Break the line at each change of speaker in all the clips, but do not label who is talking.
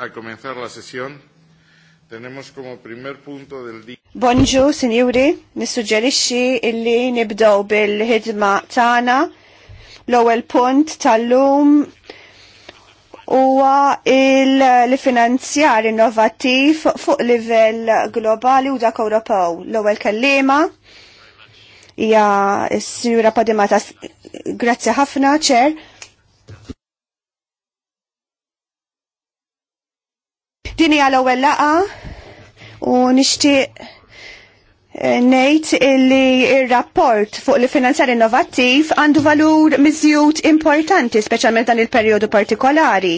a comenzar la sesión. Tenemos como primer punto del día.
Bonġu, sinjuri, nissuġġerixxi illi nibdew bil-ħidma tagħna. L-ewwel punt tal-lum huwa il-finanzjar innovattiv fuq livell globali u dak Ewropew. L-ewwel kellima hija s-sinjura Padimata grazzi ħafna ċer Dini għal ewwel laqa u nixtieq eh, nejt illi il-rapport fuq li finanzjar innovattiv għandu valur miżjud importanti, specialment dan il-periodu partikolari.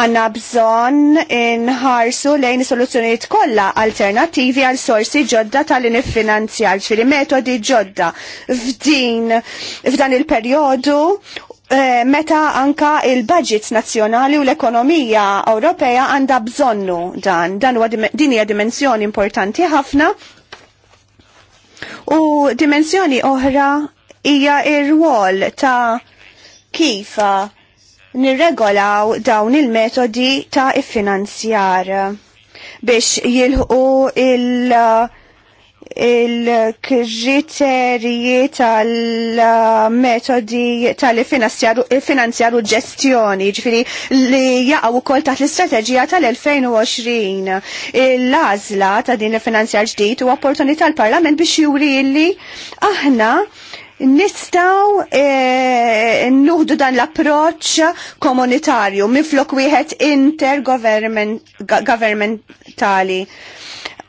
Għanna bżon inħarsu lejn soluzzjonijiet kollha alternativi għal sorsi ġodda tal-inifinanzjar, ġifieri metodi ġodda f'din f'dan il-perjodu Eh, meta anka il-budgets nazzjonali u l-ekonomija Ewropea għandha bżonnu dan. Dan huwa din hija dimensjoni importanti ħafna. U dimensjoni oħra hija ir-rwol ta' kif nirregolaw dawn il-metodi ta' iffinanzjar biex jilħu il- il-kriterji tal-metodi tal-finanzjaru ġestjoni, ġifiri li jaqaw u kol taħt l-istrateġija tal-2020. Il-lazla ta' din il-finanzjar ġdijt u opportunità l-parlament biex juri li aħna Nistaw eh, nuħdu dan l-approċ komunitarju, miflok wieħed intergovernmentali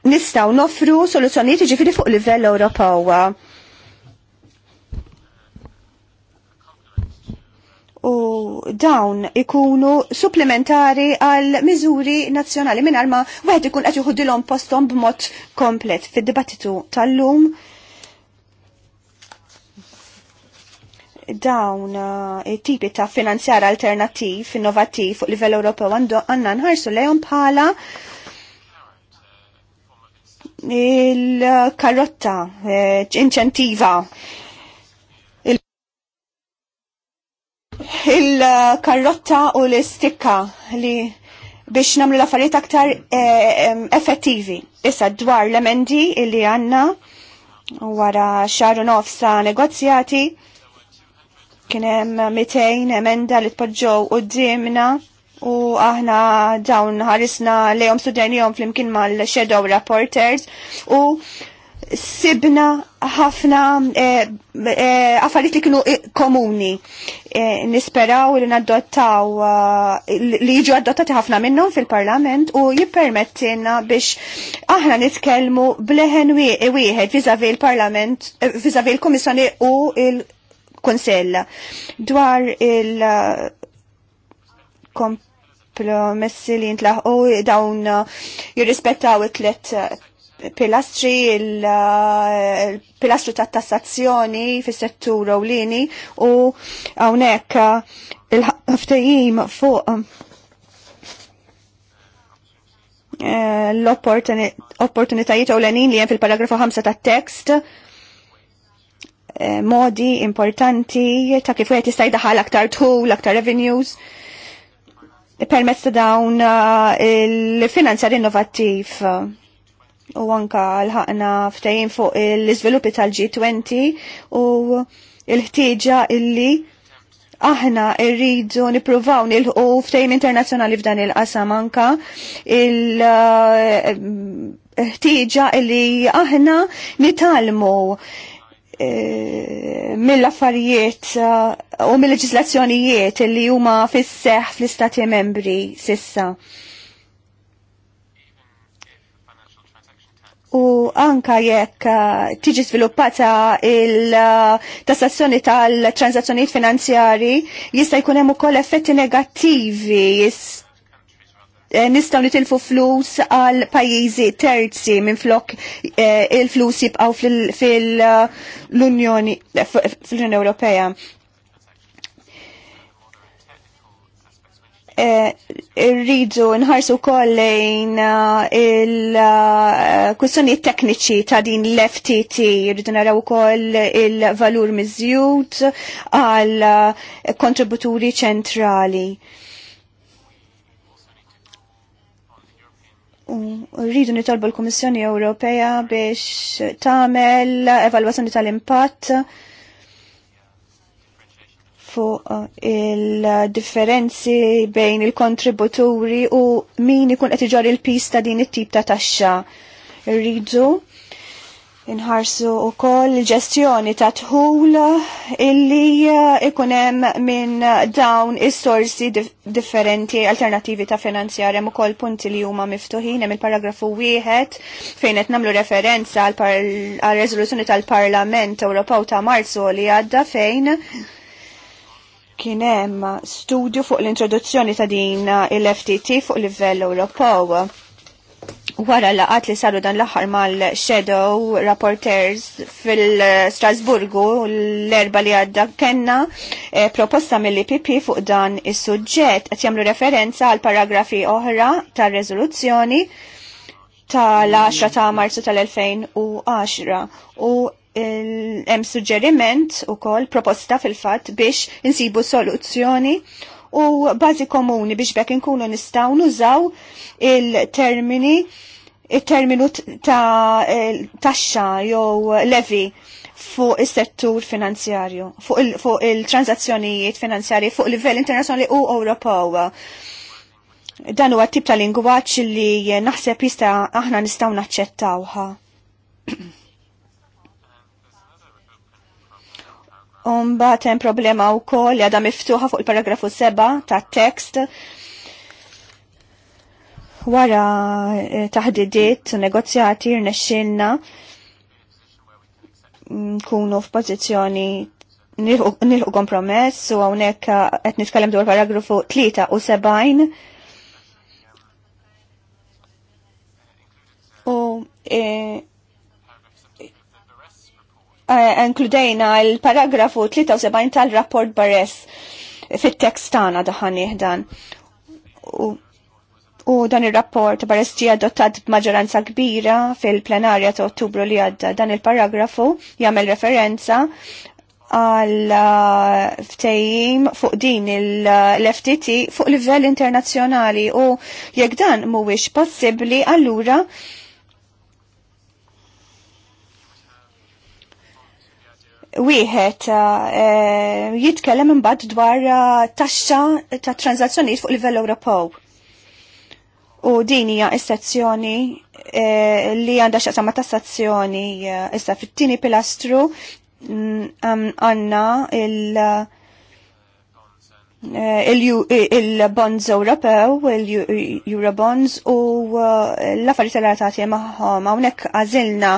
nistaw nofru soluzzjonijiet ġifiri fuq livell Ewropew. U dawn ikunu supplementari għal miżuri nazzjonali minn ma wieħed ikun qed juħudilhom posthom b'mod komplet fid-dibattitu tal-lum. dawn eh, tipi ta' finanzjar alternativ, innovativ fuq livell Ewropew għandu għanna nħarsu lejhom bħala il-karotta, eh, inċentiva. Il-karotta u l-istikka li biex namlu l-affarijiet aktar eh, effettivi. Issa dwar l-emendi li għanna wara xarun ofsa negozjati kien hemm 200 emenda li tpoġġew dimna u aħna dawn ħarisna lejhom studjanijom flimkien mal-shadow reporters u sibna ħafna eh, eh, affarijiet li kienu eh, komuni. Nisperaw li nadottaw li jiġu adottati ħafna minnhom fil-Parlament u jippermettilna biex aħna nitkellmu bleħen wieħed viżavi l-Parlament, viżavi l komissjoni u l konsella dwar il- promessi li jintlaħqu dawn uh, jirrispettaw it-tlet uh, pilastri, il-pilastru uh, ta' tassazzjoni fis settur ewlieni u hawnhekk il-ħaftajim fuq um, l-opportunitajiet ewlenin li hemm fil-paragrafu 5 tat-tekst modi importanti ta' kif wieħed jista' jdaħħal aktar l aktar revenues permezz ta' dawn eh, il-finanzjar innovattiv u anka l-ħakna ftajin fuq l izvilupi tal tal-G20 u il-ħtieġa illi aħna irridu nipruvaw nilħu ftejn internazzjonali f'dan il-qasam anka il- eh, ħtieġa illi aħna nitalmu Eh, mill-affarijiet eh, u mill-leġislazzjonijiet li huma fis-seħ fl-istati membri sissa. U anka jekk eh, tiġi sviluppata il-tassazzjoni tal-transazzjonijiet finanzjari jista' jkun hemm ukoll effetti negattivi Eh, nistaw nitilfu flus għal pajizi terzi minn flok eh, il-flus jibqaw fil-Unjoni eh, fil-Unjoni Ewropea. Rridu nħarsu kollejn il kussoni tekniċi ta' din l-FTT, rridu naraw koll il-valur miżjud għal kontributuri ċentrali. rridu nitolbu l-Kummissjoni Ewropea biex tagħmel evalwazzjoni tal-impatt fuq uh, il-differenzi bejn il-kontributuri u min ikun qed iġor il-pista din it-tip ta' taxxa. Rridu inħarsu u koll ġestjoni ta' tħul illi eh, ikunem minn dawn is-sorsi dif differenti alternativi ta' finanzjar u ukoll punti li huma miftuħin hemm il-paragrafu wieħed fejn qed nagħmlu referenza għal reżoluzzjoni tal-Parlament Ewropew ta' Marzu li għadda fejn kien hemm studju fuq l-introduzzjoni ta' din il-FTT fuq livell Ewropew wara laqat li saru dan l-aħħar mal-Shadow Rapporters fil-Strasburgu l-erba li għadda kenna eh, proposta mill-IPP fuq dan is-suġġett qed jagħmlu referenza għal paragrafi oħra tar-reżoluzzjoni tal-10 ta' Marzu tal-2010 u hemm suġġeriment ukoll proposta fil-fatt biex insibu soluzzjoni u bażi komuni biex bekk inkunu nistgħu nużaw il-termini il-terminu ta' eh, taxxa jew levi fuq is-settur finanzjarju, fuq il-transazzjonijiet il finanzjarji fuq livell internazzjonali u Ewropew. Dan huwa tip ta' lingwaġġ li naħseb jista' aħna nistgħu naċċettawha. Umba tem problema u kol li għada miftuħa fuq il-paragrafu seba' ta' tekst wara eh, taħdidiet u negozjati rnexxilna nkunu f'pożizzjoni nilħu kompromess u hawnhekk qed nitkellem dwar paragrafu 3 u 70 u eh, Eh, inkludejna il-paragrafu 73 tal-rapport Baress fit-tekst tagħna daħan dan. U dan il-rapport ġie adottat b'maġġoranza kbira fil-plenarja ta' ottubru li għadda. Dan il-paragrafu jagħmel referenza għal eh, ftejim fuq din l-FTT fuq livell internazzjonali u jekk dan mhuwiex possibbli allura wieħed eh, eh, jitkellem imbagħad dwar eh, taxxa ta' tranzazzjonijiet fuq livell Ewropew. U din hija estazzjoni li għandha x'aqsam ma' tassazzjoni issa fit-tieni pilastru mm, għandna il- Eh, eh, il-bonds Ewropew, il-Eurobonds u eh, l-affarijiet relatati magħhom hawnhekk għażilna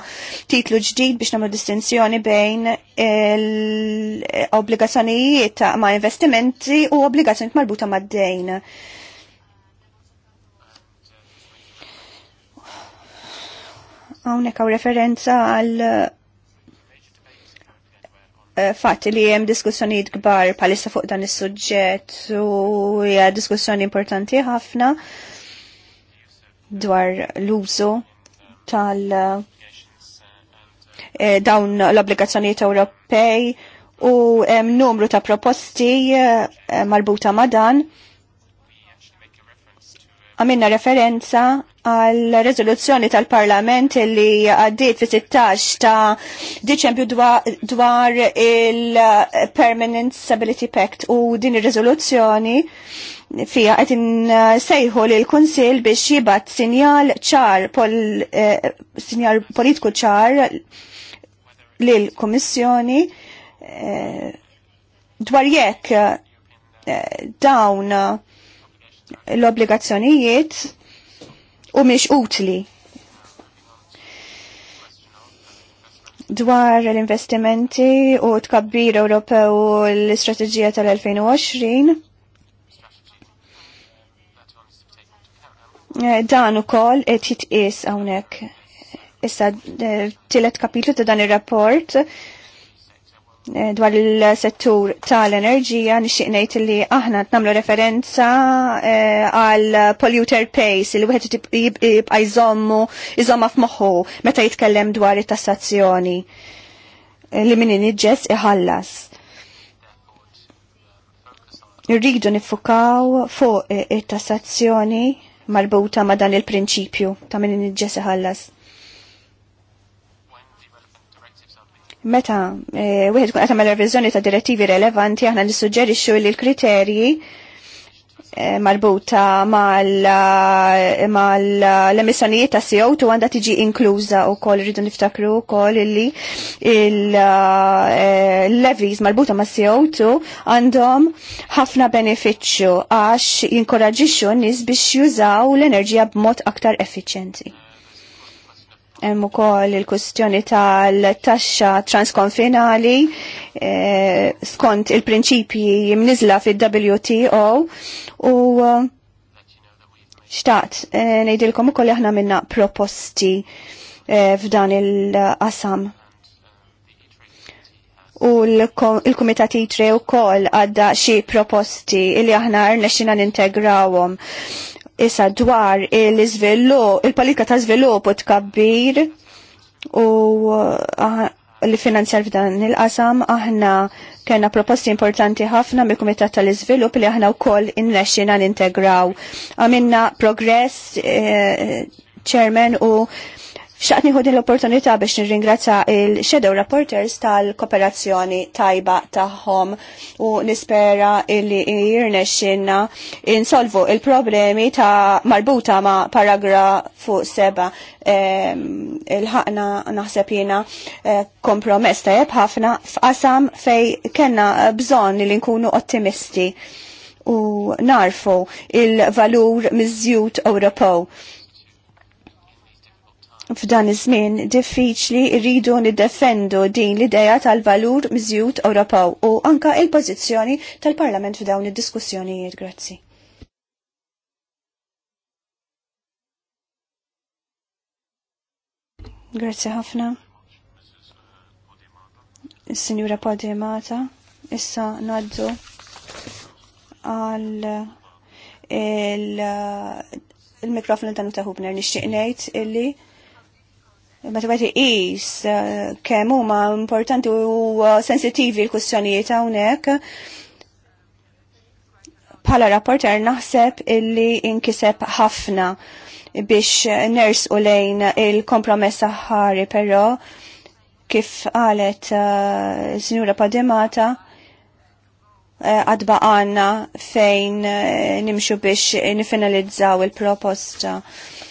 titlu ġdid biex nagħmlu distinzjoni bejn l-obbligazzjonijiet ma' investimenti u obbligazzjonijiet marbuta mad-dejn. Hawnhekk hawn referenza għal Eh, Fatti li hemm diskussjonijiet kbar palissa fuq dan is-suġġett u jgħad diskussjoni importanti ħafna dwar l-użu tal eh, dawn l-obbligazzjonijiet Ewropej u numru ta' proposti eh, marbuta ma' dan għamilna referenza għal rezoluzzjoni tal-Parlament li għaddiet fi 16 ta' Diċembju dwar il-Permanent Stability Pact u din ir-rezoluzzjoni fija qed eh, sejħu lil kunsil biex jibat sinjal ċar pol, eh, sinjal politiku ċar lil kummissjoni eh, dwar jekk eh, dawn l-obbligazzjonijiet u miex utli. Dwar l-investimenti u tkabbir Ewropew l-istrateġija tal-2020, eh, dan ukoll qed jitqies hawnhekk. Issa eh, tielet kapitlu ta' dan ir-rapport Eh, dwar il-settur tal-enerġija nixtieq ngħid li aħna nagħmlu referenza eh, għal polluter pays li wieħed jibqa' jżommu jżomma f'moħħu meta jitkellem dwar it-tassazzjoni eh, li min iniġġess iħallas. Irridu nifukaw fuq it-tassazzjoni marbuta ma' dan il-prinċipju ta' min iniġġess iħallas. Meta eh, wieħed tkun qed revizjoni ta' direttivi relevanti aħna nissuġġerixxu li l-kriterji eh, marbuta mal-emissjonijiet eh, ta' CO2 għandha tiġi inkluża u koll rridu niftakru koll li il-levies marbuta ma' CO2 għandhom ħafna beneficju għax jinkoraġixxu n-nies biex jużaw l-enerġija b'mod aktar effiċjenti. Hemm ukoll il-kwestjoni tal-taxxa transkonfinali eh, skont il-prinċipji jimniżla fil-WTO u eh, xtaqt eh, ngħidilkom ukoll aħna minna proposti eh, f'dan il-qasam u l-Kumitat Itre u koll għadda xie proposti illi aħna rnexxina nintegrawhom issa dwar l izvillup il-politika ta' zvilup tkabbir u uh, li finanzjar f'dan il-qasam aħna kena proposti importanti ħafna mill kumitat tal-iżvilupp li aħna wkoll innexxina nintegraw. Għamilna progress eh, chairman u Xaqni ħod l-opportunità biex nirringrazza il-Shadow Reporters tal-kooperazzjoni tajba taħħom u nispera illi jirnexxinna insolvu il-problemi ta' marbuta ma' paragrafu seba' il-ħakna naħseb jiena eh, kompromess tajjeb ħafna f'qasam fej kena bżonn li nkunu ottimisti u narfu il-valur mizzjut Ewropew f'dan iż-żmien diffiċli rridu niddefendu din l-idea tal-valur miżjud Ewropew u anka il-pożizzjoni tal-Parlament f'dawn id-diskussjonijiet. Grazzi. Grazzi ħafna. Is-Sinjura Podemata issa naddu għal il-mikrofon il-tanu taħubner nixtieq ngħid illi meta is eh, kemm huma importanti u eh, sensittivi l-kwistjonijiet hawnhekk. Bħala rapporter naħseb illi inkiseb ħafna biex ners u lejn il-kompromess saħħari, però kif qalet uh, eh, Sinjura Padimata għadba uh, għanna fejn uh, nimxu biex nifinalizzaw il-proposta. Uh,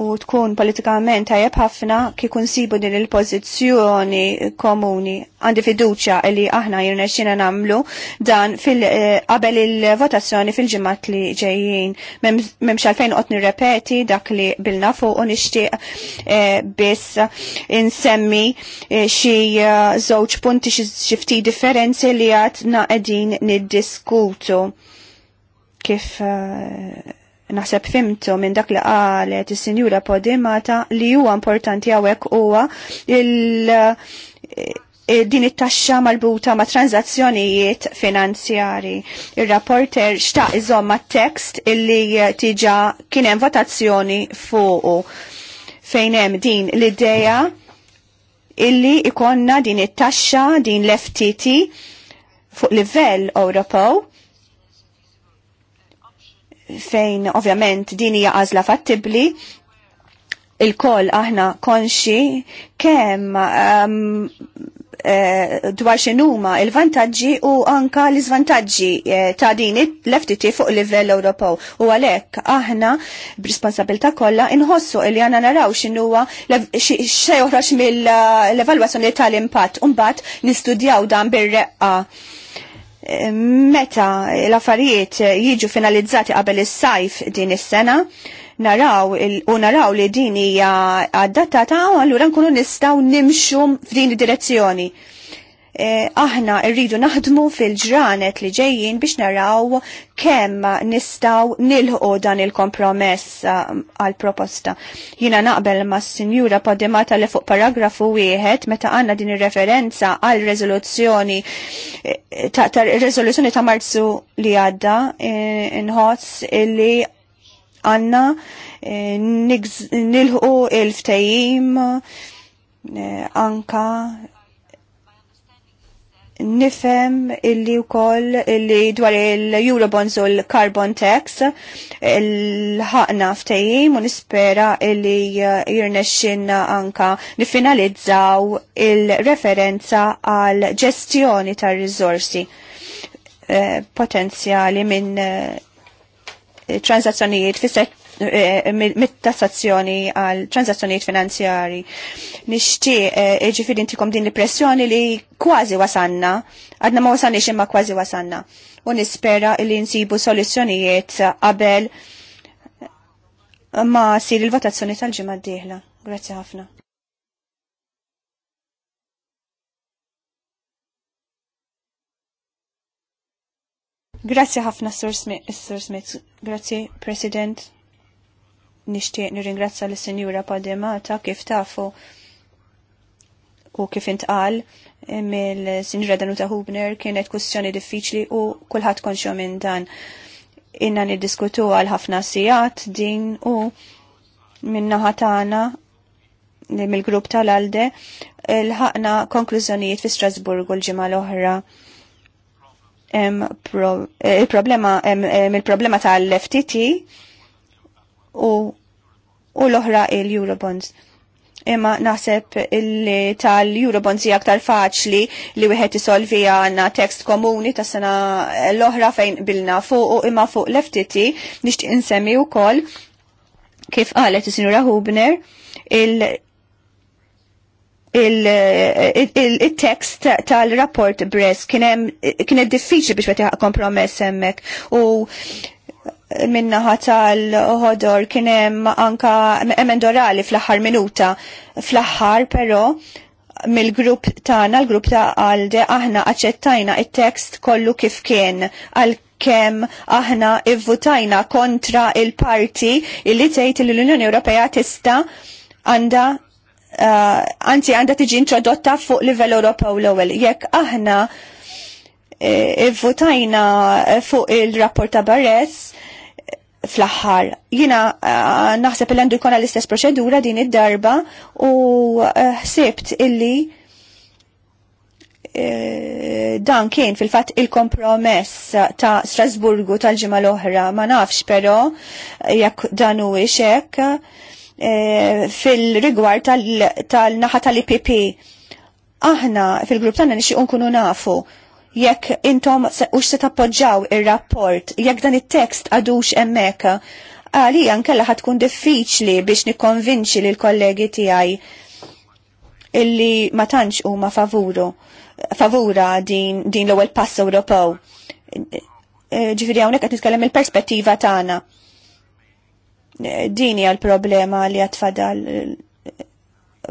u tkun politikament tajjeb ħafna kieku sibu din il-pożizzjoni komuni. Għandi fiduċja li aħna jirnexxina nagħmlu dan fil eh, qabel il-votazzjoni fil-ġimgħat li ġejjin. memx għalfejn qed nirrepeti dak li bilna fuq u nixtieq eh, biss insemmi eh, xi żewġ punti xi ftit differenzi li għadna qegħdin niddiskutu kif naħseb fimtu minn dak li qalet is-Sinjura Podimata li huwa importanti hawnhekk huwa il eh, din it-taxxa malbuta ma' tranzazzjonijiet finanzjari. Ir-rapporter xtaq ma' tekst illi eh, tiġa kien hemm votazzjoni fuqu fejn hemm din l-idea illi ikonna din it-taxxa din l-FTT fuq livell Ewropew fejn ovvjament din hija għażla fattibli il-koll aħna konxi kemm um, e, dwar xinuma il-vantaġġi u anka l-iżvantaġġi eh, ta' din l-FTT fuq livell Ewropew. U għalhekk aħna b'responsabilità kollha inħossu li għana naraw x'inhuwa xejn joħroġ mill-evalwazzjoni tal-impatt u mbagħad nistudjaw dan bir-reqqa meta l-affarijiet jiġu finalizzati qabel is-sajf din is-sena, naraw u naraw li din hija adattata, allura nkunu nistgħu nimxu f'din id-direzzjoni. Eh, aħna rridu naħdmu fil-ġranet li ġejjin biex naraw kemm nistaw nilħu dan il-kompromess eh, għal-proposta. Jina naqbel ma' s-Sinjura Podimata li fuq paragrafu wieħed meta għanna din ir-referenza għal-rezoluzzjoni eh, ta', ta rezoluzzjoni ta' marzu li għadda inħoss li għanna nilħu il-ftejim anka nifem illi u koll illi dwar il-Eurobonds u l-Carbon Tax il-ħakna ftejim u nispera illi uh, jirnexxin anka nifinalizzaw il-referenza għal ġestjoni tar rizorsi uh, potenzjali minn uh, transazzjonijiet fis Eh, mit-tassazzjoni għal transazzjonijiet finanzjari. Nixtieq eh, ġifieri intikom din l-pressjoni li kważi wasanna, għadna ma wasanni imma kważi wasanna. U nispera li nsibu soluzzjonijiet qabel ma sir il-votazzjoni tal-ġimgħa d-dieħla. Grazzi ħafna. Grazzi ħafna, Sir Smith. Grazie, President nixtieq nirringrazzja lis sinjura Padimata kif tafu u kif intqal mill-Sinjura Danuta Hubner kienet kwestjoni diffiċli u kulħadd konxju minn dan. Inna niddiskutu għal ħafna sijat din u minnaħa tagħna mill-grupp tal-Alde l-ħakna konklużjonijiet fi Strasburgu l-ġimgħa l-oħra. Eh, il-problema eh, il-problema tal-FTT u, u l-oħra il-Eurobonds imma naħseb illi tal-Eurobonds hija aktar faċli li wieħed isolvi għandna tekst komuni ta' sena l-oħra fejn bilna fuq u imma fuq l-FTT nixtieq insemmi wkoll kif qalet is-Sinjura Hubner il il-tekst tal-rapport Bress kienet diffiċli biex meta kompromess hemmhekk u minnaħa tal-ħodor kienem anka emendorali fl ħar minuta. fl ħar pero mill-grupp tana, l-grupp ta' għalde, aħna aċċettajna il-tekst kollu kif kien għal kem aħna ivvutajna kontra il-parti illi tgħid li l-Unjoni Ewropea tista' għandha uh, anzi għandha tiġi introdotta fuq livell Ewropew l-ewwel. Jekk aħna eh, ivvutajna fuq il-rapport ta' Barres, fl-axħar. Jina eh, naħseb il għandu jkun l-istess proċedura din id-darba u eh, ħsibt illi eh, dan kien fil-fat il-kompromess ta' Strasburgu tal-ġimma l-oħra ma nafx pero jekk dan u ixek fil-rigwar tal-naħa tal-IPP. Aħna fil-grupp tagħna nixtieq nkunu nafu jekk intom ux se tappoġġaw ir-rapport, jekk dan it-tekst għadux emmek, għalija nkella ħatkun diffiċli biex nikkonvinċi l kollegi tiegħi illi ma tantx huma favuru favura din, din l-ewwel pass Ewropew. E, Ġifieri hawnhekk qed nitkellem il-perspettiva tagħna. E, din hija l-problema li qed fadal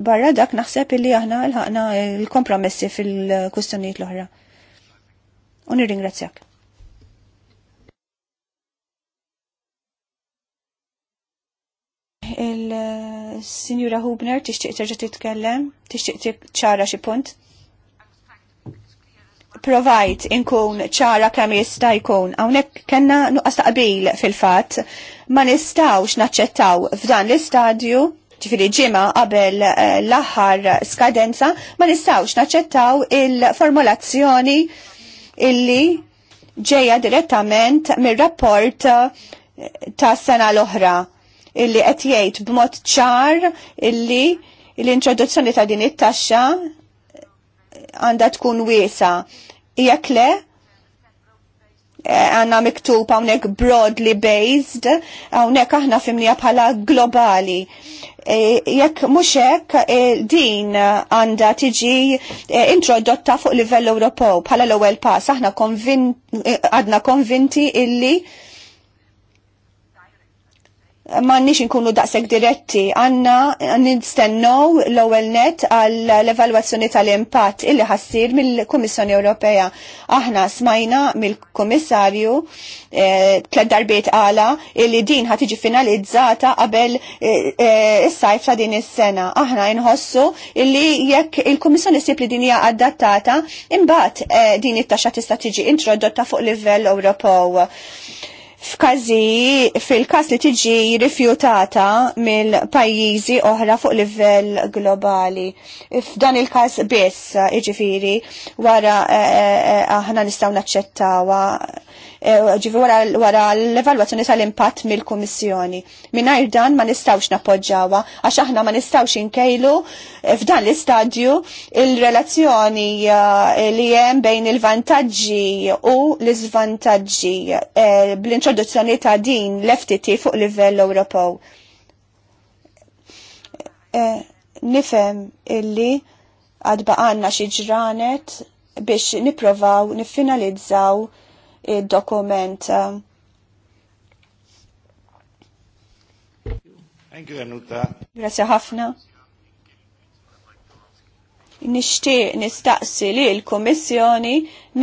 barra dak naħseb illi aħna lħaqna l-kompromessi fil-kustjonijiet l-oħra u nirringrazzjak. il-Sinjura Hubner tixtieq terġa' titkellem, tixtieq ċara xi punt. Provajt inkun ċara kemm jista' jkun hawnhekk kellna nuqqas taqbil fil-fatt ma nistgħux naċċettaw f'dan l-istadju ġifiri ġima qabel eh, l-aħħar skadenza ma nistgħux naċċettaw il-formulazzjoni illi ġeja direttament mir-rapport eh, ta' sena l-oħra illi qed jgħid b'mod ċar illi l-introduzzjoni ta' din it-taxxa għandha tkun wiesa. Jekk le, Eh, għanna miktub għawnek broadly based, għawnek aħna fimnija bħala globali. Eh, jekk muxek eh, din għanda tiġi introdotta fuq livell Ewropew bħala l-ewwel pass, aħna għadna konvinti illi ma nix nkunu daqseg diretti, għanna nistennow l-ewel net għall-evaluazzjoni tal-impatt illi ħassir mill-Komissjoni Ewropea. Aħna smajna mill-Komissarju eh, tled darbiet għala illi din ħatiġi finalizzata qabel s eh, eh, is-sajf ta' din is-sena. Aħna nħossu illi jekk il-Komissjoni sib li din hija adattata, imbagħad din it-taxxa tista' tiġi introdotta fuq livell Ewropew f'każi fil-każ li tiġi rifjutata mill-pajjiżi oħra fuq livell globali. F'dan il-każ biss, jiġifieri, wara eh, eh, eh, aħna nistgħu naċċettawha ġivi wara l-evalwazzjoni tal-impatt mill-Kummissjoni. Mingħajr dan ma nistgħux nappoġġawha għax aħna ma nistgħux inkejlu f'dan l-istadju il-relazzjoni li hemm bejn il-vantaġġi u l-iżvantaġġi bl l-introduzzjoni ta' din l-FTT fuq livell Ewropew. E, nifem illi għadba għanna xieġranet biex niprovaw nifinalizzaw il-dokument. Grazie ħafna nixtieq nistaqsi li l-Kummissjoni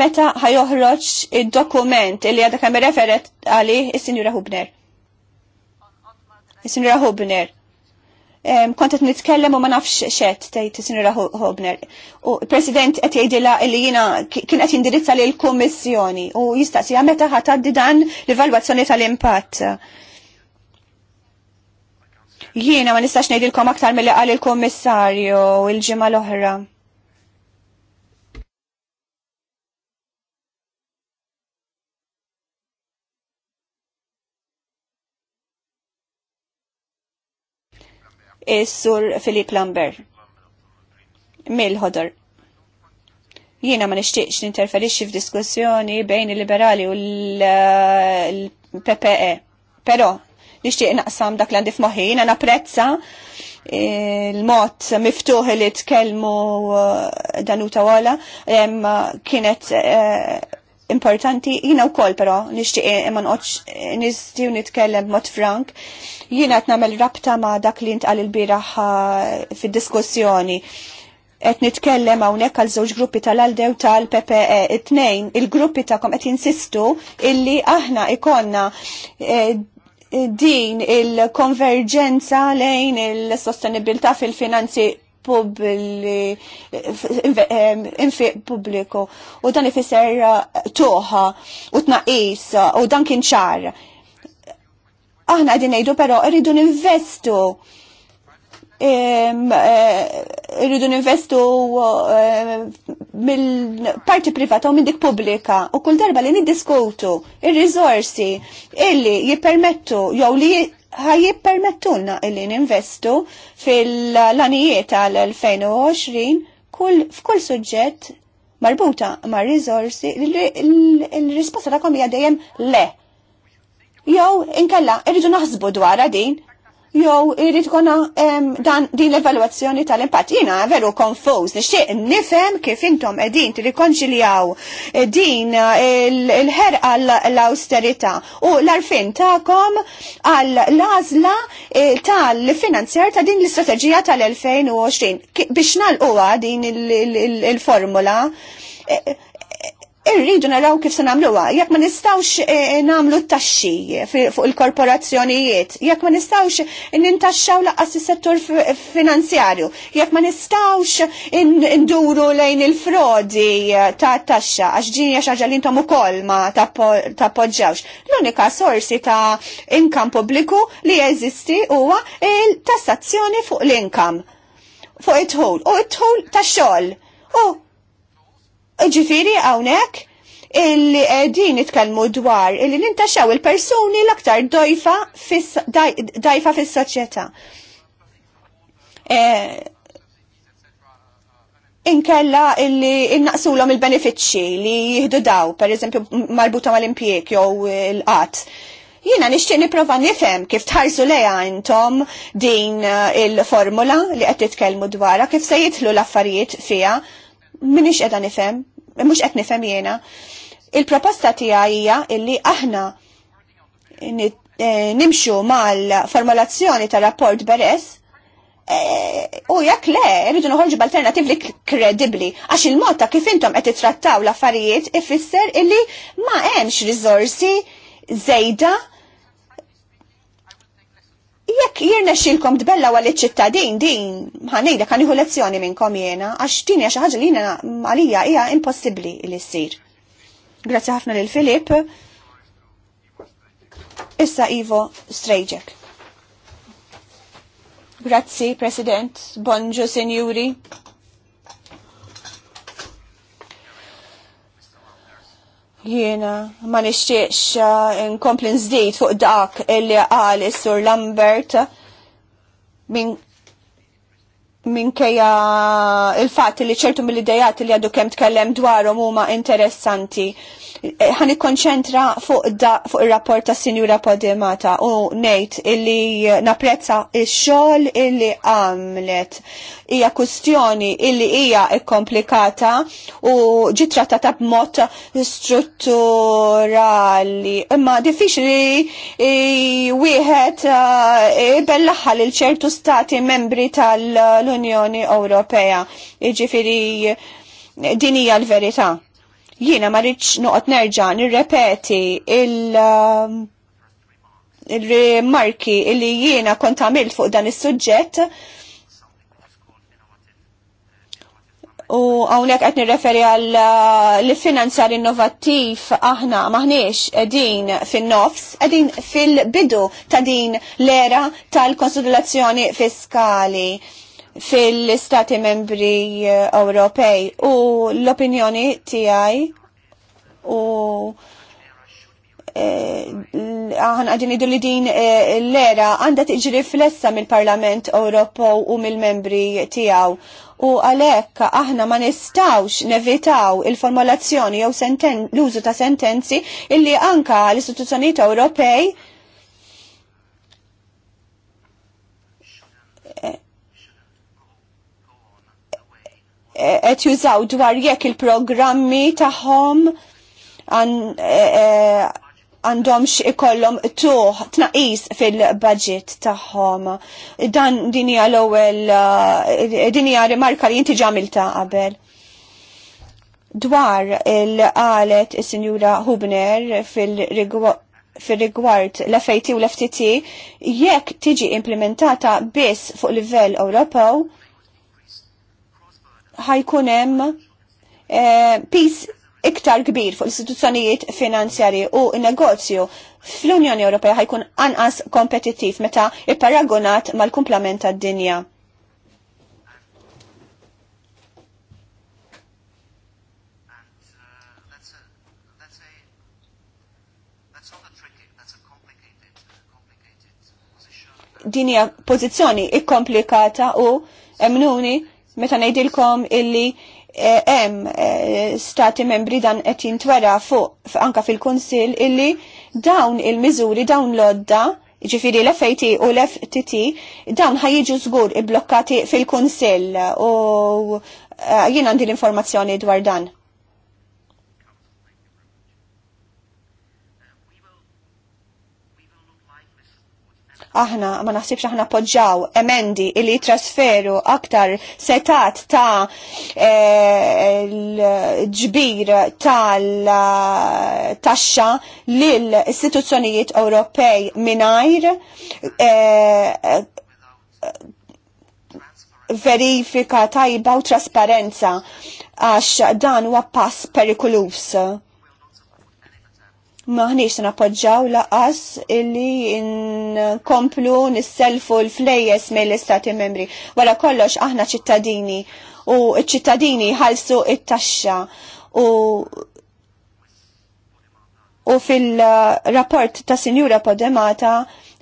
meta ħajoħroġ id-dokument li għadha kemm referet għalih is-Sinjura Hubner. Is-Sinjura Hubner. Kont qed nitkellem u ma nafx xed tgħid is-Sinjura Hubner. U President qed jgħidilha li jiena kien qed jindirizza lil kummissjoni u jistaqsija meta ħataddi dan l-evalwazzjoni tal-impatt. Jiena ma nistax ngħidilkom aktar milli qal il-kummissarju il-ġimgħa l-oħra. Is-sur Filip Lambert. Mill-ħodor jiena ma nixtieqx ninterferixxi f'diskussjoni bejn il-liberali u l-PPE. Però nixtieq naqsam dak l għandif f'moħħin, għana prezza il-mod miftuħ li tkellmu eh, Danuta Wala kienet eh, importanti, jina u kol pero nishtiq eh, ma oċ, nisti nitkellem mot frank, jina namel rabta ma dak li ntqal il-biraħ fid diskussjoni Et nitkellem hawnhekk għal żewġ gruppi tal-Aldew tal-PPE it-tnejn, il-gruppi ta' kom qed jinsistu illi aħna ikonna din il-konverġenza lejn il-sostenibilità fil-finanzi pubbliku u dan ifisser eh, toħa u tnaqis u dan kien ċar. Aħna għedin ngħidu però rridu ninvestu Eh, irridu ninvestu eh, mill-parti privata u minn dik pubblika u kull darba li niddiskutu ir-riżorsi illi jippermettu jew li ħaj jippermettulna illi ninvestu fil-lanijiet għal-2020 kull f'kull suġġett marbuta ma' riżorsi il-risposta tagħkom hija dejjem le. Jew inkella irridu naħsbu dwar din jew irrid ikona dan din l-evalwazzjoni tal-impatt. Jiena veru konfuz, nixtieq nifem kif intom qegħdin tirrikonċiljaw eh, din eh, il-ħerqa l austerita u l-arfin tagħkom għal lazla għażla eh, tal-finanzjar ta' din l-istrateġija tal-2020 biex nal-uwa din il-formula. Il il irridu naraw kif se nagħmluha. Jekk ma nistgħux eh, nagħmlu t-taxxi fuq il-korporazzjonijiet, jekk ma nistgħux nintaxxaw laqas is-settur finanzjarju, jekk ma nistgħux induru lejn il-frodi eh, ta' taxxa għax ġinja ħaġa li intom ukoll ma tappoġġawx. L-unika sorsi ta' inkam pubbliku li jeżisti huwa il-tassazzjoni fuq l-inkam fuq it tħul u it tħul ta' xogħol. U Ġifiri għawnek illi din nitkellmu dwar illi nintaxaw il-persuni l-aktar dajfa fis-soċjetà. Eh, inkella illi innaqsulhom il-benefiċċji li jihdu daw, per eżempju marbuta mal-impjek jew il-qatt jina nishtiq niprofa nifhem kif tħarsu leja intom din eh, il-formula li qed titkellmu dwarha kif se l-affarijiet fiha minix edha nifem, mux qed nifem jena. Il-proposta tija hija illi aħna eh, nimxu mal-formulazzjoni ta' rapport beres eh, u jekk le, rridu noħorġu b'alternativ li kredibli, għax il-mod ta' kif intom qed titrattaw l-affarijiet ifisser illi ma hemmx riżorsi żejda jekk jirna xilkom tbella għalli ċittadin din, ħanejda kan iħu lezzjoni kom jena, għax tini għax ħagġa li jena għalija hija impossibli li s-sir. Grazzi ħafna lil Filip. Issa Ivo Strejġek. Grazzi, President. Bonġu, Senjuri. Jiena, ma nixtiex eh, nkompli nżdid fuq dak illi qal is-Sur Lambert minn minkejja il-fatt li ċertu mill-idejat li għadu kemm tkellem dwarhom huma interessanti. Eh, Ħan konċentra fuq fuq ir-rapport ta' Sinjura Podemata u ngħid illi napprezza x-xogħol illi għamlet hija kwistjoni illi hija komplikata u ġi trattata b'mod strutturali. Imma diffiċli wieħed ibellaħħa lil ċertu stati membri tal-Unjoni Ewropea. Jiġifieri din hija l-verità. Jiena ma rridx noqgħod nerġa' nirrepeti il- um, il-remarki illi jiena kont għamilt fuq dan is-suġġett U għawnek għetni nirreferi għal uh, finanzjar innovativ aħna maħniex edin fin-nofs, edin fil-bidu ta' din l-era tal-konsolidazzjoni fiskali fil-Stati membri uh, Ewropej u l-opinjoni tiegħi u eh, aħna għadin idu li din eh, l-era għanda tiġri flessa mill-Parlament Ewropew u mill-membri tiegħu u għalhekk aħna ma nistawx nevitaw il-formulazzjoni jew l-użu ta' sentenzi illi anka l-istituzzjonijiet Ewropej e, e, qed jużaw dwar jekk il-programmi tagħhom e, għandhomx ikollhom tuħ tnaqis fil-budget tagħhom. Dan din hija l-ewwel eh, din hija rimarka li inti ġamilta qabel. Dwar il-qalet is-Sinjura Hubner fil-rigward fil l-FAT u l-FTT jekk tiġi implementata biss fuq livell Ewropew ħajkun hemm eh, iktar kbir fuq l-istituzzjonijiet finanzjari u negozju fl-Unjoni Ewropea ħajkun anqas kompetittiv meta ipparagonat mal-kumplament tad-dinja. dinja pozizjoni ikkomplikata u emnuni meta ngħidilkom illi hemm eh, eh, stati membri dan qed jintwera fuq anka fil-Kunsill illi dawn il-miżuri dawn l-odda ġifiri l-FAT u l-FTT dawn ħajġu żgur iblokkati fil-Kunsill u eh, jien għandi l-informazzjoni dwar dan. aħna ma naħsibx aħna poġġaw emendi li trasferu aktar setat ta' eh, l-ġbir tal-taxxa lill-istituzzjonijiet Ewropej minajr eh, verifika tajba u trasparenza għax dan huwa pass perikulus maħniċ se napoġġaw laqas illi nkomplu nisselfu l-flejjes l istati membri. Wara kollox aħna ċittadini u ċittadini ħalsu it-taxxa u u fil-rapport ta' Sinjura Podemata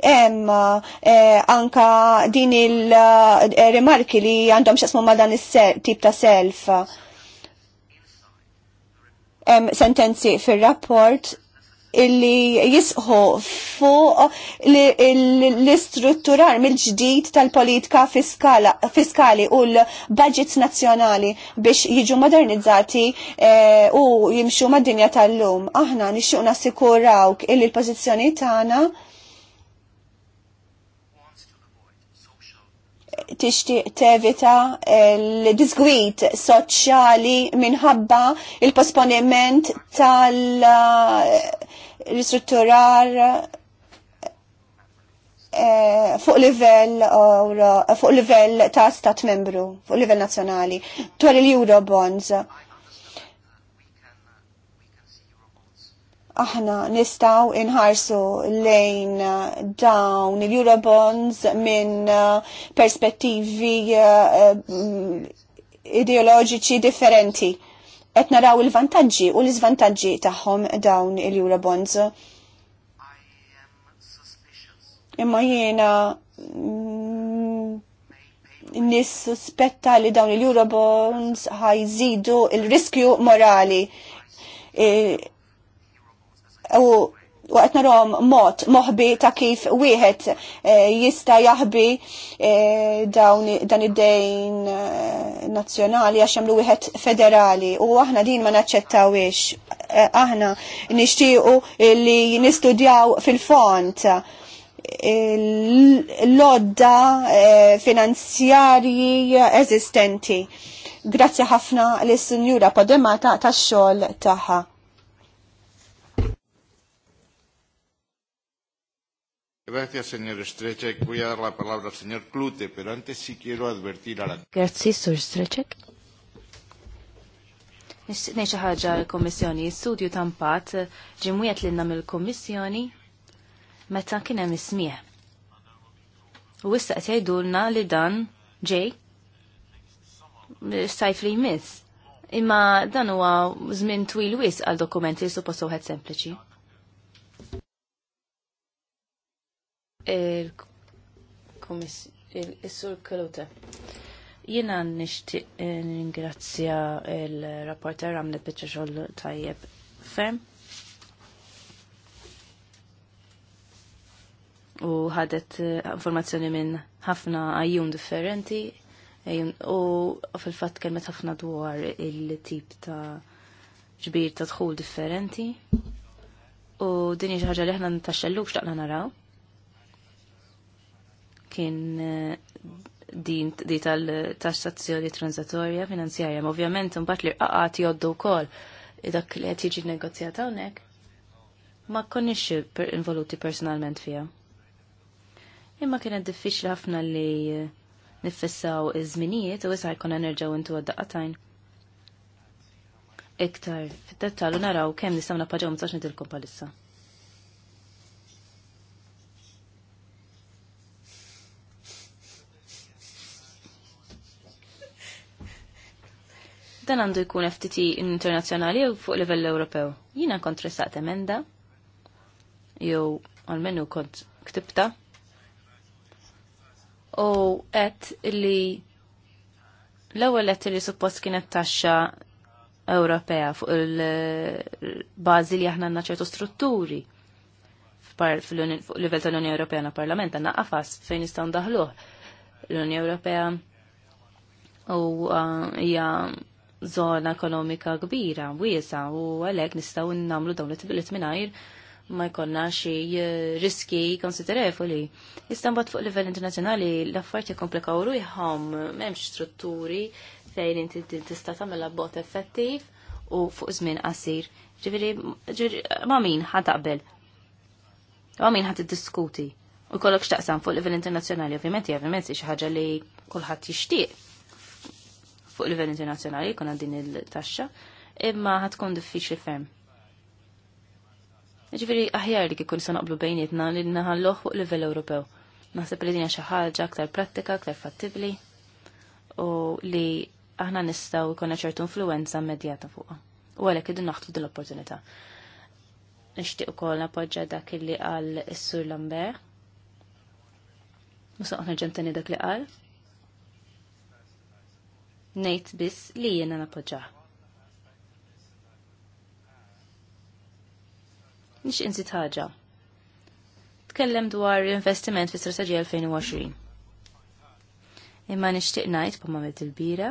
hemm eh, anka din il-rimarki eh, li għandhom xasmu ma' dan is-tip ta' self. Hemm sentenzi fil-rapport illi jisħu fuq l-istrutturar mill-ġdid tal-politika fiskali u l-budgets nazzjonali biex jiġu modernizzati eh, u jimxu mad-dinja tal-lum. Aħna nixxu nassikurawk illi l-pozizjoni tagħna tixtieq tevita eh, l-disgwit soċjali minħabba il-posponiment tal- ristrutturar eh, fuq livell fuq livell ta' stat membru, fuq livell nazzjonali, dwar il-Eurobonds. Aħna nistaw inħarsu lejn dawn il-Eurobonds minn perspettivi eh, ideoloġiċi differenti qed naraw il-vantaġġi u l-iżvantaġġi tagħhom dawn il-Eurobonds. Imma jiena mm, nissuspetta li dawn il-Eurobonds ħajżidu il-riskju morali. E, u u qed narahom mod moħbi ta' kif wieħed eh, jista' jaħbi eh, dan id-dejn eh, nazzjonali għax jagħmlu wieħed federali u aħna din ma naċċettawiex. Aħna nixtiequ li nistudjaw fil-font l-lodda finanzjarji eżistenti. Grazzi ħafna l-Sinjura Podemata tax-xogħol tagħha.
Gracias, señor Strechek. Voy a dar la palabra al señor Clute, pero antes sí quiero advertir a la...
Gracias, señor Strechek. Nejxa ħagġa l-Komissjoni, studju tampat ġimwiet l-inna mill-Komissjoni meta kien hemm ismieħ. U issa qed jgħidulna li dan ġej sajf li jmiss. Imma dan huwa żmien twil wis għal dokumenti li suppost wieħed sempliċi. il-Sur Kalute. Jina nishtiq eh, ringrazzja il-rapporter għamlet bieċa xogħol tajjeb fem. U ħadet eh, informazzjoni minn ħafna għajjun differenti u fil-fatt kelmet ħafna dwar il-tip ta' ġbir ta' dħul differenti. U din xi ħaġa li aħna ntaxxellux naraw kien eh, din di tal-tassazzjoni transatorja finanzjarja. Ovvjament, mbagħad li rqaqat joddu wkoll dak li qed jiġi negozjata hawnhekk ma konniex involuti personalment fija. Imma kienet diffiċli ħafna li nifissaw iż-żminijiet u issa jkun nerġgħu intu għad-daqatajn. Iktar, fit-dettal naraw kemm nistgħu nappaġaw mhux nidilkom bħalissa. dan għandu jkun FTT internazzjonali jew fuq livell Ewropew. Jina kont emenda, jew għalmenu kont ktibta, u għet li l-ewwel qed li suppost kienet taxxa Ewropea fuq il-bażi li aħna għandna ċertu strutturi fuq level tal-Unjoni Ewropea na Parlament għanna għafas fejn istan daħluħ L-Unjoni Ewropea u uh, hija zona ekonomika kbira, wiesa, u għalek nistaw namlu dawn li tibilit minnajr ma jkonna xie eh, riski konsiderevoli. Istambat fuq livell internazjonali l-affarti u rujħom memx strutturi fejn inti tista tagħmel bot effettiv u fuq żmien qasir. Ġiviri, ma' min ħad taqbel. Ma' min ħad iddiskuti. U kollok x'taqsam fuq livell internazzjonali, ovvjament, ovvjament xi ħaġa li kulħadd jixtieq fuq livell internazzjonali jkun għal din il-taxxa, imma ħatkun diffiċli ferm. Ġifieri aħjar li kikun se noqblu bejnietna li naħalloh fuq livell Ewropew. Naħseb li dinja xi ħaġa aktar prattika, aktar fattibbli u li aħna nistgħu jkollna ċertu influenza immedjata fuqha. U għalhekk idu naħtu din l-opportunità. Nixtieq ukoll napoġġa dak li qal is-Sur Lambert. Musaqna ħna ġemtani dak li qal nejt biss li jiena napoġġa. Nix insit ħaġa. Tkellem dwar investiment fi strategija 2020. Imma nixtieq ngħid b'ma mill il-bira.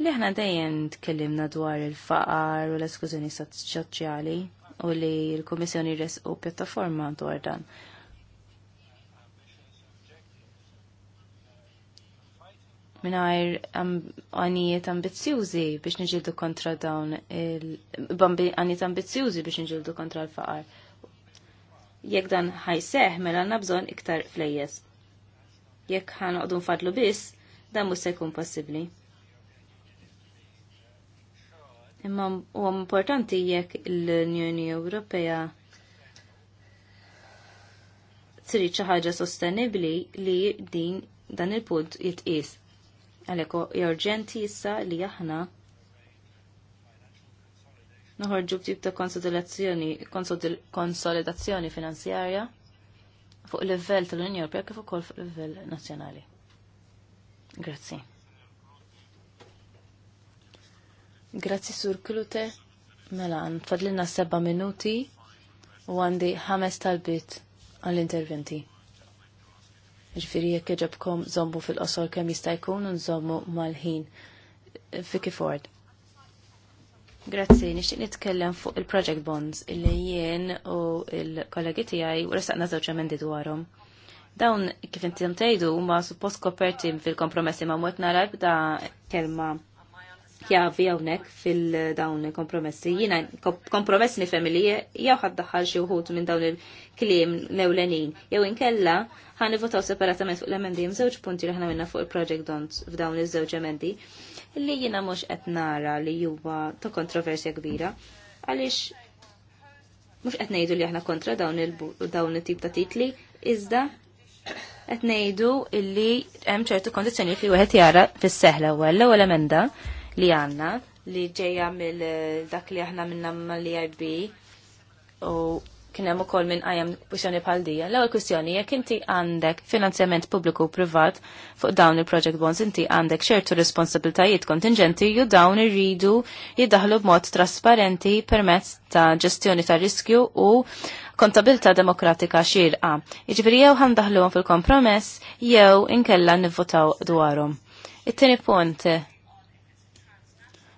Li aħna dejjem tkellimna dwar il-faqar u l-eskużjoni soċjali u li l-Kummissjoni resqu pjattaforma dwar dan minnajr għanijiet ambizzjużi biex nġildu kontra dawn għaniet ambizzjużi biex nġildu kontra l-faqar. Jekk dan ħajseħ mela għanna bżon iktar flejjes. Jekk għadun nfadlu biss, dan mhux se jkun possibbli. Imma huwa importanti jekk l-Unjoni Ewropea trid xi ħaġa sostenibbli li din dan il-punt jitqies għaleko e urġenti issa li aħna noħorġu btib ta' konsolidazzjoni finanzjarja fuq il-livell tal-Unjoni Ewropea kif ukoll fuq il-livell nazzjonali. Grazzi. Grazzi Sur Klute. Mela, nfadlilna seba' minuti u għandi ħames talbit għall-interventi. Ġifiri jekk ġabkom zombu fil-qosor kemm jista' jkun u nżommu mal-ħin. Vicky Ford. Grazzi, nixtieq nitkellem fuq il-project bonds illi jien u il-kollegi tiegħi u restaqna żewġ emendi dwarhom. Dawn kif inti tgħidu huma suppost koperti fil-kompromessi ma' mod nara da kelma ħjavi hawnhekk fil-dawn kompromessi. Jiena kompromessi nifhem li jew ħaddaħħal xi wħud minn dawn il-kliem l-ewlenin. Jew inkella ħan votaw separatament fuq l-emendi mżewġ punti li ħna minna fuq il-Project Don't f'dawn iż-żewġ emendi li jiena mhux qed nara li huwa ta' kontroversja kbira għaliex mhux qed ngħidu li aħna kontra dawn il-tip ta' titli iżda qed ngħidu illi hemm ċertu kondizzjoni li wieħed jara fis-seħla u l-ewwel emenda li għanna li ġeja mill dak li aħna minna li IB u kienem u kol minn għajam kwistjoni pal dija. L-ewwel kwistjoni jekk inti għandek finanzjament pubbliku u privat fuq dawn il-project bonds inti għandek ċertu responsabiltajiet kontingenti ju dawn irridu jiddaħlu b'mod trasparenti permezz ta' ġestjoni ta' riskju u kontabilta demokratika xirqa. Iġbiri jew għandaħluhom fil-kompromess jew inkella nivvotaw dwarhom. It-tieni punt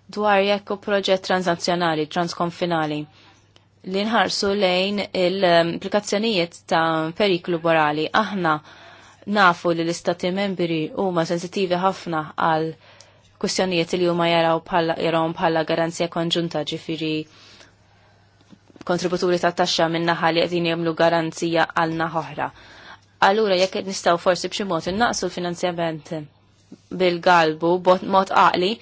dwar jekk proġett transazzjonali, transkonfinali li nħarsu lejn il-implikazzjonijiet ta' periklu morali. Aħna nafu li l-istati membri huma sensitivi ħafna għal kustjonijiet li huma jaraw bħala jarawhom bħala garanzija konġunta ġifiri kontributuri ta' taxxa minn naħa li qegħdin jagħmlu garanzija għal naħoħra. Allura jekk qed nistgħu forsi b'xi mod innaqsu l-finanzjament bil-galbu b'mod għaqli,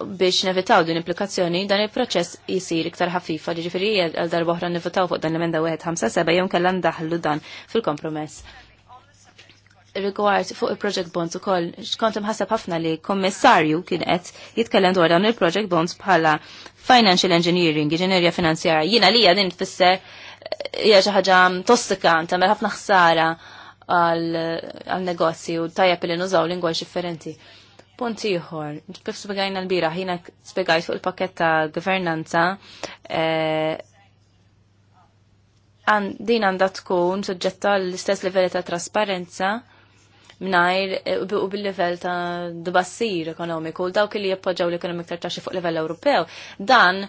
biex nevitaw din implikazzjoni dan il-proċess jisir iktar ħafifa ġifiri għal darba oħra nevitaw fuq dan l-emenda 157 jom kellha ndaħlu dan fil-kompromess. Rigward fuq il-project bonds ukoll kont ħasab ħafna li kommissarju kien qed jitkellem dwar dawn il-project bonds bħala financial engineering, inġinerja finanzjara. Jiena li din tfisser hija xi ħaġa tossika tagħmel ħafna ħsara għal negozju tajjeb li nużaw lingwaġġ differenti. Punt ieħor, kif spiegħajna l-bira, ħina spiegħajt fuq il-pakket ta' governanza, eh, din għandha tkun suġġetta l-istess livelli ta' trasparenza mnajr eh, u bil-level ta' dibassir ekonomiku, u dawk li jappoġġaw l-ekonomik tartaxi fuq livell Ewropew, dan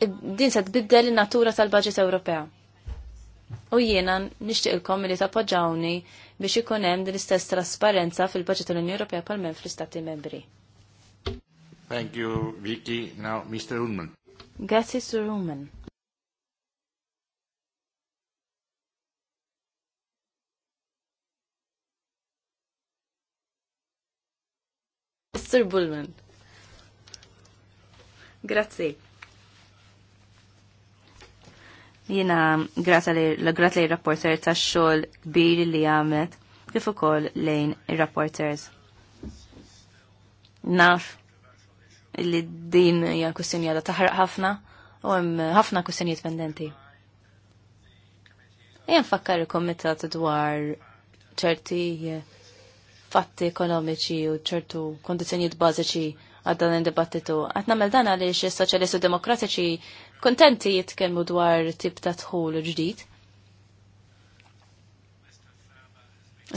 din se tbiddel in-natura tal-budget Ewropew U jiena nixtieqilkom li tappoġġawni biex ikun hemm din istess trasparenza fil-Baġit tal-Unjoni Ewropea pal men fl-Istati Membri. Thank you, Vicky. Now, Mr. Ullman. Grazie, Sir Ullman. Sir Bullman. Grazie. Jina grata li rapporter ta' xol kbir li għamet kif ukoll lejn ir-rapporters. Naf li din hija kwistjoni għadha taħraq ħafna u hemm ħafna kwistjoni pendenti. Ejja nfakkar il-komitat dwar ċerti fatti ekonomiċi u ċertu kondizjonijiet bażiċi għaddan dan il-dibattitu. Għatna namel dan għaliex il-Soċjalistu Demokratiċi kontenti jitkellmu dwar tip ta' tħul ġdid.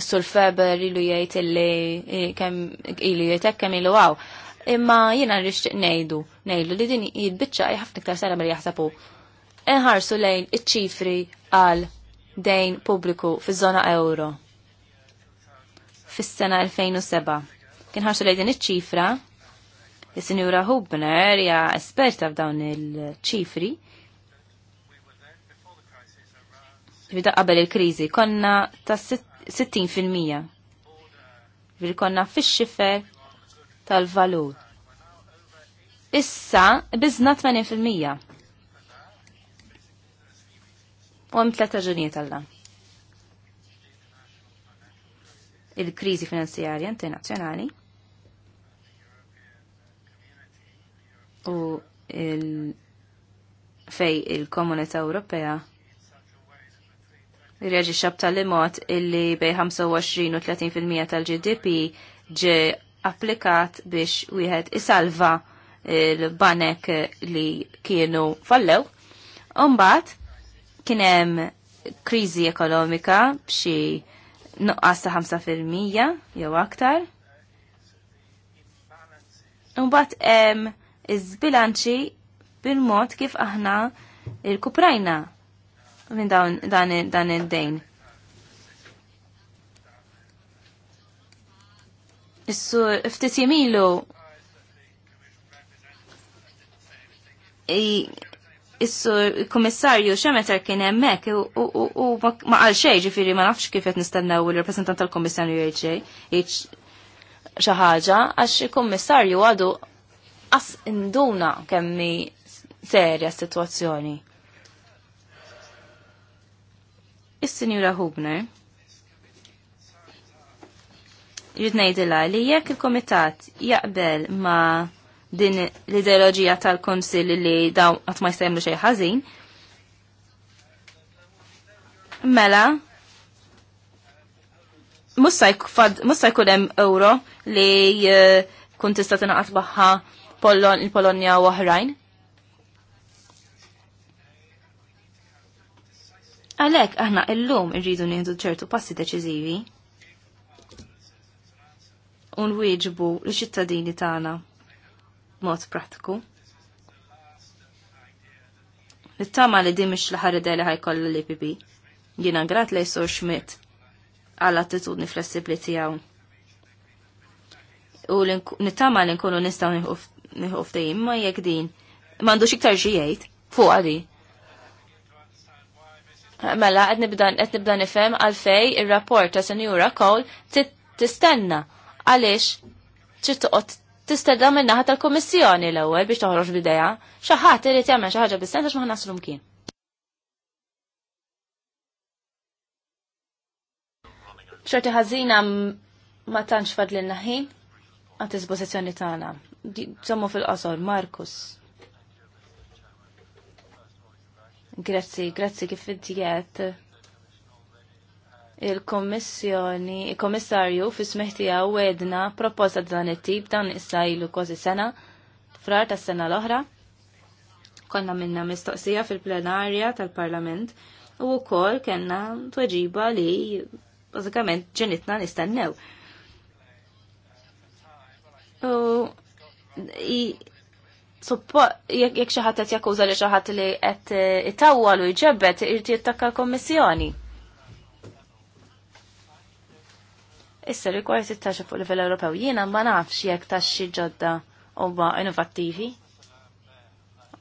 Sur Feber ilu jgħid illi kemm ilu jgħid kemm ilu għaw. Imma jiena nixtieq ngħidu, ngħidu li din jitbiċċa ħafna ktar sara mill jaħsabu. Inħarsu lejn iċ-ċifri għal dejn pubbliku fiż-żona euro. Fis-sena 2007. ħarsu lejn iċ-ċifra il sinjura Hubner hija esperta f'dawn il-ċifri. Fida qabel il krizi konna ta' 60%. Vil konna fix-xifer tal-valur. Issa bizna 80%. U hemm tliet ġunijiet għalla. il krizi finanzjarja internazzjonali, u il fej il-Komunità Ewropea reġi xabta li mod illi bej 25 u 30% tal-GDP ġe applikat biex wieħed isalva il banek li kienu fallew. Umbat, kienem krizi ekonomika bxi nuqqas ta' 5% jew aktar. Umbat, em, iż-bilanċi bil-mod kif aħna il-kuprajna minn dan id-dejn. Issu ftit jemilu issu il-komissarju xemeter kien hemmhekk u ma qal xejn ġifieri ma nafx kif qed nistennew il representant tal-komissarju jgħid xi xaħġa, għax il-kummissarju għadu as induna kemmi serja situazzjoni. Is-Sinjura Hubner jitnejdila li jekk il-komitat jaqbel ma din l-ideologija tal-konsil li daw għat ma jistajmlu xej ħażin, mela mussa jkun hemm euro li eh, kun tista' tingħaqad baħħa il-Polonja u oħrajn. Għalek, aħna illum irridu nieħdu ċertu passi deċiżivi u nwieġbu li ċittadini tagħna mod pratiku. Nittama li di l-ħar li ħajkollha l-IPB. Jiena grat li jisur Schmidt għall attitudni flessibbli tiegħu. U nittama li nkunu nistgħu nieħu neħu ma jekk din. M'għandux iktar xi jgħid fuq għadi. Mela qed nibda nifhem għalfej ir-rapport ta' Senjura Cole tistenna għaliex trid toqgħod tistedda minn naħa tal-Kummissjoni l-ewwel biex toħroġ bidejha. Xi ħadd irid jagħmel xi ħaġa bis-sens għax ma kien. ċerti ħażina ma tantx fadlilna ħin għat dispożizzjoni tagħna. Zommu fil qasor Markus. Grazzi, grazzi kif id qed. Il-Kommissjoni, il-Kommissarju fi smeħtija edna proposta dan it-tip dan issa ilu kważi sena, frar ta' sena l-oħra. Konna minna mistoqsija fil-plenarja tal-Parlament u wkoll kellna tweġiba li bażikament ġenitna nistennew. U jekk xi ħadd qed jakkuża li xi ħadd li qed eh, itawwal u jġebbet irti jittakka l-Kommissjoni. Issa rigward it-taxxa fuq livell Ewropew jiena ma nafx jekk taxxi ġodda huma innovattivi.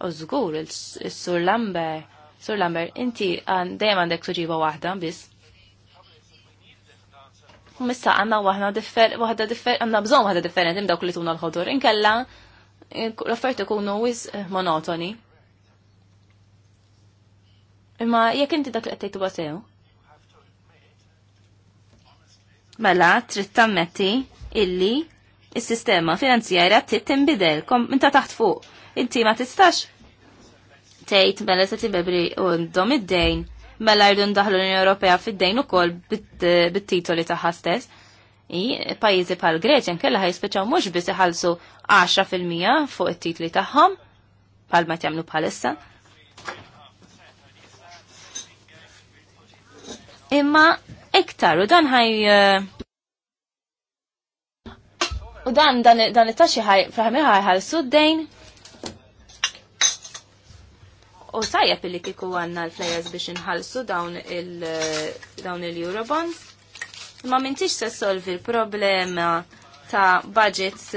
U żgur is-Sur Lambert, Sur Lambert, inti dejjem għandek suġiba waħda biss. U missa għanna waħna differ, waħda differ, għanna bżon waħda differenti m'dawk li tuna l-ħodur. Inkella, l-offerti kunu wis eh, monotoni. Imma jekk inti dak li għattejtu għasew? Mela, trid tammetti illi il-sistema finanzjarja trid tinbidel, minta taħt fuq. Inti ma tistax tgħid mela se tibebri u id-dejn mela jridu ndaħlu l-Unjoni Ewropea fid-dejn ukoll bit-titoli tagħha stess. Pajjiżi bħal Greċja nkella kella mhux biss iħallsu 10% fuq it-titli tagħhom bħal ma jagħmlu bħalissa. Imma iktar u dan ħaj u dan dan it-taxxi ħaj fraħmi ħaj ħalsu d-dejn U sajja pilli kiku għanna l-flejers biex nħalsu dawn il-Eurobonds. Ma mintix se solvi l-problema ta' budgets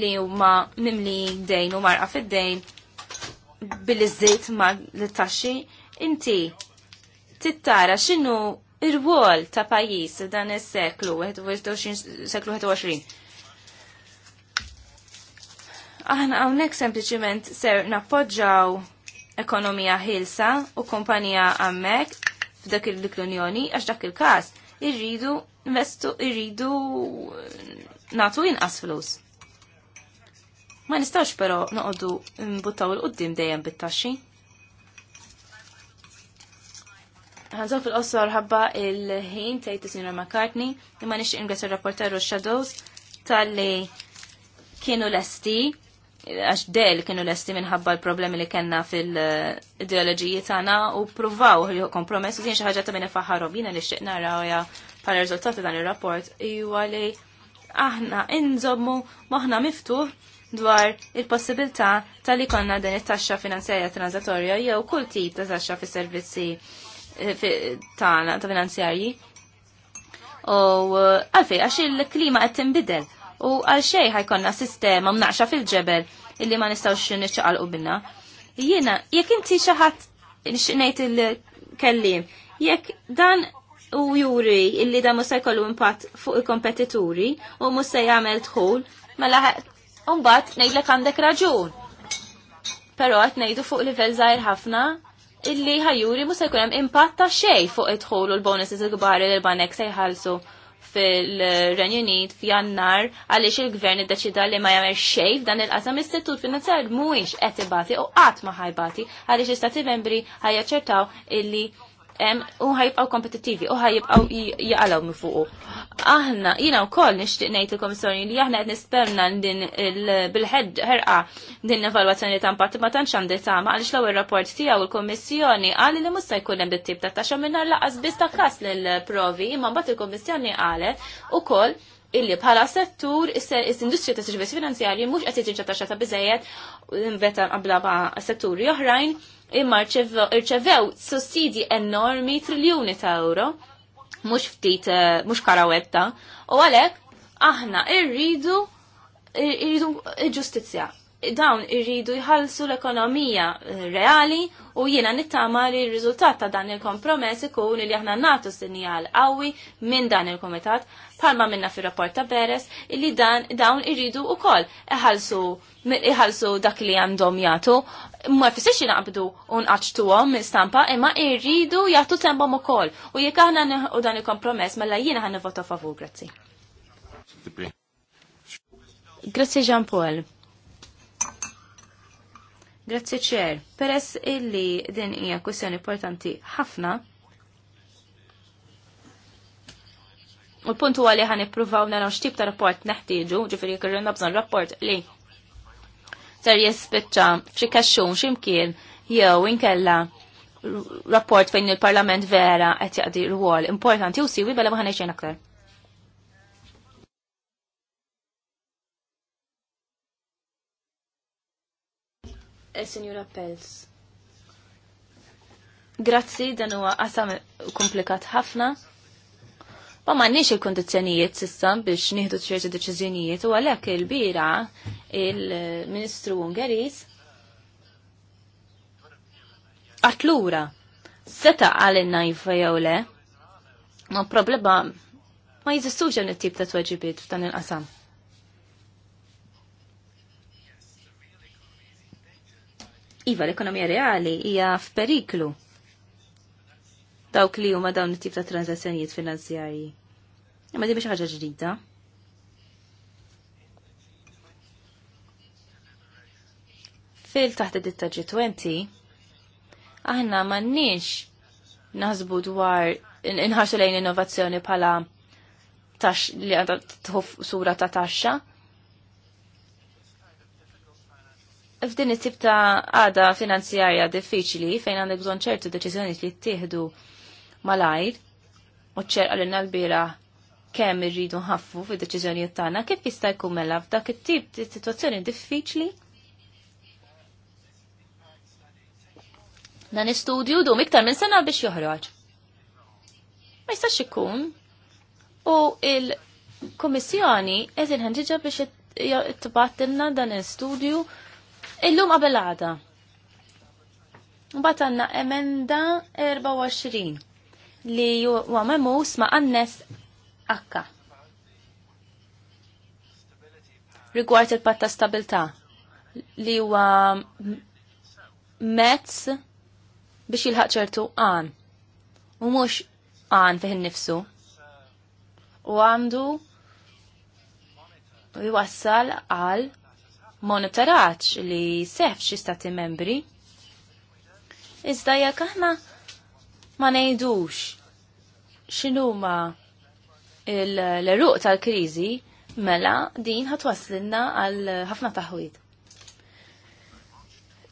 li huma mimli dejn u marqa fid-dejn bil-iżżejt ma l-taxxi inti tittara x'inhu ir-wol ta' pajjiż dan is-seklu 21 seklu 21 aħna għawnek sempliciment ser nappoġġaw ekonomija ħilsa u kumpanija għammek f'dak il-dik l-Unjoni għax dak il-kas irridu investu irridu natu jinqas flus. Ma nistax però noqogħdu mbuttaw il-qoddim dejjem bit-taxxi. Ħanżaw fil-qosor ħabba il-ħin tgħid is-Sinjora McCartney imma nixtieq ingress ir-rapporter u shadows tal-li kienu lesti għax del kienu lesti minħabba l-problemi li kena fil-ideologiji tagħna u provaw kompromess u din xi ħaġa ta' minna faħarhom jina li xtieq narawja bħala riżultati dan ir-rapport huwa li aħna inżommu moħħna miftuħ dwar il-possibilità tal-li konna din it-taxxa finanzjarja transatorja jew kull tip ta' taxxa fis-servizzi eh, ta' finanzjarji. U eh, għalfej, għax il-klima qed tinbidel u għal xej ħajkonna sistema mnaqxa fil-ġebel illi ma nistawx niċċaqalqu binna. Jiena, jekk inti xi ħadd ngħid il-kellim, jekk dan u juri illi da musa jkollu impatt fuq il-kompetituri u musa jagħmel dħul, mela mbagħad ngħidlek għandek raġun. Però qed ngħidu fuq livell zaħir ħafna illi ħajuri musa jkun hemm impatt ta' xejn fuq id-dħul u l-bonuses il-kbar li l-banek se jħallsu fil renjunit f'Jannar għaliex il-gvern iddeċida li ma jagħmel xejn f'dan il-qasam istitut finanzjar mhuwiex qed ibati u qatt ma ħajbati għaliex istati membri ħajjaċċertaw illi u ħajibqaw kompetittivi, u ħajibqaw jaqalaw minn fuqu. Aħna, jina u koll nishtiq nejt il-komissjoni li aħna għed nisperna din bil-ħed ħerqa din evalwazzjoni ta' impatt ma tantx għandi tama għaliex l-ewwel rapport tiegħu il kummissjoni qali li mhux se jkun hemm dit-tip ta' taxxa mingħajr laqas biss ta' każ lill-provi, imma mbagħad il kummissjoni qalet ukoll illi bħala settur is-industrija ta' servizzi finanzjarji mhux qed jiġi taxxa ta' biżejjed inveta qabla ma' setturi oħrajn imma rċevew sussidi enormi triljuni ta' euro, mux ftit, eh, mux karawetta, u għalek aħna irridu irridu ġustizja. Dawn irridu jħallsu l-ekonomija eh, reali u jiena nittama li r-riżultat ta' dan il-kompromess ikun li aħna nagħtu sinjal qawwi minn dan il-komitat palma minna fir rapport ta' Beres li dan dawn irridu ukoll iħallsu dak li għandhom jagħtu ma jfissirx jinaqbdu unqaċtuhom minn stampa imma irridu jagħtu sembhom ukoll. U jekk aħna u dan il-kompromess mela jina ħan nivvota favur, grazzi. Grazzi Jean Paul. Grazzi ċer. Peress illi din hija kwistjoni importanti ħafna, U l-punt huwa li ħan ippruvaw naraw x'tip ta' rapport neħtieġu, ġifieri jekk irrinna bżonn rapport li ser jespeċa f'xi kaxxun x'imkien jew inkella rapport fejn il-Parlament vera qed jaqdi rwol importanti u siwi bella maħan ħanejxejn aktar. Eh, Signora Pels. Grazzi, dan huwa qasam komplikat ħafna Ma m'għandniex il kondizjonijiet s'issa biex nieħdu ċerti deċiżjonijiet u għalhekk il-bira il-Ministru Ungeriż Atlura, seta għal jifa jew le ma problema ma jiżistux dan it-tip ta' tweġibiet f'dan il-qasam. Iva l-ekonomija reali hija f'periklu dawk li huma dawn it-tip ta' transazzjonijiet finanzjarji. Imma di biex ħaġa ġdida. Fil taħt id-ditta G20, aħna m'għandniex naħsbu dwar inħarsu lejn innovazzjoni bħala tax li għadha tħuf sura ta' taxxa. F'din it-tip ta' għada finanzjarja diffiċli fejn għandek bżonn ċertu deċiżjoni li ttieħdu malajr u ċerqa l l-bira kemm irridu nħaffu fid deċiżjonijiet tagħna kif jista' jkun mela f'dak it-tip ta' sitwazzjoni diffiċli. Dan istudju dum iktar minn sena biex joħroġ. Ma jistax ikun. U il kummissjoni qed inħenġiġa biex tibatilna dan istudju illum qabel għada. Mbagħad għandna emenda 24 li huwa memus ma' annes akka. Rigward il-patt ta' stabilità li huwa mezz biex jilħaq ċertu għan. U mhux għan fih nifsu. U għandu jwassal għal monitoraċ li sef xi stati membri. Iżda jekk aħna ma ngħidux x'inhuma l-eruq tal-kriżi mela din ħatwaslinna għal ħafna taħwid.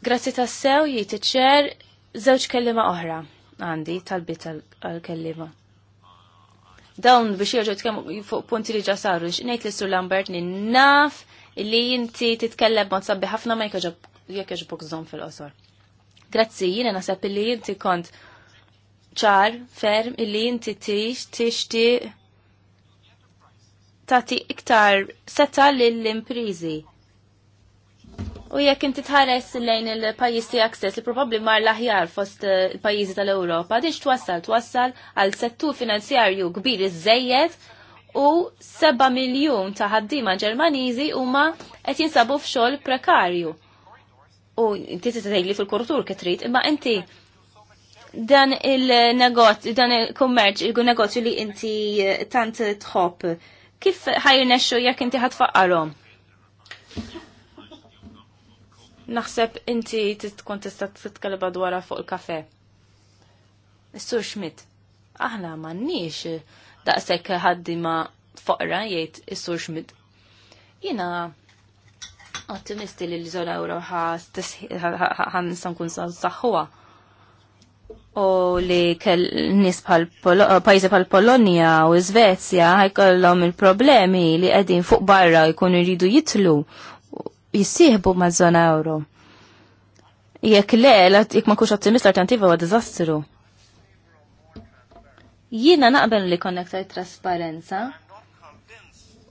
Grazzi tassew jgħid zewċ kellima żewġ kelliema oħra għandi talbit għal-kellima. Dawn biex jirġu tkellmu fuq punti li ġasaru, saru, ngħid li sur Lambert li naf li inti titkellem ma t-sabbi ħafna ma jekk jogħġbok żomm fil-qosor. Grazzi, jiena naħseb li jinti kont ċar ferm illi inti tix ti tati iktar seta lill-imprizi. U jekk inti tħares lejn il pajis ti stess li probabbli mar laħjar aħjar fost eh, il-pajjiżi tal-Ewropa, diġ twassal twassal għal settur finanzjarju kbir iżejjed u 7 miljun ta' ħaddiema Ġermaniżi huma qed jinsabu f'xogħol prekarju. U inti tista' tgħidli fil-kultur kitrid, imma inti dan il-negozju, dan il-kummerċ, il-negozju li inti tant tħobb, kif ħajrnexxu jekk inti ħatfaqarhom? Naħseb inti tkun tista' titkellem dwar fuq il-kafe. Is-sur Schmidt, aħna m'għandniex daqshekk ħaddima foqra jgħid is-sur Schmidt. Jina ottimisti li l-żona Ewro ħan nkun saħħuha u li kell nis eh, pajzi pal Polonia u Svezja ħajkollhom il-problemi li qegħdin fuq barra jkunu jridu jitlu jissieħbu ma' żona euro. Jekk le, jekk ma kux ottimist l tantiva huwa diżastru. Jiena naqbel li konnektar trasparenza,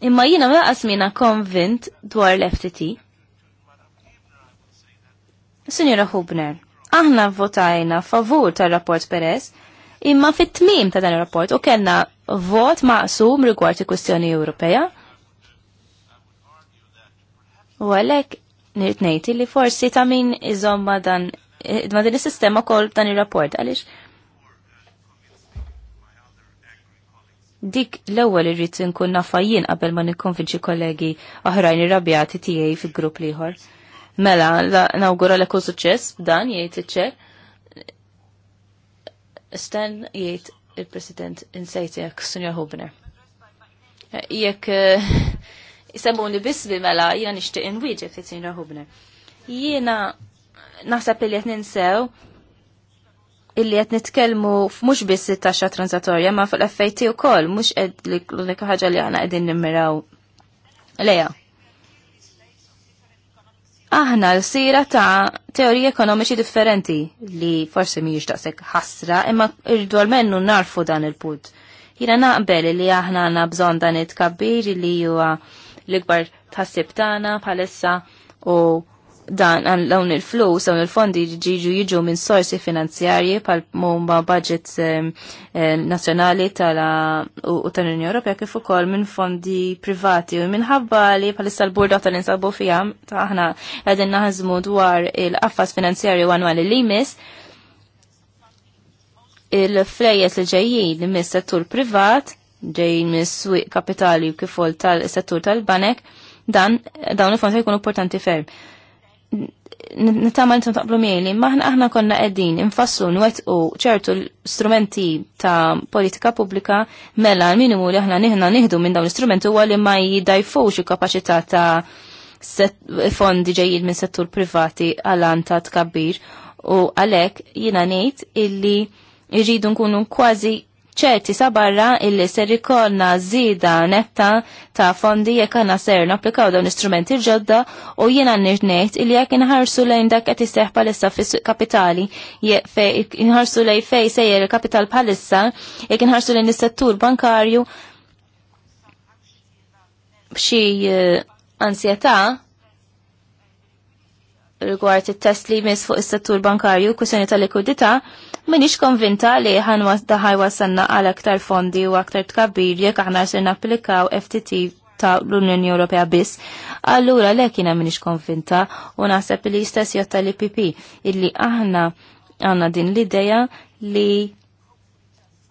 imma jiena ma qasmina konvint dwar l-FTT. Sinjora Hubner, Aħna votajna favur tal-rapport peress, imma fit-tmim ta' dan il-rapport u kellna vot maqsum rigward il-kwestjoni Ewropea. U għalek nirtnejti li forsi ta' min iżom dan ma din is-sistema kol dan ir-rapport għaliex dik l-ewwel irrid inkun nafajjin qabel ma nikkonvinċi kollegi oħrajn irrabjati tiegħi fil-grupp ieħor. Mela, nawgura l eku suċess b'dan jgħid iċ Sten Stan jgħid il-President insejtek, Sunja Hubner. Jekk jisemmuni eh, bisbi mela jiena nixtieq inwieġek li Sunja Hubner. Jiena naħseb li qed ninsew illi qed nitkellmu mhux biss it-taxxa transatorja ma fil-affejti wkoll mhux qed l-unika ħaġa li għana qegħdin nimmiraw lejha aħna l-sira ta' teoriji ekonomiċi differenti li forsi mi daqsek ħasra imma irridu għalmennu narfu dan il-punt. Jina naqbel li aħna għanna bżon dan it-kabbir li huwa l-ikbar tħassib tagħna bħalissa u dan għan dawn il-flus, għan il-fondi ġiġu jiġu minn sorsi finanzjarji pal mumba budget ehm, eh, nazjonali tal u tal-Unjoni Ewropea kif ukoll minn fondi privati u minħabba li palissa l-burda tal-insabu fija ta' aħna għedin naħazmu dwar il finanzjarji finanzjarju għanwali li jmiss il-flejjes li ġejjin mis settur privat ġejjin mis swieq kapitali u kifol tal-settur tal-banek dan dawn il-fondi jkunu importanti ferm nitama nittam taqblu mieli, maħna aħna konna qegħdin infassu nwet u ċertu strumenti ta' politika pubblika mela minimu li aħna nihna nieħdu minn dawn l strumenti huwa li ma jidajfu il-kapaċità ta' fondi ġejjin minn settur privati għal ta' tkabbir u għalhekk jiena ngħid illi irridu nkunu kważi ċerti sa barra illi ser ikonna zida netta ta' fondi jekk għandna ser napplikaw dawn istrumenti ġodda u jiena nirnejt illi jekk inħarsu lejn dak qed iseħħ bħalissa fis-suq kapitali inħarsu lejn fej sejjer il-kapital bħalissa jekk inħarsu lejn is-settur bankarju b'xi eh, ansjetà rigward it-test li jmiss fuq is-settur bankarju kwistjoni tal-likwidità minix konvinta li ħan daħaj wasanna għal aktar fondi u aktar tkabbir jekk aħna ser napplikaw FTT ta' l-Unjoni Ewropea biss. Allura le kiena minix konvinta u naħseb li jistess jotta l pp illi aħna għanna din l-ideja li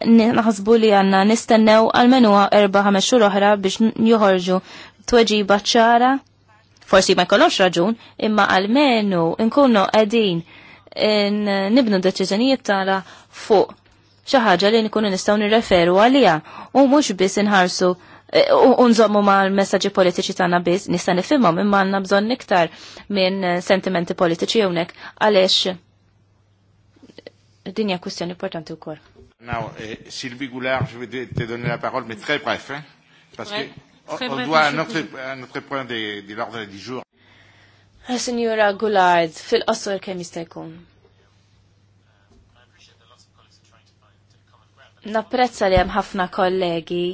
naħsbu li għanna nistennew għal-menu 4-5 xhur oħra biex joħorġu tweġiba ċara forsi ma jkollhomx raġun, imma għalmenu nkunu qegħdin nibnu deċiżjonijiet tagħna fuq xi ħaġa li nkunu nistgħu nirreferu għaliha u mhux biss inħarsu e, u nżommu ma' l-messagġi politiċi tagħna biss nista' nifhimhom imma għandna bżonn iktar minn sentimenti politiċi hawnhekk għaliex din hija kwistjoni importanti wkoll.
Now, eh, Sylvie Goulard, je vais te donner la parole, mais très bref, hein, parce que on doit à notre, à notre point de, de l'ordre du jour.
Signora Goulard, fil-qosor kemm jista' jkun. Napprezza li hemm ħafna kollegi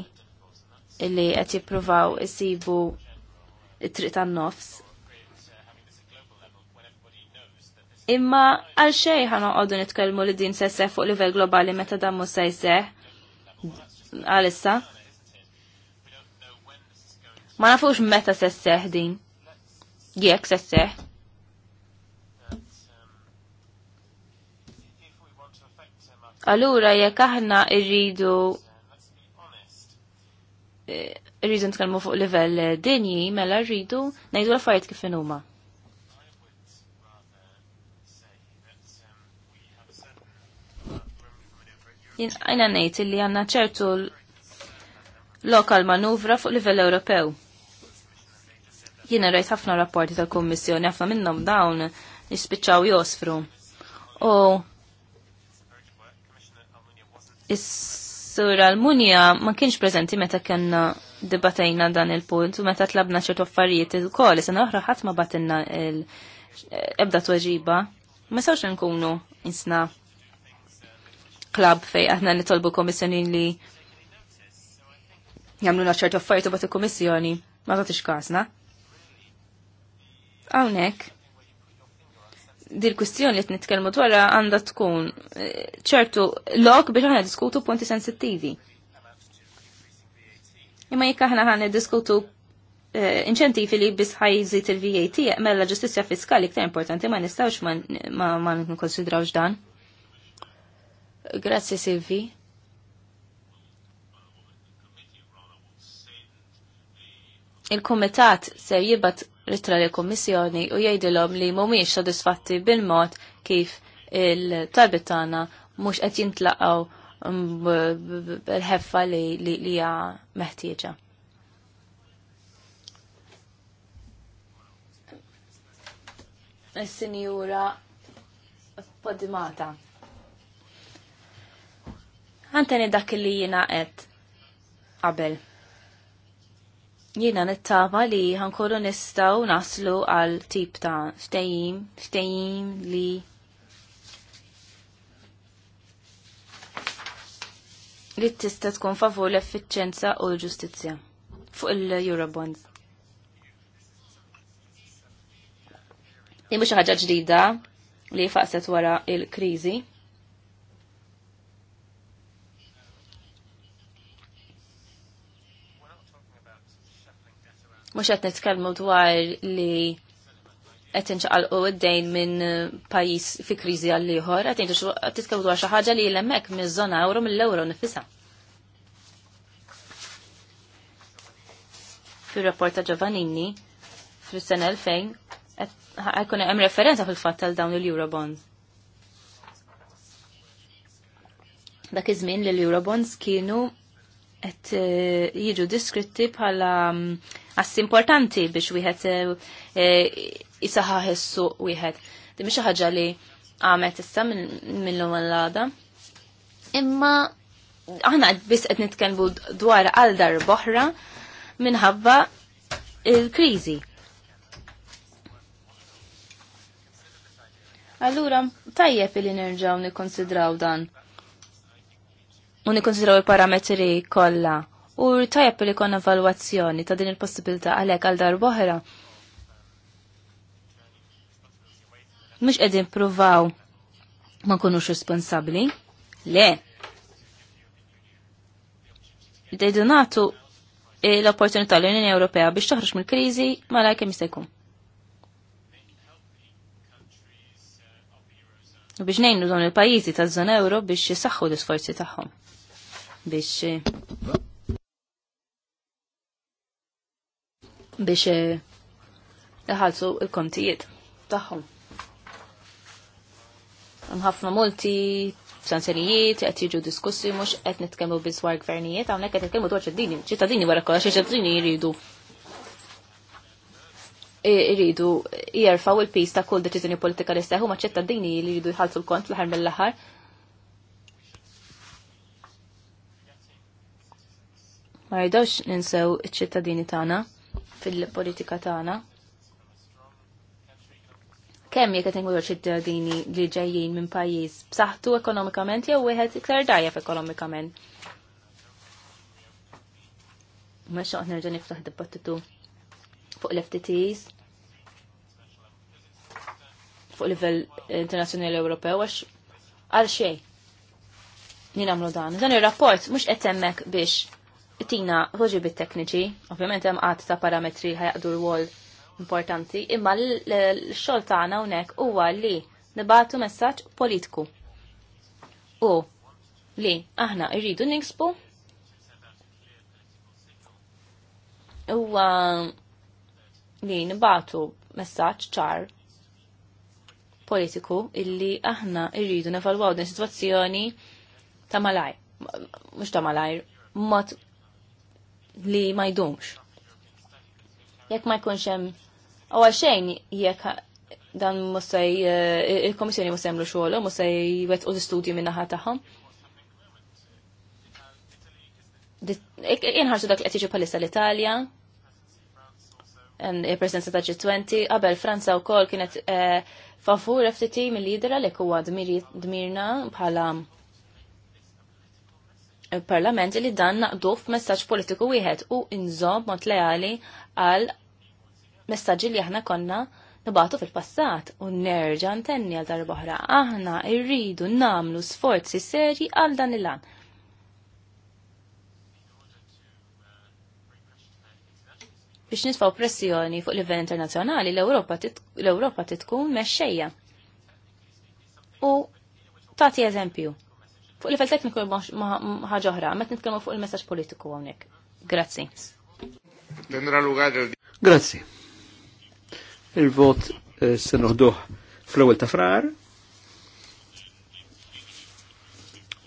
li qed jippruvaw isibu it-triq tan-nofs imma għal xejn ħa noqogħdu nitkellmu li din se seħ fuq livell globali meta dan mhux se jseħ għalissa. Ma nafux meta se seħ din. Jek se Allura jekk aħna irridu eh, irridu nitkellmu fuq livell eh, dinji, mela rridu ngħidu l-affarijiet kif huma. Jien ngħid li għandna ċertu lokal manuvra fuq livell Ewropew. Jiena rajt ħafna rapporti tal-Kommissjoni, ħafna minnhom dawn jispiċċaw josfru. U is-sur Almunja ma kienx preżenti meta kienna dibatejna dan il-punt u meta tlabna ċertu affarijiet ukoll sena oħra ħadd ma batinna l ebda tweġiba. Ma sawx nkunu insna klab fej aħna nitolbu komissjoni li jamluna ċertu affarijiet u bat il-komissjoni ma tagħtix każna. Hawnhekk dil kwistjoni li t-nitkelmu dwarra għanda tkun eh, ċertu lok biex għana diskutu punti sensittivi. Imma jekk aħna ħana diskutu eh, inċentivi li biss ħajżit il-VAT mela ġustizja fiskali ktar importanti ma nistawx ma nkonsidrawx dan. Grazzi Silvi. Il-komitat se jibat ritra li kommissjoni u jgħidilhom li mhumiex sodisfatti bil-mod kif il-talbit tagħna mhux qed jintlaqgħu bil-ħeffa li hija meħtieġa. Is-sinjura Podimata. Għanteni dak li jina qed qabel Jiena nittama li ħankunu nistaw naslu għal tip ta' ftejim, ftejim li li tista' tkun favur l-effiċenza u l-ġustizzja fuq il-Eurobonds. Din mhux ħaġa ġdida li faqset wara il-kriżi. mux għet netkelmu dwar li għet nċaqal u id minn eh, pajis fi krizi għall-liħor, għet nitkelmu dwar xaħġa li l-emmek minn zona euro mill-euro nifisa. Fil-rapport ta' Giovannini, fil-sena 2000, għajkun hemm referenza fil-fatt tal dawn il-Eurobonds. Dak iż-żmien li l-Eurobonds kienu qed eh, jiġu diskritti bħala mm, għas importanti biex wieħed jisaħħaħ eh, eh, is-suq wieħed. Di mhix ħaġa li għamet issa minnhom għall-għada. Imma aħna biss qed nitkellmu dwar għal dar boħra minħabba il-kriżi. Allura, tajjeb li nerġaw nikonsidraw dan. U nikonsidraw il-parametri kollha u tajab li konna valwazzjoni ta' din il-possibilità għalek għal dar boħra. Mux edin provaw ma kunux responsabli. Le. Dejdu natu l-opportunità l-Unjoni Ewropea biex toħroġ mill-kriżi ma lajk kemm jistajkun. U biex nejnu dawn il-pajizi ta' zona euro biex jisaxħu l-isforzi tagħhom. Biex eh, biex eh, iħalsu il-kontijiet tagħhom. Hemm ħafna multi sanzjonijiet qed jiġu diskussi mhux qed nitkellmu biss dwar gvernijiet hawnhekk qed nitkellmu dwar ċittadini, ċittadini wara kollox ċittadini jridu eh, jridu jirfaw il-pis ta' kull deċiżjoni politika li seħu ma' ċittadini li jridu jħalsu l-kont l-ħar mill-aħħar. Ma rridawx ninsew iċ-ċittadini tagħna fil-politika tagħna. Kemm jekk qed ingħidu ċittadini li ġejjin minn pajjiż b'saħħtu ekonomikament jew wieħed iktar dajjef ekonomikament. Ma xaqt nerġa' niftaħ dibattitu fuq l-FTTs fuq livell internazzjonali Ewropew għax għal xejn. Nina nagħmlu dan. Dan ir-rapport mhux qed hemmhekk biex tina bit tekniċi, ovvjament hemm qatt ta' parametri ħajaqdu l-wol importanti, imma l-xogħol tagħna hawnhekk huwa li nibatu messaġġ politiku. U li aħna rridu niksbu huwa li nibatu messaġġ ċar politiku illi aħna rridu nevalwaw din sitwazzjoni ta' malajr, mhux ta' malajr, mod li ma jdumx. Jekk ma jkunx hemm aw xejn jekk dan musa eh, il-Komissjoni musa jagħmlu xogħol, musa jwettqu l istudju minn naħa tagħhom. Inħarsu dak li qed jiġu bħalissa l-Italja, il-presenza ta' G20, qabel Franza u kol kienet eh, favur FTT mill lidra li huwa dmirna bħala parlament li dan naqdu f'messaġġ politiku wieħed u inżob mod leali għal messaġġi li aħna konna nibatu fil-passat u nerġa' ntenni għal oħra, Aħna rridu namlu sforzi serji għal dan il lan biex nisfaw pressjoni fuq livell internazzjonali l-Ewropa titkun mexxejja. U tagħti eżempju Fuq livell tekniku ħaġa oħra, meta nitkellmu fuq il-messaġġ politiku hawnhekk. Grazzi.
Grazzi. Il-vot eh, se noħduh fl-ewwel ta' frar.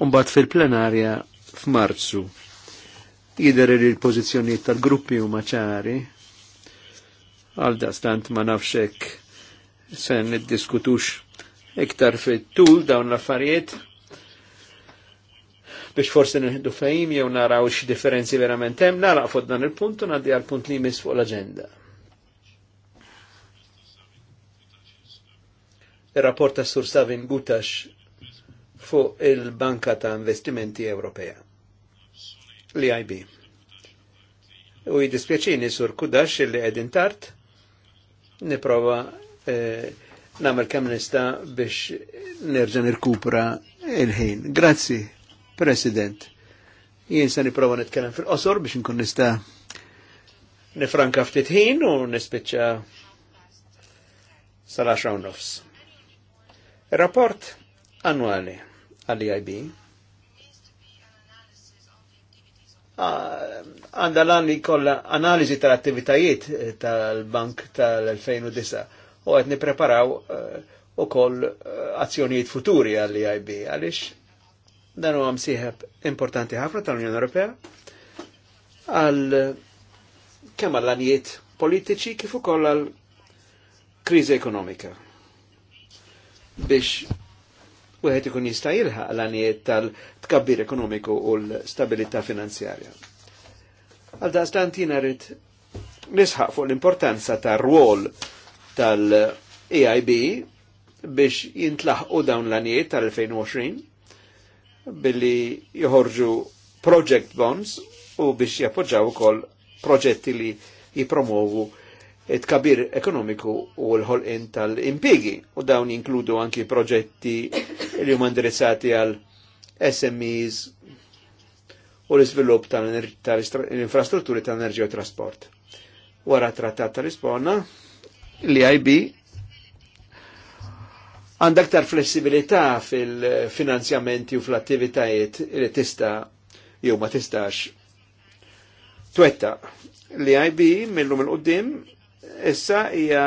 Umbagħad fil-plenarja f'Marzu jidher li l-pożizzjonijiet tal-gruppi huma ċari għal stant ma nafxek sen niddiskutux iktar fit-tul dawn l-affarijiet biex forsi nħiddu fejn jew naraw differenzi verament hemm, naraq fuq dan il-punt u ngħaddi għal punt li jmiss fuq l-aġenda. Ir-rapport ta' Sur Savin Gutax fuq il-Banka ta' Investimenti Ewropea. L-IB. U jidispjaċini sur Kudax illi qegħdin tard niprova eh, namel kem nista biex nerġa nirkupra il-ħin. Grazzi, President. Jien se niprova nitkellem fil-qosor biex nkun nista' nifranka ftit ħin u nispiċċa sal-10 nofs. ir rapport annwali għall e IB ah, għandha l-għan li kolla analizi tal-attivitajiet eh, tal-bank tal-2009 u għed nipreparaw eh, u koll eh, azzjonijiet futuri għall-IB e għalix dan huwa msieħeb importanti ħafna tal-Unjoni Ewropea għal kemm għal anijiet politiċi kif ukoll għal kriżi ekonomika. Biex wieħed ikun jista' jilħaq l-għanijiet tal-tkabbir ekonomiku u l-stabilità finanzjarja. Għal daqstantina rrid nisħaq fuq l-importanza tar-rwol tal-EIB biex jintlaħqu dawn l-għanijiet tal-2020 billi joħorġu project bonds u biex jappoġġaw kol proġetti li jipromovu it-kabir ekonomiku u l-ħolqin tal-impigi u dawn jinkludu anki proġetti li huma indirizzati għal SMEs u l-iżvilupp tal-infrastrutturi tal-enerġija u trasport. Wara trattat tal isbona l-IB Għand aktar flessibilità fil-finanzjamenti u fl-attivitajiet li tista' jew ma tistax twetta li IB minnum il-qoddim issa hija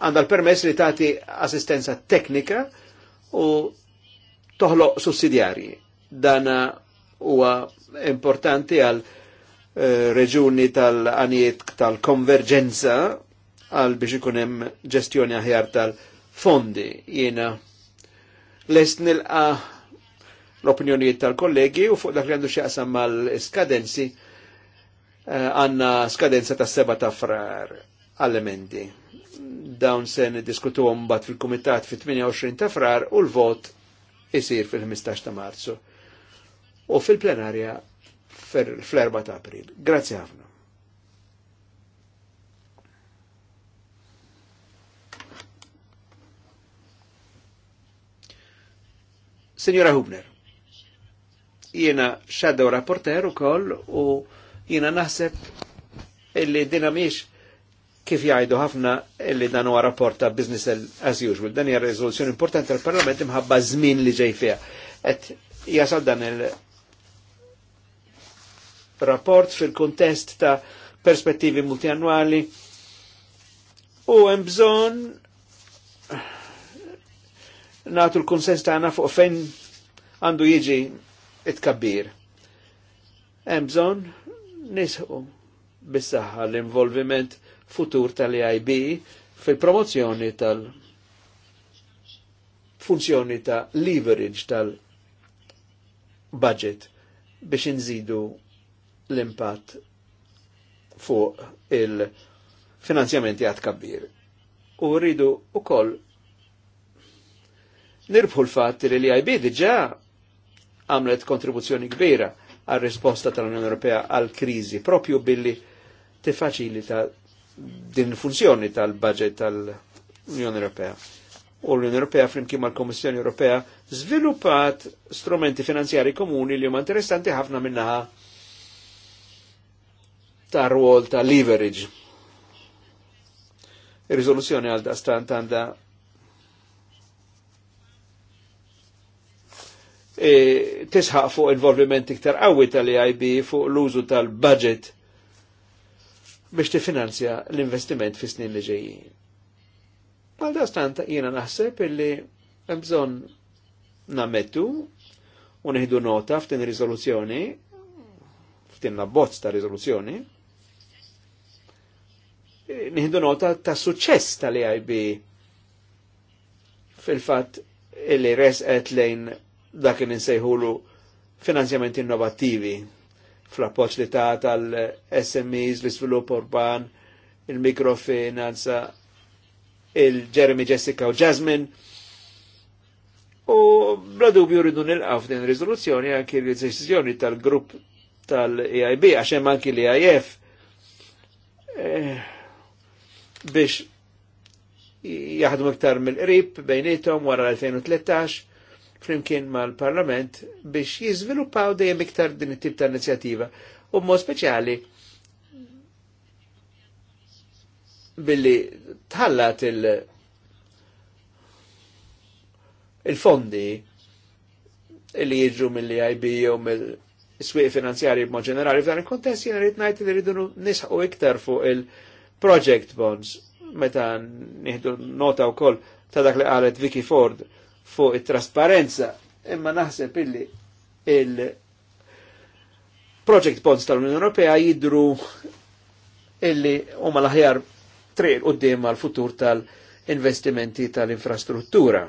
għandha l-permess li tagħti assistenza teknika u toħloq sussidjarji. Dana huwa importanti għal eh, reġuni tal-għaniet tal-konverġenza għal biex ikun hemm ġestjoni aħjar tal-konverġenza fondi. Jiena lest nilqa l-opinjonijiet tal-kollegi u fuq dak li għandu xieqsam mal-skadenzi eh, għanna uh, skadenza ta' seba ta' frar għall-emendi. Dawn sen diskutu bat fil-komitat fit-28 ta' frar u l-vot isir fil-15 ta' marzu u fil-plenarja fl-4 ta' april. Grazie għafna. Signora Hubner, jiena shadow rapporter u koll u jiena naħseb illi dina miex kif jgħidu ħafna illi dan huwa rapport ta' business as usual. Dan hija riżoluzzjoni importanti tal-Parlament imħabba żmien li ġej fiha. Qed jasal dan il-rapport fil-kontest ta' perspettivi multianwali u hemm bżonn natu l-konsens tagħna fuq fejn għandu jiġi it-kabbir. Hemm bżonn nisħu bis-saħħa l-involviment futur tal ib fil-promozzjoni tal-funzjoni ta' leverage tal-budget biex inżidu l-impatt fuq il-finanzjamenti għat kabbir. U rridu u koll nirbħu l fat li l-IB diġa għamlet kontribuzzjoni kbira għal risposta tal-Unjoni Ewropea għal krizi propju billi ta' din funzjoni tal-budget tal-Unjoni Ewropea. U l-Unjoni Ewropea flimkien mal komissjoni Ewropea sviluppat strumenti finanzjari komuni li huma interessanti ħafna minnaħa ta' rwol ta' leverage. Ir-riżoluzzjoni għal dastant għanda E, tisħaq fuq involviment iktar qawwi tal-EIB fuq l-użu tal-budget biex tifinanzja l-investiment fi snin li ġejjin. Għal dastant jiena naħseb illi hemm bżonn namettu u neħdu nota f'tin riżoluzzjoni f'tin nabbozz ta' riżoluzzjoni nieħdu nota ta' suċċess tal-EIB fil-fatt illi resqet lejn dakin li nsejħulu finanzjamenti innovativi fl-appoċ li ta' tal-SMEs, l-svilupp urban, il-mikrofinanza, il-Jeremy Jessica u Jasmine. U bla dubju rridu nilqaw din riżoluzzjoni anki l-deċiżjoni tal-grupp tal-EIB, għax hemm anki l-EIF eh, biex jaħdmu iktar mill-qrib bejnietom wara l-2013 flimkien mal-Parlament biex jizviluppaw dejjem iktar din it-tip ta' inizjattiva u mod speċjali billi tħallat il- il-fondi li jiġu mill-IB u mill-swieq finanzjari b'mod ġenerali f'dan il-kontest jiena rrid ngħid li rridu nisħu iktar fuq il-project bonds meta nieħdu nota wkoll ta' dak li qalet Vicky Ford fuq it-trasparenza, imma naħseb illi il-Project Bonds tal-Unjoni Ewropea jidru illi huma l-aħjar triq qudiem għal futur tal-investimenti tal-infrastruttura.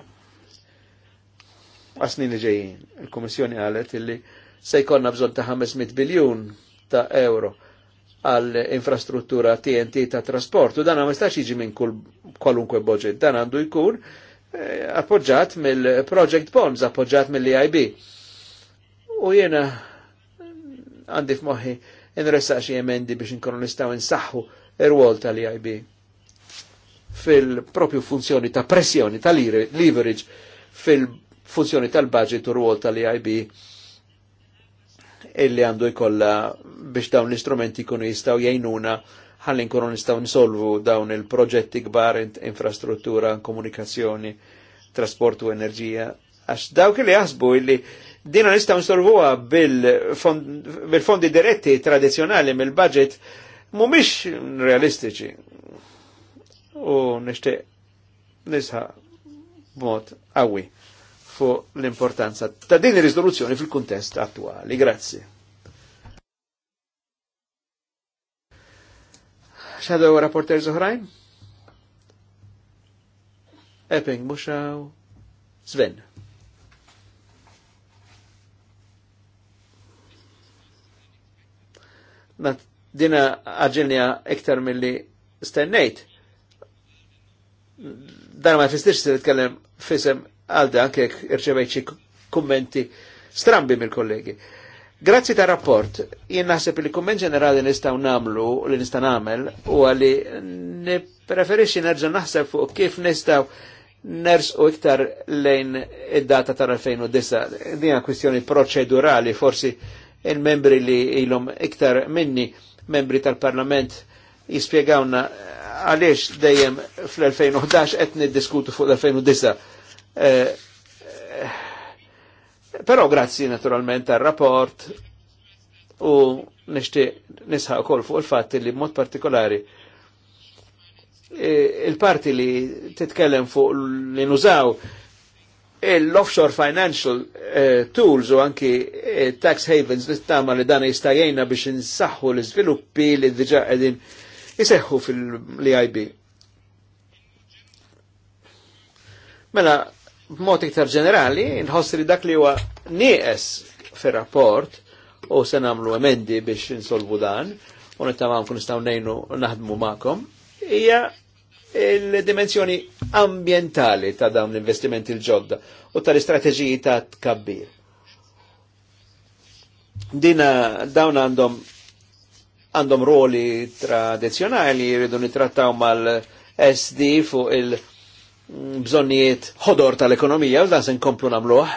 Għasnin li ġejjin, il-Kummissjoni għalet illi se jkollna bżonn ta' 500 biljun ta' euro għal infrastruttura TNT ta' trasportu. Dan ma jistax jiġi minn kwalunkwe budget, dan għandu jkun Eh, appoġġat mill-Project Bonds, appoġġat mill-EIB. U jena għandi f'moħi nressa xi emendi biex nkunu nistgħu nsaħħu ir-wol tal-EIB fil-propju funzjoni ta' pressjoni tal leverage fil-funzjoni tal-budget u r-wol tal-EIB illi għandu jkollha biex dawn l-istrumenti kunu jistgħu jgħinuna ħallin nkunu nistaw nisolvu dawn il-proġetti kbar infrastruttura, komunikazzjoni, trasport u enerġija. Għax dawk li jasbu illi dina nistaw nsolvuha bil-fondi diretti tradizjonali mill-budget mhumiex realistiċi. U nixtieq nisħa b'mod għawi fu l-importanza ta' din il-rizoluzzjoni fil-kuntest attuali. Grazie. Shadow rapporter zuħrajn? Epping, muxaw, Sven. Dina għagġilnija iktar mill-li stennejt. Dan ma fistix se t-tkellem fisem għalda anke irċevejt xi kummenti strambi mill-kollegi. Uh, Grazzi ta' rapport, jien naħseb li kumment ġenerali nistaw namlu li nistaw namel u għalli preferisci nerġa' naħseb fuq kif nistaw ners u iktar lejn id-data tal-2009. Dina kwistjoni proċedurali, forsi il-membri li ilom iktar minni, membri tal-Parlament, jispiegawna għaliex dejjem fl-2011 qed niddiskutu fuq l-2009. Eh, Però grazzi naturalment għal rapport u nishtiq nisħaq kol fuq il fat li mod partikolari e, il-parti li titkellem fuq li nużaw l-offshore financial uh, tools u anki uh, tax havens li tama li dan jistajjena biex nsaħħu l-izviluppi li d-dġa għedin jiseħħu fil-IB. Mela, b'mod iktar ġenerali, nħossri dak li huwa nieqes fir-rapport u se nagħmlu emendi biex insolvu dan u nittamaw kun nistgħu ngħinu naħdmu magħkom, hija il-dimensjoni ambientali ta' dawn l-investimenti l-ġodda u tal-istrateġiji ta' tkabbir. Dina dawn għandhom għandhom roli tradizjonali jridu nitrattaw mal-SD fuq il- bżonnijiet ħodor tal-ekonomija u dan se nkomplu nagħmluh.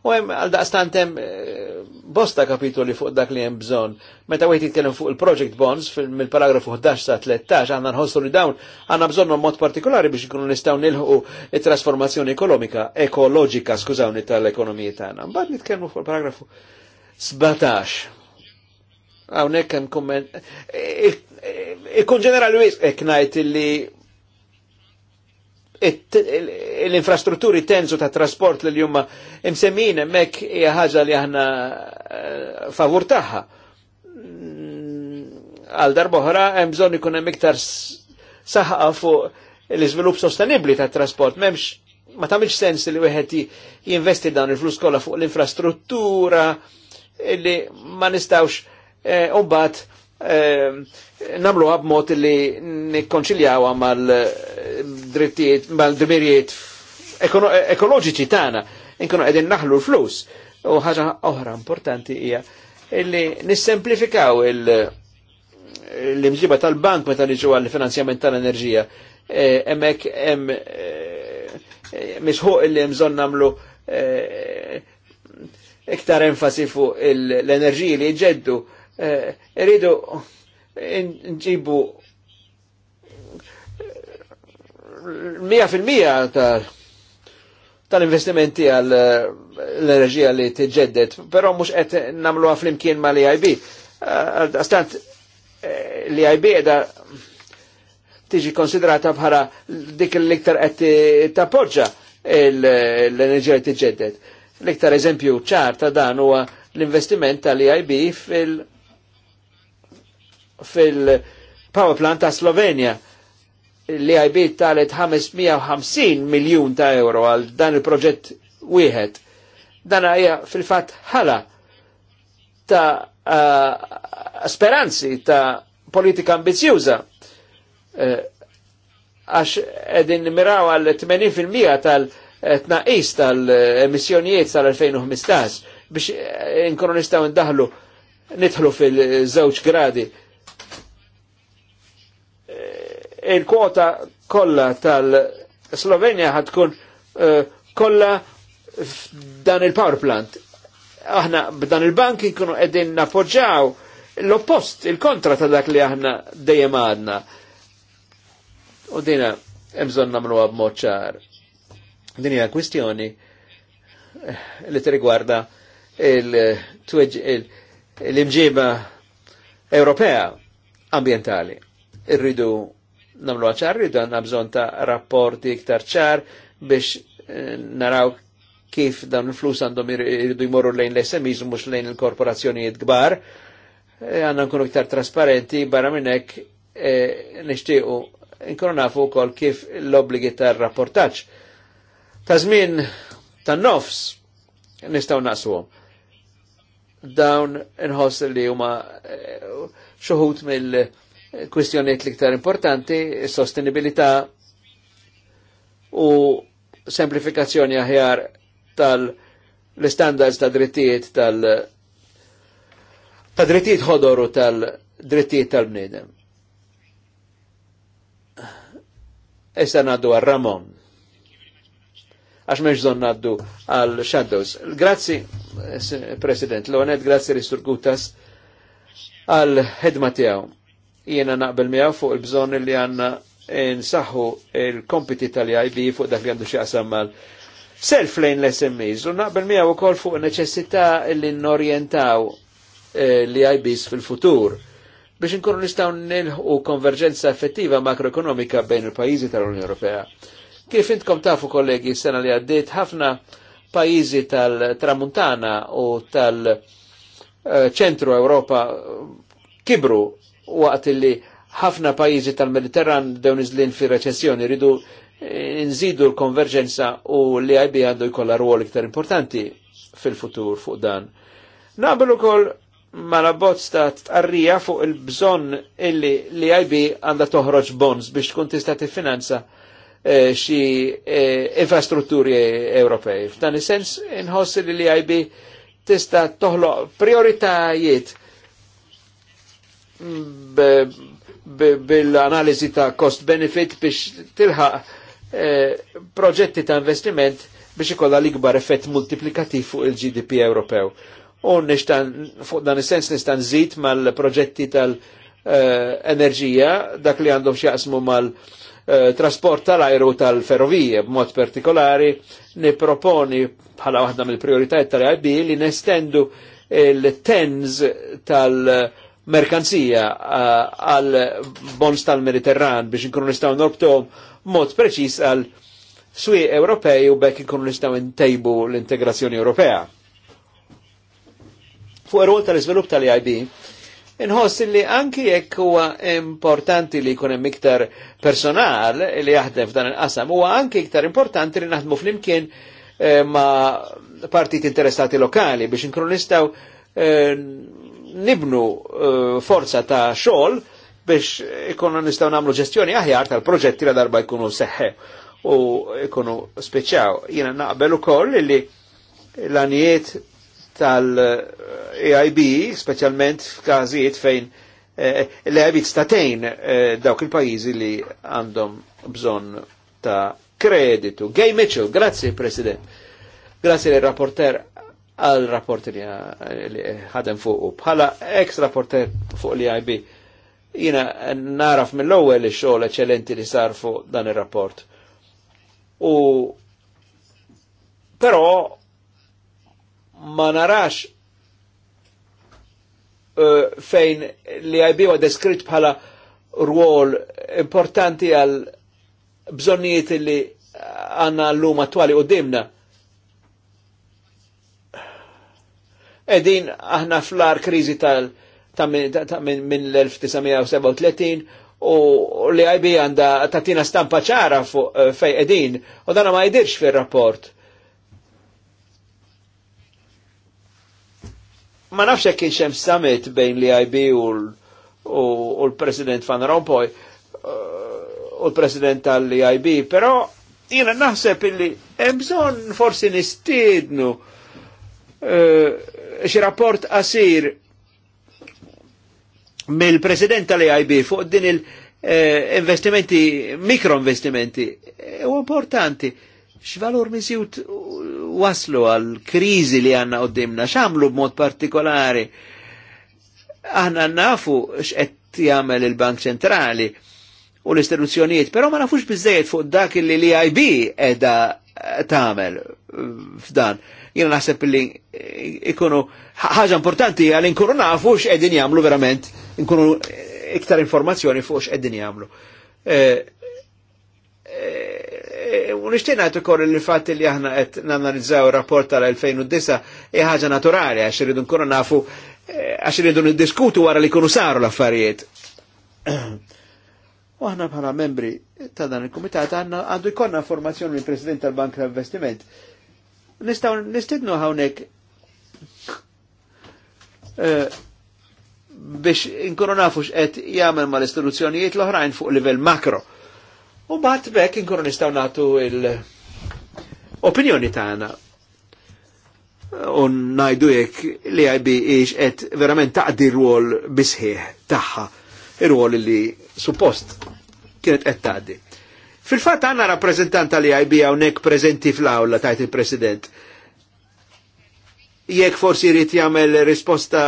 U hemm għal daqstantem eh, bosta kapitoli fuq dak li hemm bżonn. Meta għajt jitkellem fuq il-project bonds mill-paragrafu 11 sa 13 għandna nħossu li dawn għandna bżonnhom mod partikolari biex ikunu nistgħu nilħu it-trasformazzjoni ekonomika, ekoloġika, skużawni, tal-ekonomija tagħna. Mbagħad nitkellmu fuq il-paragrafu 17 għawnek kem komment. Eh, eh, ikun ġenerali wis, ek najt li l-infrastrutturi tenzu ta' trasport li jumma imsemmin mek hija ħaġa li aħna eh, favur tagħha. Għal darboħra hemm bżonn ikun hemm iktar saħħa fuq l-iżvilupp sostenibbli tat trasport. M'hemmx ma tagħmilx sens li wieħed jinvesti dan il-flus kollha fuq l-infrastruttura li ma nistgħux eh, umbagħad Ehm, namlu mot li nikkonċiljaw mal-drittijiet, mal eh, drittijiet ekoloġiċi tana, inkunu għedin naħlu l-flus. U ħaġa oħra importanti hija illi nissemplifikaw l-imġiba tal-bank meta li ġuwa l-finanzjament tal-enerġija. E, emmek, em, e, misħuq illi mżon namlu e, iktar enfasi fuq l-enerġiji li ġeddu Irridu eh, nġibu mija fil-mija tal-investimenti għal eh, l-enerġija li t-ġeddet, pero mux qed namluha flimkien ma' l-IB. Eh, Għastant l-IB e edha tiġi konsiderata bħala dik l-iktar qed tappoġġa l-enerġija li t-ġeddet. L-iktar eżempju ċar ta' dan huwa l-investiment tal-IB fil- fil-power plant ta' Slovenia li għajbit talet 550 miljon ta' euro għal dan il-proġett wieħed. Dan għajja fil-fat ħala ta' uh, speranzi ta' politika ambizjuża. Eh, għax uh, edin miraw għal 80% tal-tnaqis tal-emissjonijiet tal-2015 biex eh, inkronistaw nistaw ndaħlu nidħlu fil-żewġ gradi il-kwota kollha tal-Slovenja ħad tkun uh, kollha il-power plant. Aħna b'dan il-bank kunu qegħdin napoġġaw l-oppost, il-kontra ta' dak li aħna dejjem għadna. U dina emżon namlu għab moċar. Din hija kwistjoni eh, li t-rigwarda l-imġiba Ewropea ambientali. Irridu namlu ċar, rridu għanna bżon ta' rapporti iktar ċar biex eh, naraw kif dan il-flus għandhom irridu jmorru lejn l-SMIs mux lejn il-korporazzjonijiet gbar. Eh, għanna nkunu iktar trasparenti, barra minnek eh, nishtiqu nkunu nafu kol kif l-obligi tar rapportaċ. Ta' zmin ta' nofs nistaw naqsuhom. Dawn nħoss li huma xuħut mill- kwestjoniet liktar importanti, sostenibilità u semplifikazzjoni aħjar tal-standards ta' drittijiet tal- ta' drittijiet ħodoru tal-drittijiet tal-bnidem. Issa naddu għal Ramon. Għax meġ zon naddu għal Shadows. Grazzi, eh, President Lonet, grazzi Ristur Gutas għal ħedma tijaw Jiena naqbel miegħu fuq il-bżonn li għandna nsaħħu il-kompiti tal-IB fuq dak li għandu x'jaqsam mal self lejn l-SMEs u naqbel miegħu wkoll fuq neċessità li norjentaw eh, li IBs fil-futur biex inkunu nistgħu nilħu konverġenza effettiva makroekonomika bejn il-pajjiżi tal-Unjoni Ewropea. Kif intkom tafu kollegi s-sena li għaddiet ħafna pajjiżi tal-Tramuntana u tal- eh, ċentru Ewropa kibru waqt li ħafna pajjiżi tal-Mediterran dew niżlin fi reċessjoni ridu eh, nżidu l-konverġenza u li IB għandu jkollha rwol iktar importanti fil-futur fuq dan. Naqbel ukoll ma la ta' tqarrija fuq il-bżonn illi li IB għandha toħroġ bonds biex tkun tista' tiffinanza eh, xi eh, infrastrutturi Ewropej. F'dan is-sens inħoss li l-IB tista' toħloq prioritajiet bil-analizi ta' cost benefit biex tilħaq eh, proġetti ta' investiment biex ikolla l-ikbar effett multiplikativ fuq il-GDP Ewropew. U nishtan, fuq dan is-sens nistan zit mal-proġetti tal-enerġija, eh, dak li għandhom xjaqsmu mal-trasport eh, tal-ajru tal-ferrovije, b'mod partikolari, niproponi bħala waħda mill-prioritajiet tal-IB li nestendu il-tens tal-, -tens tal merkanzija għal bons tal-Mediterran biex nkunu nistgħu norbtuhom mod preċis għal swi Ewropej u bekk nkunu nistgħu ntejbu l-integrazzjoni Ewropea. Fuq ir-rol tal-iżvilupp tal-IB, Inħoss li anki jekk huwa importanti li jkun hemm iktar personal li jaħdem f'dan il-qasam, huwa anki iktar importanti li naħdmu flimkien eh, ma' partit interessati lokali biex nkunu nistgħu eh, nibnu uh, forza ta' xogħol biex ikonu nistaw namlu ġestjoni aħjar tal-proġetti la darba jkunu seħħe u ikonu speċjaw. Jina naqbel ukoll li l-anijiet tal-EIB, specialment f'każijiet fejn eh, l-EIB statejn eh, dawk il-pajizi li għandhom bżon ta' kreditu. Gay Mitchell, grazie President. Grazie l-rapporter għal rapport li ħadem fuq bħala ex rapporter fuq li IB jina naraf mill-ewwel ix-xogħol eċċellenti li sar fuq dan ir-rapport. U però ma narax uh, fejn li għajbi huwa deskritt bħala rwol importanti għal bżonnijiet li għanna l-lum attuali u dimna Edin aħna flar krizi tal ta' minn l-1937 u li IB għanda tatina stampa ċara eh, fej edin u dana ma jidirx fil-rapport. Ma nafx kien xem summit bejn li IB u l-President Van Rompuy eh, u l-President tal-IB, pero jiena naħseb illi hemm bżonn forsi nistiednu uh, xi rapport qasir mill-president tal-AIB fuq din il-investimenti, eh, mikroinvestimenti, e u importanti. X'valur miżjut waslu għal kriżi li għanna qoddimna, x'għamlu b'mod partikolari. Aħna nafu x'qed jagħmel il-Bank Ċentrali u l-istituzzjonijiet, però ma nafux biżejjed fuq dak li l-IB edha tagħmel f'dan. Uh, jina naħseb li ikunu ħaġa importanti għal inkunu nafu x'qegħdin jagħmlu verament, inkunu iktar informazzjoni fuq x'qegħdin jagħmlu. Eh, eh, Unishtina għet ukoll li fatt li aħna qed nanalizzaw rapport tal-2009 hija ħaġa naturali għax irridu nkunu nafu eh, għax irridu niddiskutu wara li jkunu saru l-affarijiet. U aħna bħala membri ta' dan il-Kumitat għandu jkollna informazzjoni mill-President tal-Bank tal-Investiment Nistaw nistidnu hawnhekk eh, biex inkunu nafu x'qed jagħmel mal-istituzzjonijiet l-oħrajn fuq livell makro. U mbagħad bekk inkunu nistgħu nagħtu l-opinjoni tagħna u najdu jek li għajbi iġ et verament taqdi rwol bisħieħ taħħa, ir-rwol li suppost kienet qed taqdi. Fil-fat għanna rappresentanta li IB għawnek e prezenti fl għawla tajt il-president. Jek forsi rrit jagħmel risposta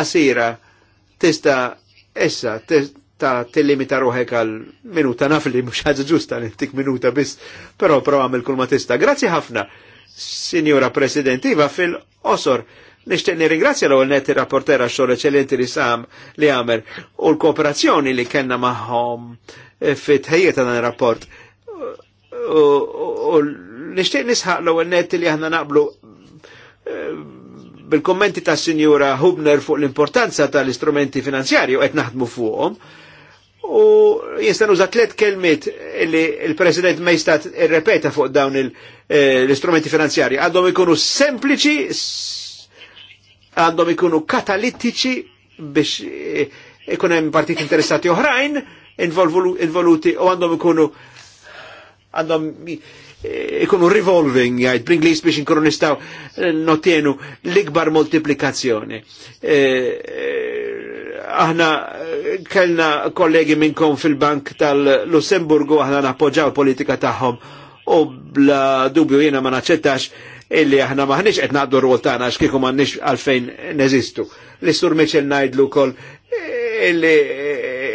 asira tista essa testa' tillimita ruħek għal minuta nafli, mux ħadġa ġusta tik minuta biss, pero pro għamil kulma tista. Grazzi ħafna, Signora President, iva fil-osor. Nishtiq nirringrazzja l net il-rapportera xogħol eċellenti li sam li għamel u l-kooperazzjoni li kellna maħom eh, fit-ħejjiet dan il rapport U nishtiq nisħaq l net li aħna naqblu eh, bil-kommenti ta' Sinjura Hubner fuq l-importanza tal-istrumenti finanzjari u qed naħdmu fuqhom. U jistan uża tliet kelmit li il-President ma jistat irrepeta fuq dawn eh, l-istrumenti finanzjari. Għandhom ikunu sempliċi, għandhom ikunu katalittiċi biex eh, ikun hemm partit interessati oħrajn involuti u għandhom ikunu għandhom eh, ikunu revolving, jgħid bring lis biex inkunu nistaw eh, notienu l-ikbar moltiplikazzjoni. Eh, aħna kellna kollegi minnkom fil-Bank tal-Lussemburgu, aħna nappoġġaw politika tagħhom u bla dubju jiena ma naċċettax illi aħna maħniex qed naqdu rwol tagħna għax kieku m'għandniex għalfejn neżistu. L-istur Mitchell ngħidlu kol illi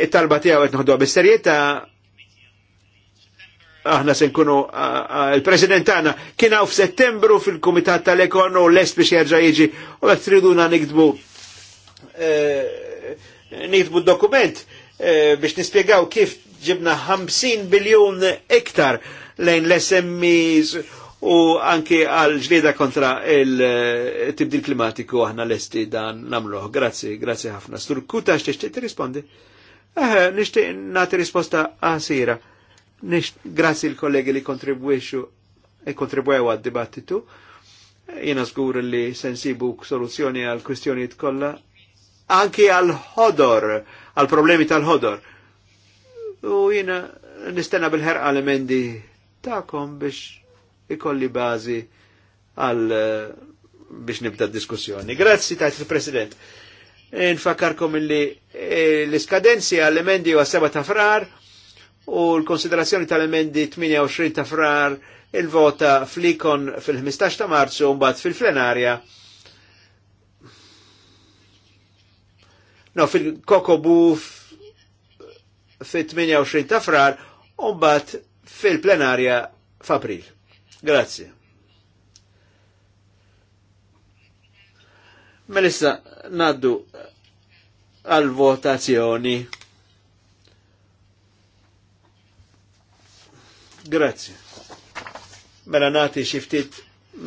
it-talba tiegħu qed noħduha bis-serjetà aħna se nkunu il-president tagħna kien hawn f'Settembru fil-Kumitat tal-Ekon u lest biex jerġa' jiġi u qed triduna nikdbu e, nikdbu dokument e, biex nispjegaw kif ġibna 50 biljun iktar lejn l-SMEs u anke għal ġlieda kontra il-tibdil klimatiku aħna lesti dan namluħ. Grazzi, grazzi ħafna. Sturkuta, kuta xtiex rispondi? Eh, nishtiq nati risposta għasira. Ah, nix Grazzi l-kollegi li kontribwixu e kontribwew għad-dibattitu. Jena zgur li sensibu soluzzjoni għal kwistjonijiet kollha anki għal hodor għal problemi tal hodor U jina nistena bil-ħerqa l-emendi ta'kom biex ikolli bazi għal biex nibda diskussjoni. Grazzi tajt il-President. Infakarkom li eh, l-iskadenzi għall-emendi u għas-seba ta' frar u l-konsiderazzjoni tal-emendi 28 ta' frar il-vota flikon fil-15 ta' marzu un fil-plenarja. No, fil-kokobu fil-28 ta' frar un fil-plenarja f'april. Grazie. Melissa, naddu għal-votazzjoni. Grazzi. Mela nati xiftit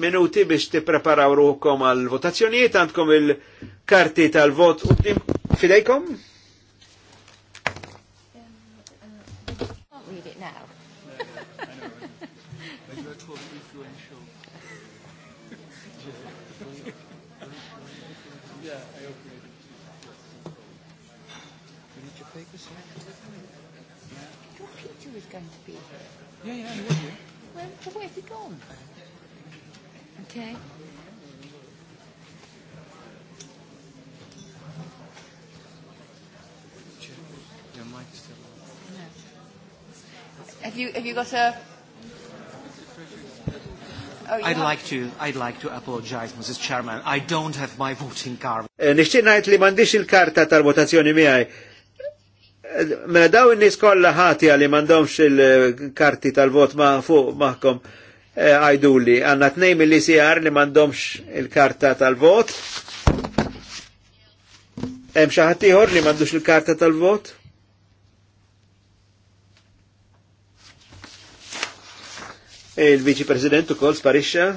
minuti biex tippreparaw ruħkom għal votazzjonijiet għandkom il-karti tal-vot u fidejkom? going to be here. Yeah, yeah, he was here. Where, where's he gone? Okay. Your mic's still on. No. Have you, have you got a... Oh, I'd like to I'd like to apologize Mrs. Chairman I don't have my voting card. Eh, nixtieq ngħid li m'għandix il-karta tal-votazzjoni miħaj. Mela daw in-nies kollha ħati għalli m'għandhomx il-karti tal-vot ma fuq magħkom eh, għajduli. E, tnejn mill-ICR li m'għandhomx il-karta tal-vot. Hemm xi ħadd ieħor li m'għandux il-karta tal-vot? Il-Viċi President ukoll sparixxa.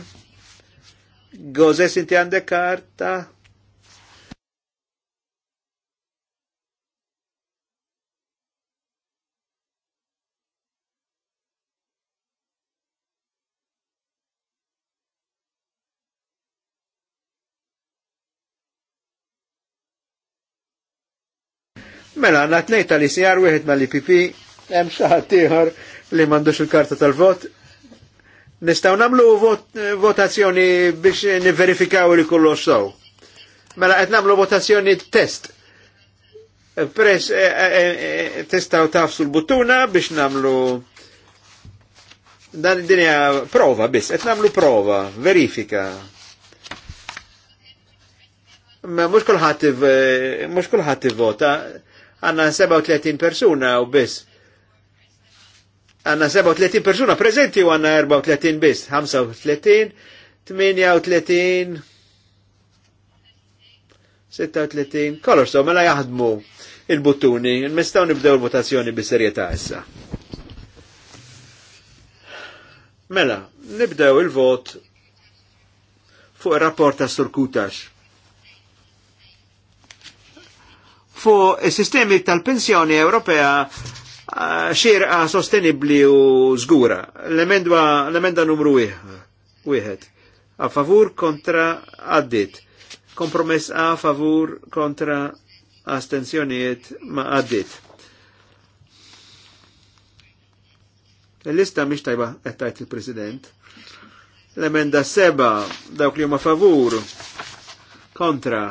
Gozes inti għandek karta? Mela, għanna t tal-ICR, wieħed mal ipp hemm xaħat ieħor li mandux il-karta tal-vot. Nistaw namlu vot, votazzjoni biex niverifikaw li kollu sow. Mela, qed namlu votazzjoni test. Press, e, e, e, testaw tafsu l-buttuna biex namlu dan dinja prova biss, qed nagħmlu prova, verifika. Ma mhux kulħadd mhux kulħadd ivvota, għanna 37 persuna u biss. Għanna 37 persuna prezenti u għanna 34 biss, 35, 38, 36, kolor so, mela jaħdmu il-buttuni, mistaw nibdew il-votazzjoni bis-serjetà issa. Mela, nibdew il-vot fuq il-rapport ta' Sur Kutax. fu sistemi tal-pensjoni Ewropea eh, xirqa sostenibli u zgura. L-emenda numru wieħed. A favur kontra addit. Kompromess a favur kontra astenzjoniet ma addit. l lista miex tajba għettajt il-president. L-emenda seba dawk li ma favur kontra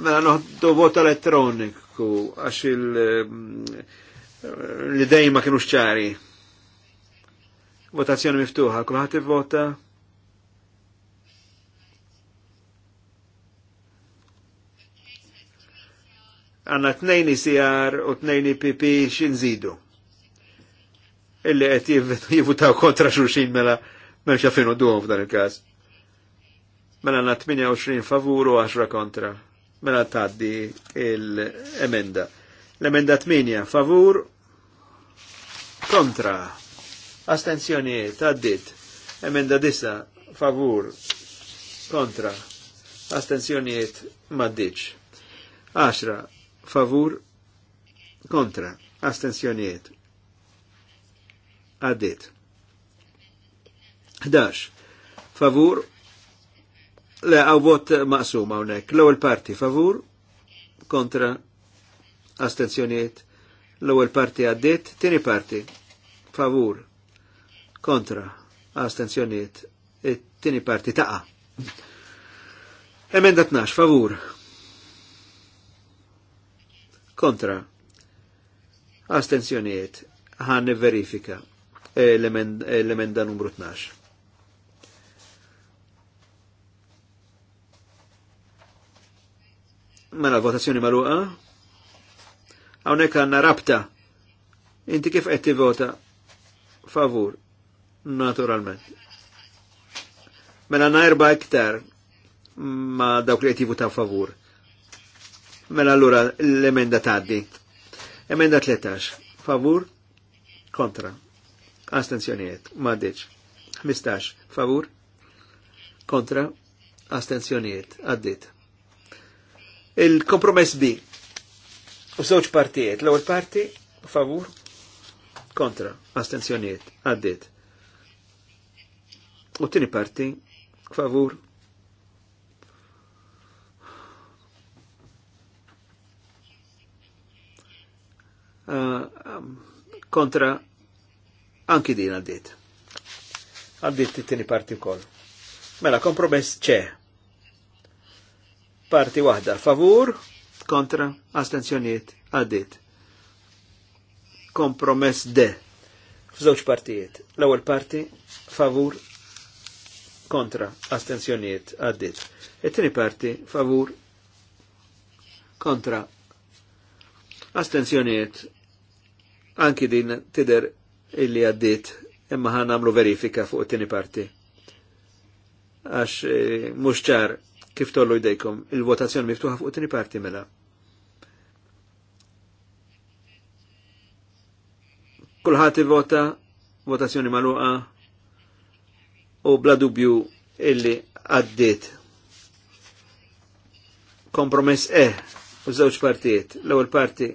Mela noħdu vot elettroniku għax il- ehm, li dejma kienu xċari. Votazzjoni miftuħa, kulħadd ivvota. Għanna tnejn ICR u tnejn IPP xinżidu. Illi qed jivutaw kontra xulxin mela m'hemmx jafinu duhom f'dan il-każ. Mela għandna 28 favur u 10 kontra mela taddi l-emenda. L-emenda 8, favur, kontra, astenzjoni, taddit, emenda 9, favur, kontra, astenzjoniet, maddiċ. 10, favur, kontra, astenzjoniet, għaddit. 11, favur, Le, għaw vot maqsum għawnek. L-ewel parti favur, kontra, astenzjoniet. L-ewel parti għaddit, tini parti, favur, kontra, astenzjoniet. E tini parti taqa. Emenda 12, favur. Kontra, astenzjoniet. Għan verifika e e l-emenda numru 12. Mela votazzjoni maluqa. Hawnhekk għanna rabta. Inti kif qed vota favur naturalment. Mela najrba erba' iktar ma dawk li qed vota favur. Mela allura l-emenda tgħaddi. Emenda 13. Favur kontra. Astenzjonijiet. Maddiċ. 15. Favur kontra. Astenzjonijiet. Addit. Il-kompromess B. U żewġ partijiet. L-ewwel parti favur kontra astenzjonijiet għaddiet. U tini parti favur uh, kontra anki din għaddit. Għaddit t tini parti kol. Mela, kompromess ċe parti waħda favur kontra astenzjoniet għaddit. Kompromess de. F'żewġ partijiet. L-ewwel parti favur kontra astenzjoniet għaddit. It-tieni parti favur kontra astenzjoniet anki din tider illi għaddit imma ħan verifika fuq it-tieni parti. Għax e, mhux ċar kif tollu jdejkom. Il-votazzjoni miftuħa fuq tini parti mela. Kulħat vota votazzjoni maluqa u bla dubju illi għaddit. Kompromess E u żewġ partijiet. L-ewwel parti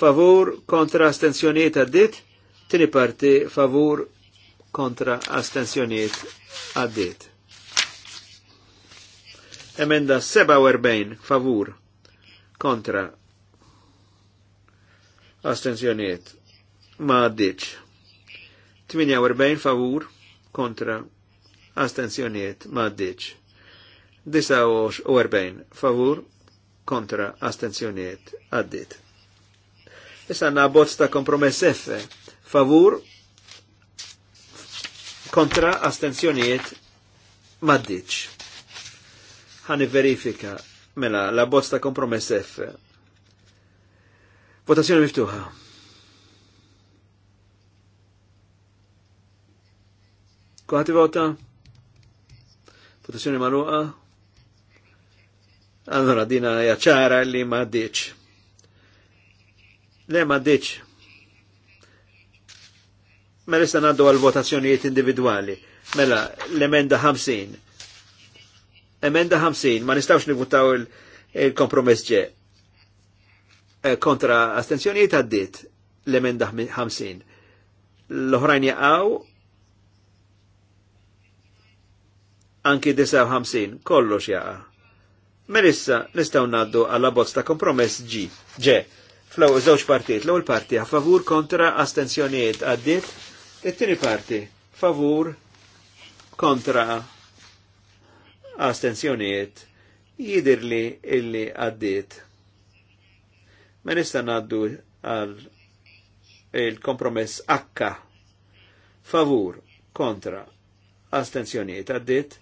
favur kontra astensjonijiet għaddit, tini parti favur kontra astensjonijiet għaddit. Emenda 47 favur kontra astenzjoniet ma għaddiċ. 48 favur kontra astenzjoniet ma għaddiċ. 49 favur kontra astenzjoniet għaddit. Issa għanna bozz ta' kompromess F favur kontra astenzjoniet maddiċ ħani verifika mela la bosta kompromess F. Votazzjoni miftuħa. Kuħati vota? Votazzjoni maluqa? Allora dina jaċara li ma diċ. Le ma diċ. Mela sta għal votazzjonijiet individuali. Mela l-emenda 50 Emenda 50, ma nistawx nivutaw il-kompromess ġe. Eh, kontra astenzjonijiet għaddit l-emenda 50. L-oħrajn jaqaw anki 59, kollox jaqa. Melissa nistaw naddu għalla bozz ta' kompromess ġi, ġe, flow zewġ partijiet, l-ewwel parti a favur kontra astenzjonijiet għaddiet, it-tieni e parti favur kontra astenzjoniet jidirli illi għaddit. Ma nista naddu għal il-kompromess akka favur kontra astenzjoniet għaddit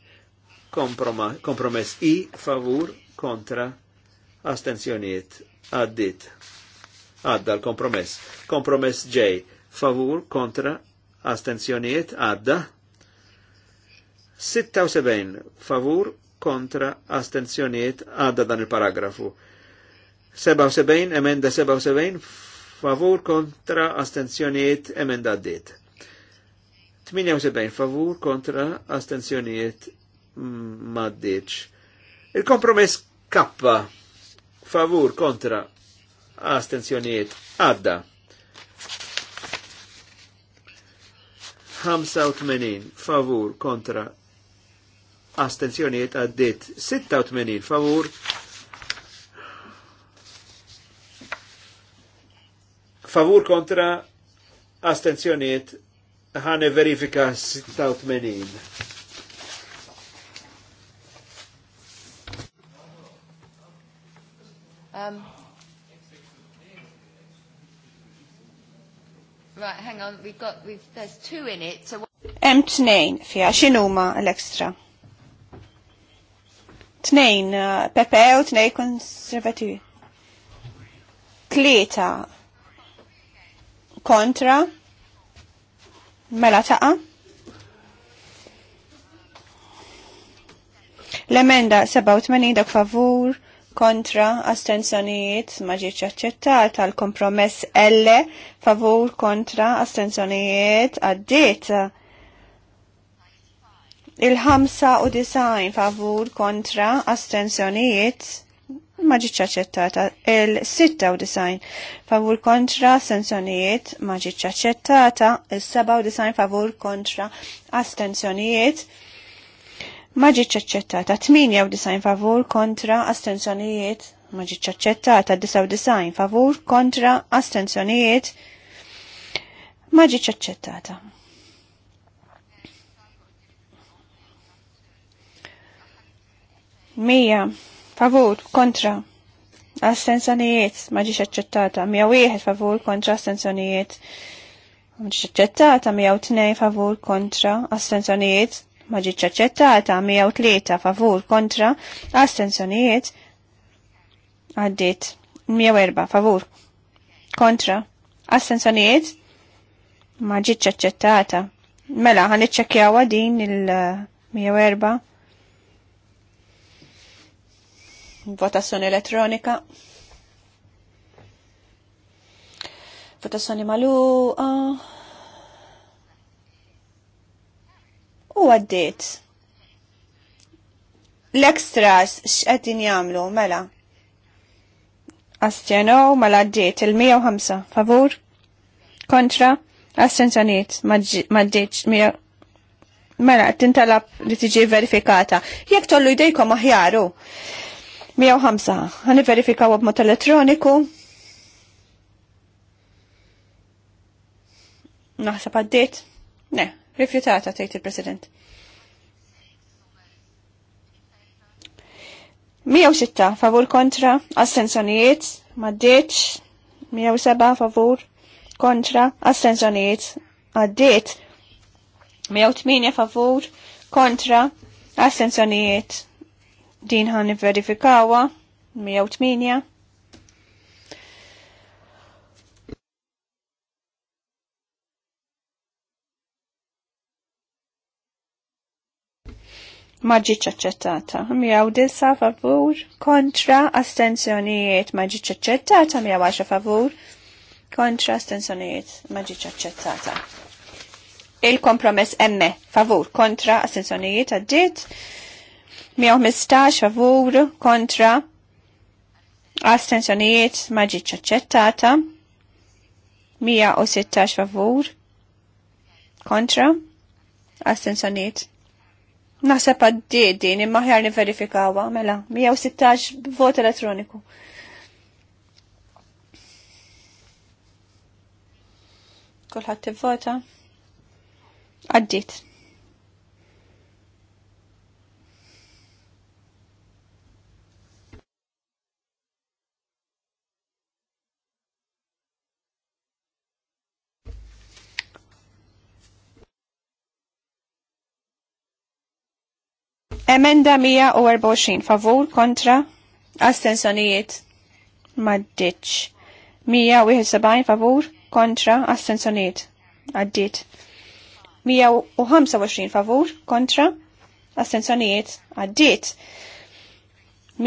kompromess i favur kontra astenzjoniet għaddit. Għadda l-kompromess. Kompromess J. favur kontra astenzjoniet għadda 76 favur kontra astenzjoniet għadda dan il-paragrafu. 77 emenda 77 favur kontra astenzjoniet emenda għaddit. 78 favur kontra astenzjoniet mm, maddiċ. Il-kompromess kappa favur kontra astenzjoniet għadda. 85 favur kontra astenzjoniet għaddit 86 favur favur kontra astenzjoniet ħane verifika 86 um. Right, hang on, we've got, we've, there's two in it, so...
m tnejn, fija, xinuma l-ekstra? Tnejn eh, Pepe u tnejn konservativi. Tlieta kontra mela taqa. L-emenda 87 dak favur kontra astenzjonijiet ma ġietx aċċettata tal kompromess L favur kontra astenzjonijiet għaddiet Il-95 favur kontra astensjonijiet ma ġiċ aċċettata. Il-96 favur kontra astensjonijiet ma ġiċ aċċettata. Il-97 favur kontra astensjonijiet ma ġiċ aċċettata. 98 favur kontra astensjonijiet ma ġiċ aċċettata. 99 favur kontra astensjonijiet ma ġiċ aċċettata. Mija, favur, kontra, astensjonijiet, ma ġiex aċċettata. Mija wieħed favur, kontra, astensjonijiet, ma ġiex aċċettata. Mija tnej favur, kontra, assenzjonijiet, ma ġiex aċċettata. Mija tlieta favur, kontra, assenzjonijiet għaddit. Mija erba favur, kontra, astensjonijiet, ma ġiex aċċettata. Mela, ħan iċċekkjawa din il erba'. Votazzjoni elettronika. Votazzjoni maluqa. U għaddit. L-extras x'qegħdin jagħmlu mela. Astjeno mela għaddit il-105 favur kontra astenzjoniet maġġiċ mela tintalab li tiġi verifikata. Jekk tollu jdejkom aħjaru. 105. Għani verifikaw b-mot elettroniku. Naħseb għaddit. Ne, rifjutata tajt il-President. 106 favur kontra, assenzjonijiet, maddeċ, 107 favur kontra, assenzjonijiet, għaddiet, 108 favur kontra, assenzjonijiet, din ħan verifikawa 108 maġiċ aċċettata. 109 favur kontra astenzjonijiet maġiċ aċċettata, 110 favur kontra astenzjonijiet maġiċ aċċettata. Il-kompromess emme favur kontra astenzjonijiet għaddit. 115 favur kontra astensjonijiet ma ġietx aċċettata 116 favur kontra astensjonijiet Naħseb għaddiet din imma ħjar niverifikawa, mela, 116 vot elettroniku. Kulħadd tivvota? Għaddiet. Emenda 124 favur kontra astensonijiet maddiċ. 171 favur kontra astensjonijiet għaddit. 125 favur kontra astensjonijiet għaddit.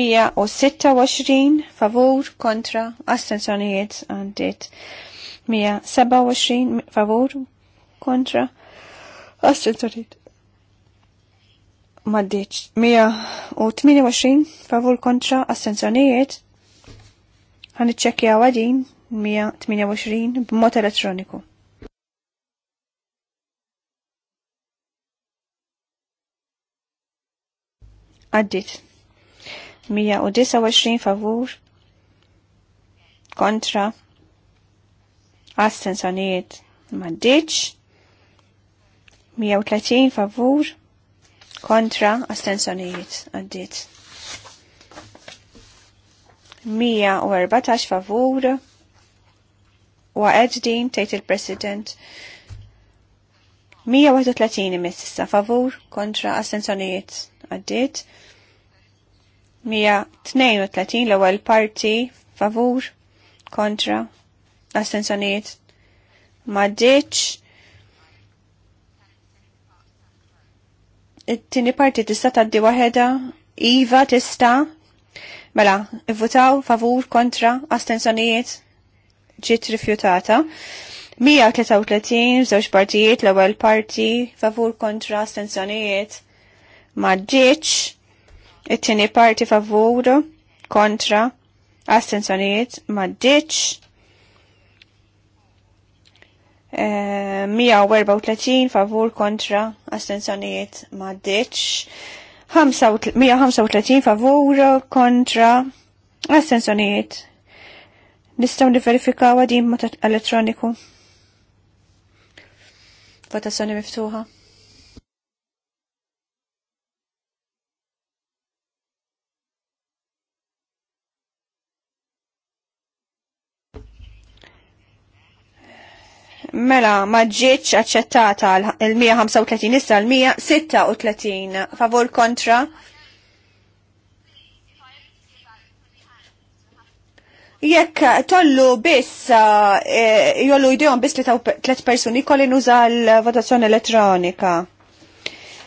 126 favur kontra astensjonijiet għaddit. 127 favur kontra astensonijiet maddiċ 128 favur kontra assenzjonijiet għan iċċekja għadin 128 b'mod elettroniku. Għaddit 129 favur kontra assenzjonijiet maddiċ 130 favur kontra astensjonijiet għaddit. 114 favur u għed din tejt il-President 131 mississa favur kontra astensjonijiet għaddit. 132 l-ewwel parti favur kontra astensjonijiet ma ditx it-tini parti tista' taddi waħeda, iva tista' mela, votaw favur kontra astensjonijiet ġiet rifjutata. 133 żewġ partijiet l-ewwel parti favur kontra astensjonijiet ma ġietx, it-tieni parti favur kontra astensjonijiet ma ġietx, 134 eh, favur kontra astenzjonijiet ma' ditx, 135 favur kontra astenzjonijiet. Nistaw niverifikaw għadim ma' elettroniku. Votazzjoni miftuħa. Mela, ma ġietx aċċettata l-135 issa l-136 favor kontra. Jekk tollu biss eh, jollu idejhom biss li taw tliet persuni kolli nuża l-votazzjoni elettronika.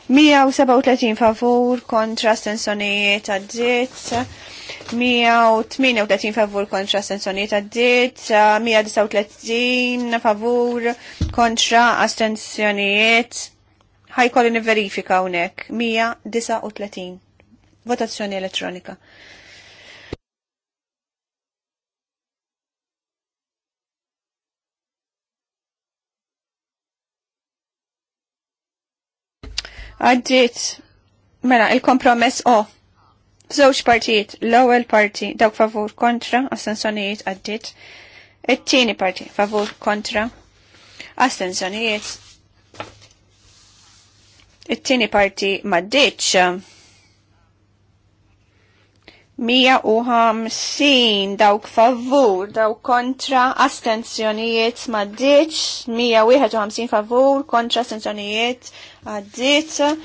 137 favur kontra stensjonijiet għaddiet. 138 favur kontra ta' għaddit, 139 favur kontra astensjonijiet. Ħajkolli niverifika unek, 139. Votazzjoni elettronika. Għaddit, mela, il-kompromess o. Oh. Bżewġ partijiet, l-ewwel parti dawk favur kontra, astensjonijiet għaddit. It-tieni parti favur kontra, astensjonijiet. It-tieni parti maddiċ 150 dawk favur, dawk kontra astenzjonijiet ma ditx, 151 favur kontra astenzjonijiet għaddit,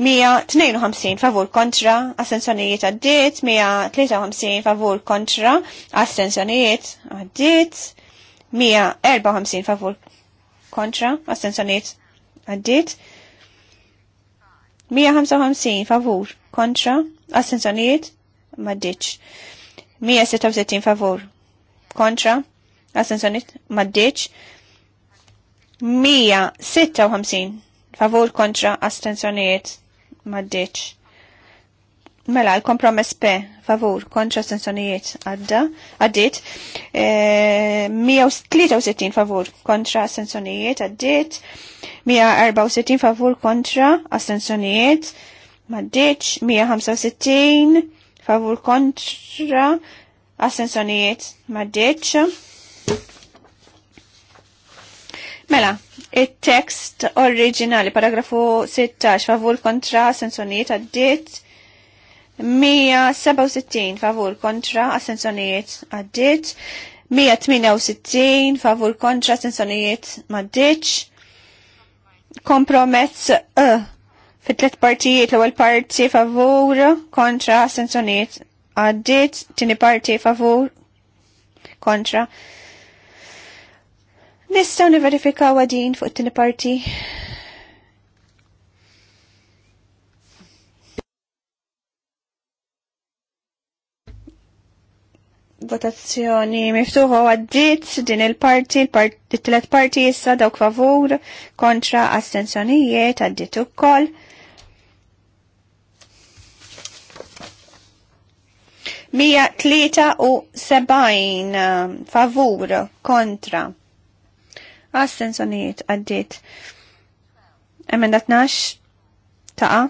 152 favur kontra astenzjonijiet għaddit, 153 favur kontra astenzjonijiet għaddit, 154 favur kontra astenzjonijiet għaddit, 155 favur kontra astenzjonijiet ddiċ. 166 favur kontra ma ddiċ. 156 favur kontra astensjoniet maddiċ. Mela, l-kompromess P, favur, kontra astensjonijiet għadda, għaddit, e, 163 favur, kontra astensjoniet għaddit, 164 favur, kontra astensjoniet maddiċ, 165 favur kontra assenzjonijiet deċ. Mela, il-tekst oriġinali, paragrafu 16, favur kontra assenzjonijiet deċ. 167 favur kontra assenzjonijiet deċ. 168 favur kontra assenzjonijiet maddeċ kompromess uh, fit-tlet partijiet l-ewwel parti favur kontra astensjonijiet għaddiet, tieni parti favur kontra. Nistgħu niverifikaw għadin fuq it-tieni parti. votazzjoni miftuħa għaddit din il-parti, il-tlet parti issa dawk favur kontra astenzjonijiet għaddit ukoll. koll. 173 um, favur kontra. Assenzjonijiet għaddit. Emenda 12 taqa.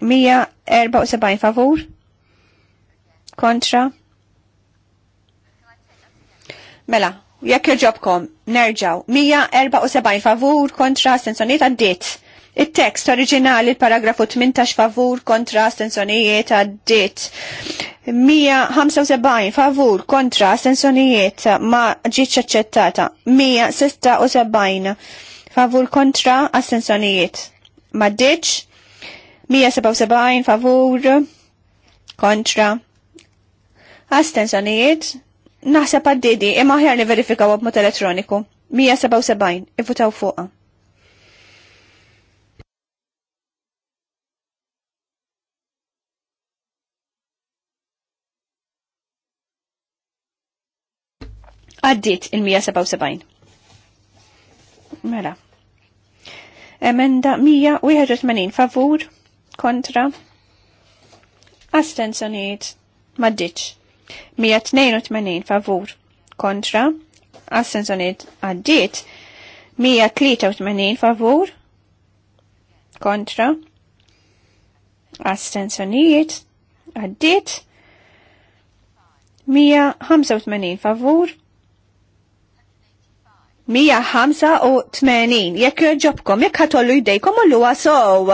174 favur kontra. Mela, jekk joġobkom, nerġaw, 174 favur kontra assenzjonijiet għaddit. Il-tekst oriġinali, paragrafu 18 favur kontra astensjonijiet għaddit. 175 favur kontra astensjonijiet ma ġiċ aċċettata. 176 favur kontra astensjonijiet ma ġiċ. 177 favur kontra astenzonijiet Naħseb għaddidi imma ħjar li verifikaw għab mot elettroniku. 177 ifutaw fuqa. għaddit il-177. Mela. Emenda 181 favur kontra astensjoniet maddiċ. 182 favur kontra astensjoniet għaddit 183 favur kontra astensjoniet għaddit 185 favur kontra Mija tmenin, jekk ġobkom jekk ħatollu jdejkom ullu sow.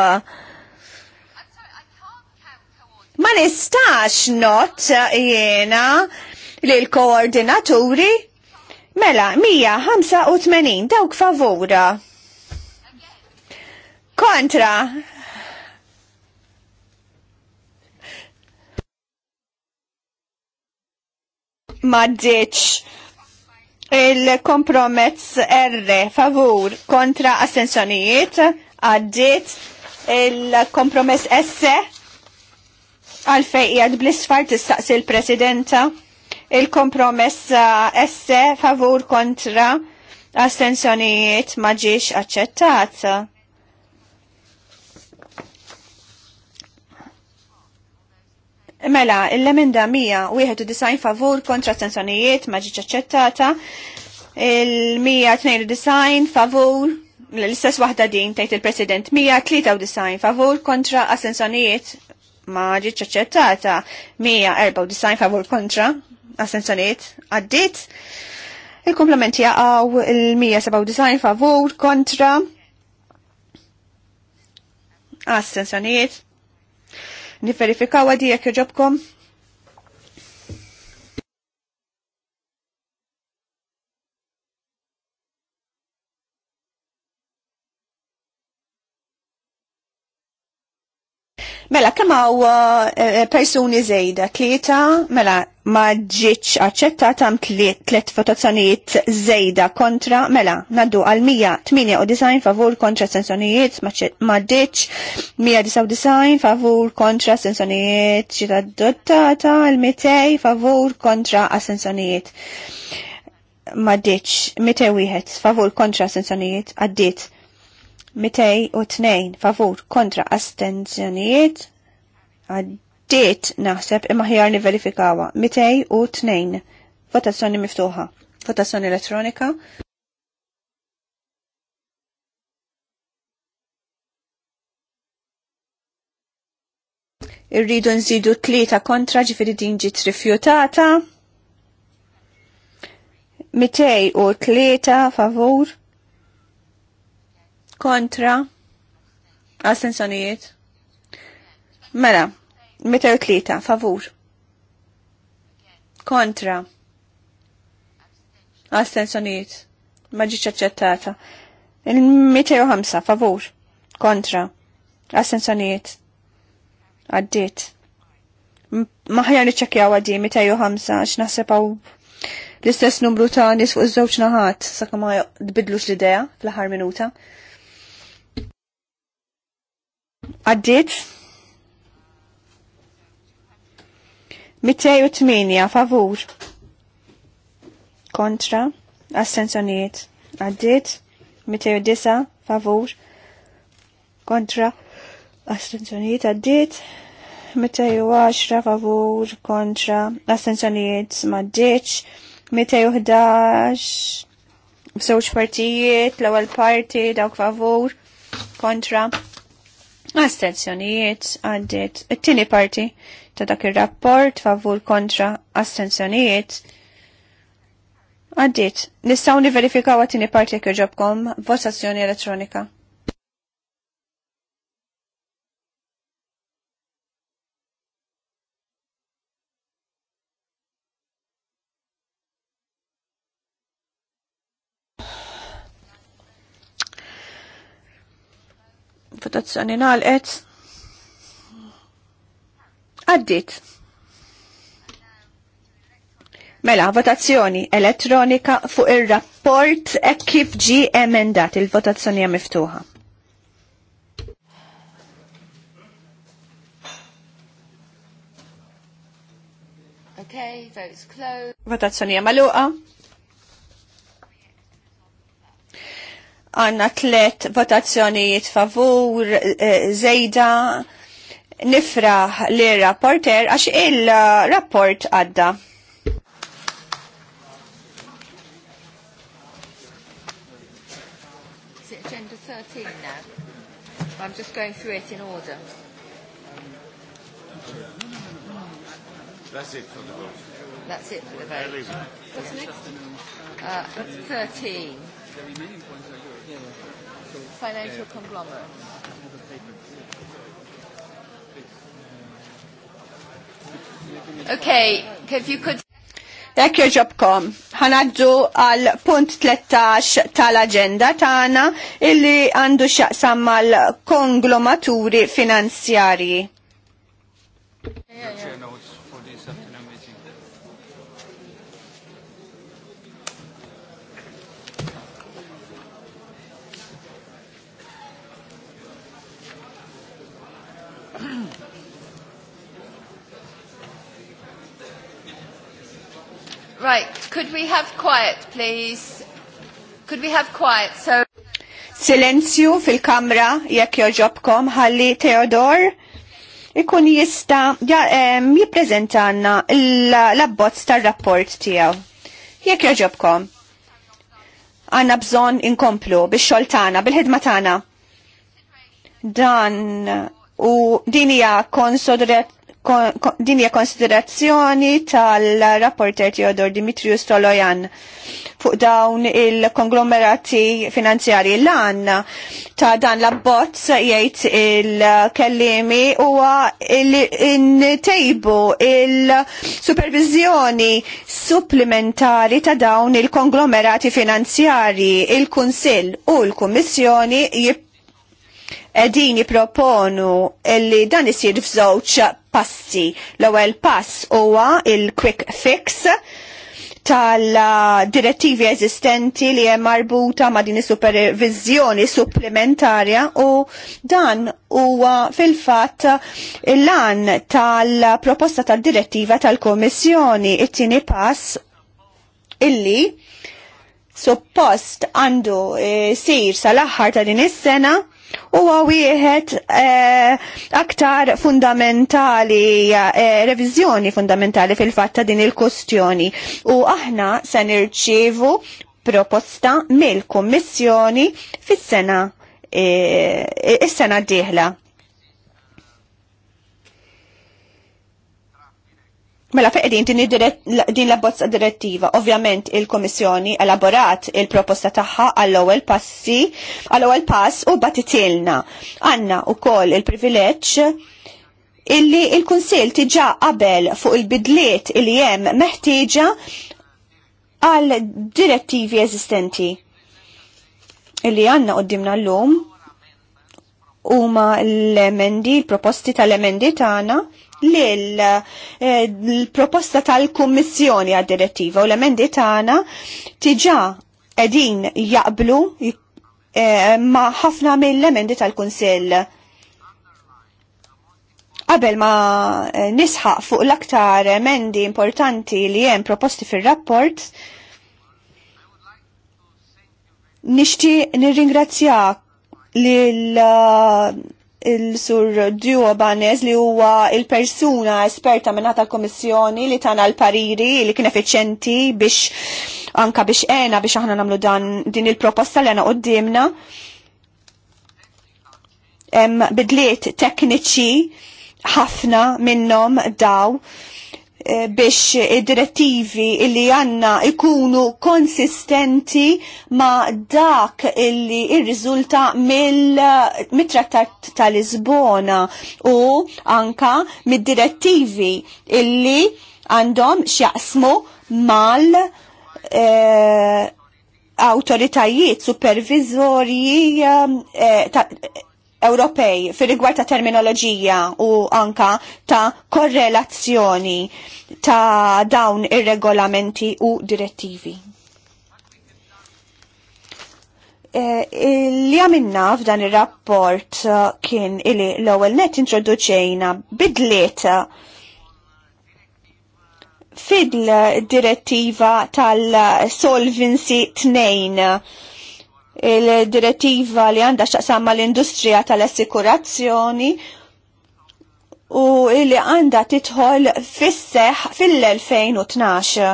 Ma nistax not uh, jena li l-koordinaturi mela Mija, ħamsa u tmenin, dawk favura. Kontra. Ma Il-kompromess R favur kontra assenzjonijiet għaddit il-kompromess S għalfej jgħad bl tistaqsi il-presidenta il-kompromess S favur kontra assenzjonijiet maġiex aċċettat. Mela, l-emenda 191 favur kontra astensjonijiet ma ċettata. aċċettata, il-192 favur l-istess waħda din tgħid il-President 193 favur kontra assenzjonijiet ma ċettata aċċettata, 194 favur kontra assenzjonijiet għaddit. il komplement jaqgħu il-197 favur kontra astensjonijiet niverifikaw għadi jekk Mela, kemm hawn eh, eh, persuni żejda tlieta, mela ma ġietx aċċetta tam tliet votazzjonijiet żejda kontra, mela naddu għal 198 favur kontra sensjonijiet ma ġietx 199 favur kontra sensjonijiet ġiet adottata, għal 200 favur kontra assenzjonijiet ma ġietx 201 favur kontra sensonijiet, għaddit 202 favur kontra astenzjonijiet għaddiet naħseb imma ħjar li verifikawa 202 votazzjoni miftuħa votazzjoni elettronika irridu nżidu tlieta kontra ġifiri din ġiet rifjutata. Mitej u tlieta favur kontra astensjonijiet mela tlita, favur kontra astensjonijiet ma ġiċ aċċettata il ħamsa, favur kontra Għaddit. għaddiet maħjar niċċekjaw għaddi 205 x'naħseb l-istess numru ta' nis fuq iż-żewġ naħat sakka ma tbidlux l-idea fl-aħħar minuta. Għaddit? 208 favur. Kontra. Assenzjoniet. Għaddit? 209 favur. Kontra. Assenzjoniet. Għaddit? 210 favur. Kontra. Assenzjoniet. Maddiċ. 211 b'żewġ partijiet, l-ewwel parti dawk favur kontra Astenzjonijiet għaddit. It-tieni parti ta' dak ir-rapport favur kontra astenzjonijiet għaddit. Nistgħu niverifikaw għat-tieni parti jekk irġobkom votazzjoni elettronika. votazzjoni nalqet. Għaddit. Mela, votazzjoni elettronika fuq il-rapport e kif ġi emendat il-votazzjoni miftuħa. Okay, votes closed. Votazzjoni maluqa. għanna tlet votazzjonijiet favur, eh, zejda, nifraħ li rapporter għax il-rapport għadda. Agenda
now. I'm just going through it in order.
That's it for the vote. That's it for the vote.
Uh, 13 financial conglomerate.
Okay, if you could... Dek joġobkom, ħanaddu għal punt 13 tal-agenda tagħna illi għandu xaqsam mal konglomaturi finanzjarji. Yeah, yeah.
Right, could
we have quiet, please? Could we have quiet? So Silenzju fil-kamra jekk joġobkom ħalli Teodor, ikun jista ja, jiprezentanna l-abbozz tar-rapport tiegħu. Jekk joġobkom. Għanna bżon inkomplu bix-xoltana, bil-ħidma tagħna. Dan u konsodret dinja konsiderazzjoni tal-rapporter Teodor Dimitrius Tolojan fuq dawn il-konglomerati finanzjari l-għan ta' dan l-abbozz jgħid il-kellimi u il-tejbu il-supervizjoni supplementari ta' dawn il-konglomerati finanzjari il-Kunsill u l-Kummissjoni jib edin jiproponu illi dan isir f'żewġ passi. L-ewwel pass huwa il-quick fix tal-direttivi eżistenti li hemm marbuta ma' din is-supervizjoni supplementarja u dan huwa fil-fatt l-an tal-proposta tal-direttiva tal-Komissjoni. It-tieni pass illi suppost għandu e, sir sal-aħħar ta' din is-sena huwa wieħed eh, aktar fundamentali, eh, reviżjoni fundamentali fil-fatt ta' din il-kustjoni. U aħna se nirċievu proposta mill-Kummissjoni fis-sena eh, is-sena d-dieħla Mela fejn din din l-abbozza direttiva, ovvjament il-Komissjoni elaborat il-proposta tagħha għall-ewwel passi, għall-ewwel pass u batitilna. Għandna wkoll il-privileġġ illi il kunsill tiġa qabel fuq il-bidliet illi hemm meħtieġa għal direttivi eżistenti illi għanna qoddimna l-lum huma l-emendi, l-proposti tal-emendi tagħna Eh, l-proposta tal-Kummissjoni għad-direttiva u l-emendi tagħna tiġa qegħdin jaqblu eh, ma' ħafna mill-emendi tal-Kunsill. Qabel ma eh, nisħaq fuq l-aktar emendi importanti li hemm proposti fir-rapport, Nixtieq nirringrazzjak lil il-sur Dio Banez li huwa il-persuna esperta minna tal-Komissjoni li tana l-pariri li kien effiċenti biex anka biex ena biex aħna namlu dan din il-proposta li għana għoddimna. Bidliet tekniċi ħafna minnom daw Eh, biex id-direttivi illi għanna ikunu konsistenti ma dak illi irriżulta mill-trattat tal-Lisbona u anka mid-direttivi illi għandhom xjaqsmu mal e, autoritajiet supervizorji eh, Ewropej fir rigward ta' terminoloġija u anka ta' korrelazzjoni ta' dawn ir-regolamenti u direttivi. E, eh, li għamilna f'dan ir-rapport eh, kien ili l-ewwel net introduċejna bidliet eh, fil-direttiva tal-Solvency 2 il-direttiva li għandha xaqsamma mal-industrija tal-assikurazzjoni u li għandha titħol fis-seħ fil-2012.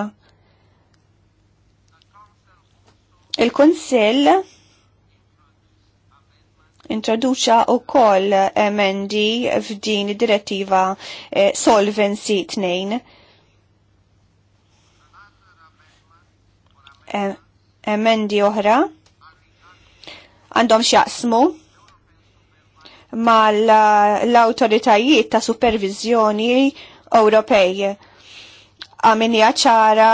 Il-Kunsill introduċa u koll emendi f'din id-direttiva eh, Solvency 2. Emendi eh, oħra għandhom xjaqsmu mal-autoritajiet ta' supervizjoni Ewropej. Għamenja ċara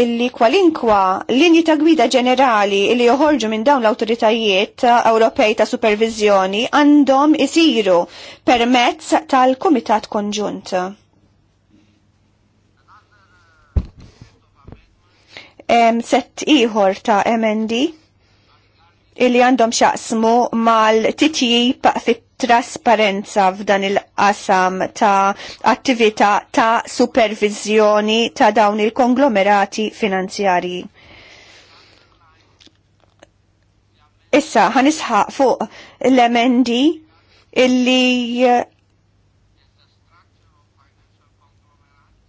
illi kwalinkwa linji ta' gwida ġenerali illi joħorġu minn dawn l-autoritajiet Ewropej ta' supervizjoni għandhom isiru permezz tal-Kumitat Konġunt. Set iħor ta' MND illi għandhom xaqsmu mal-titjib fit trasparenza f'dan il-qasam ta' attività ta' supervizjoni ta' dawn il-konglomerati finanzjarji. Issa ħanisħaq fuq l-emendi illi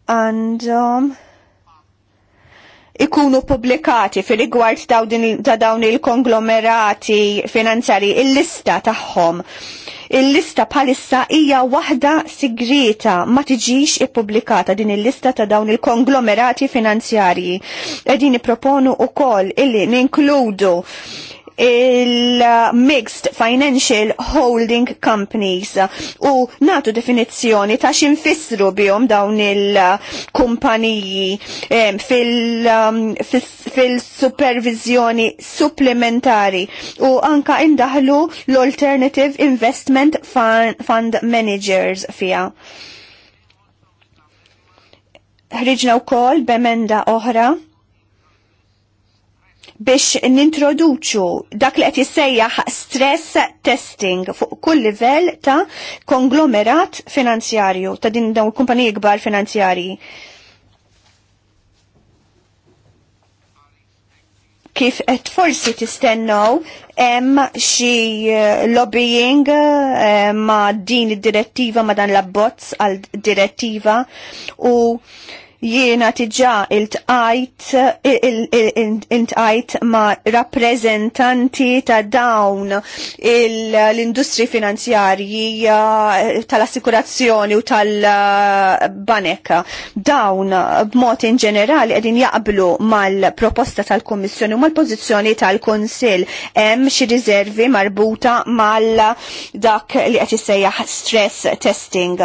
għandhom uh, ikunu publikati fil-rigward ta' dawn il-konglomerati finanzjari il-lista tagħhom. Il-lista bħalissa hija waħda sigrita ma tiġix ippubblikata din il-lista ta' dawn il-konglomerati finanzjarji. Qegħdin u wkoll illi ninkludu il-Mixed Financial Holding Companies u natu definizzjoni ta' xinfissru bihom dawn il-kumpaniji fil-supervizjoni supplementari u anka indahlu l-Alternative Investment Fund Managers fija ħriġna u kol bemenda oħra biex nintroduċu dak li qed jissejjaħ stress testing fuq kull livell ta' konglomerat finanzjarju ta' din dawn kumpaniji kbar finanzjarji. kif qed forsi tistennew hemm xi eh, lobbying eh, ma' din id-direttiva ma' dan l-abbozz għal direttiva u jiena tiġa il-tqajt ma' rappreżentanti ta' dawn l-industri finanzjarji eh, tal-assikurazzjoni u tal-banek. Dawn b'mod in ġenerali qegħdin jaqblu mal-proposta tal-Kummissjoni u mal-pożizzjoni tal-Kunsill hemm xi riservi marbuta mal dak li qed stress testing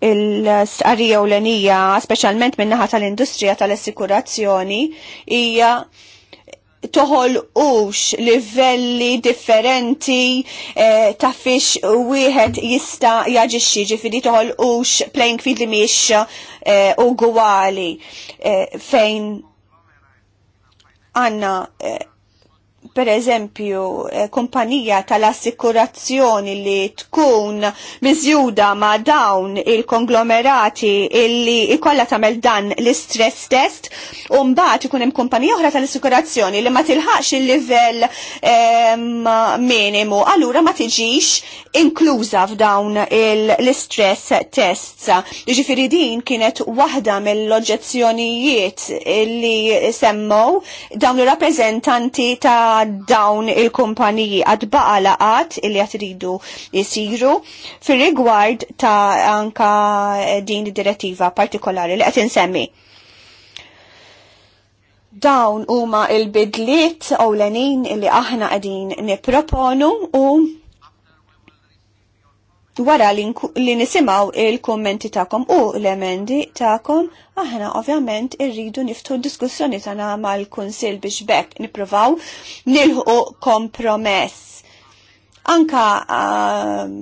il-sqarrija u l-enija, specialment minnaħa tal-industrija tal-assikurazzjoni, hija toħol ux livelli differenti eh, ta' fiex wieħed jista' jaġixxi ġifieri toħol ux playing field li miex eh, ugwali eh, fejn għanna eh, per eżempju, eh, kumpanija tal-assikurazzjoni li tkun miżjuda ma' dawn il-konglomerati illi ikolla tamel dan l-istress test, u mbagħad ikun hemm kumpanija oħra tal-assikurazzjoni li ma tilħaqx il-livell ehm, minimu, allura ma tiġix inkluża f'dawn l-istress tests. Jiġifieri din kienet waħda mill oġġezzjonijiet li semmow dawn ir rappreżentanti ta' dawn il-kumpaniji għad baqa laqat li għat ridu jisiru fil rigward ta' anka din direttiva partikolari li għat insemmi. Dawn huma il-bidliet ewlenin li aħna qegħdin nipproponu u wara li nisimaw il-kommenti ta'kom u l-emendi ta'kom, aħna ovvjament irridu niftu diskussjoni tagħna l kunsill biex bekk nippruvaw nilħu kompromess. Anka ehm,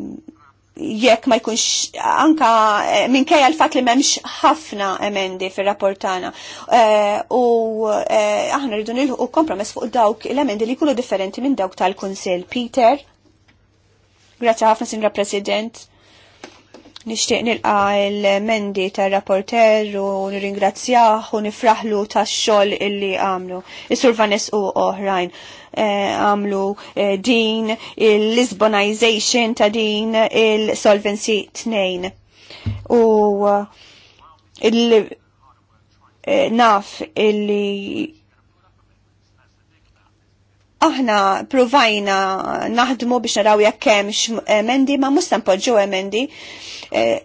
jekk ma jkunx anka eh, minkejja l-fat li memx ħafna emendi fir-rapportana. Eh, u eh, aħna rridu nilħu kompromess fuq dawk l-emendi li jkunu differenti minn dawk tal-Kunsill. Peter? Grazie ħafna Sinra President. Nixtieq nilqa l-mendi tar rapporter u nirringrazzjah u nifraħlu tax-xogħol illi għamlu. Is-Sur Vanes u oħrajn eh, għamlu eh, din il-Lisbonization ta' din il-Solvency 2. U eh, il naf illi aħna provajna naħdmu biex naraw jekk hemm emendi ma mhux n'poġġew emendi. Eh,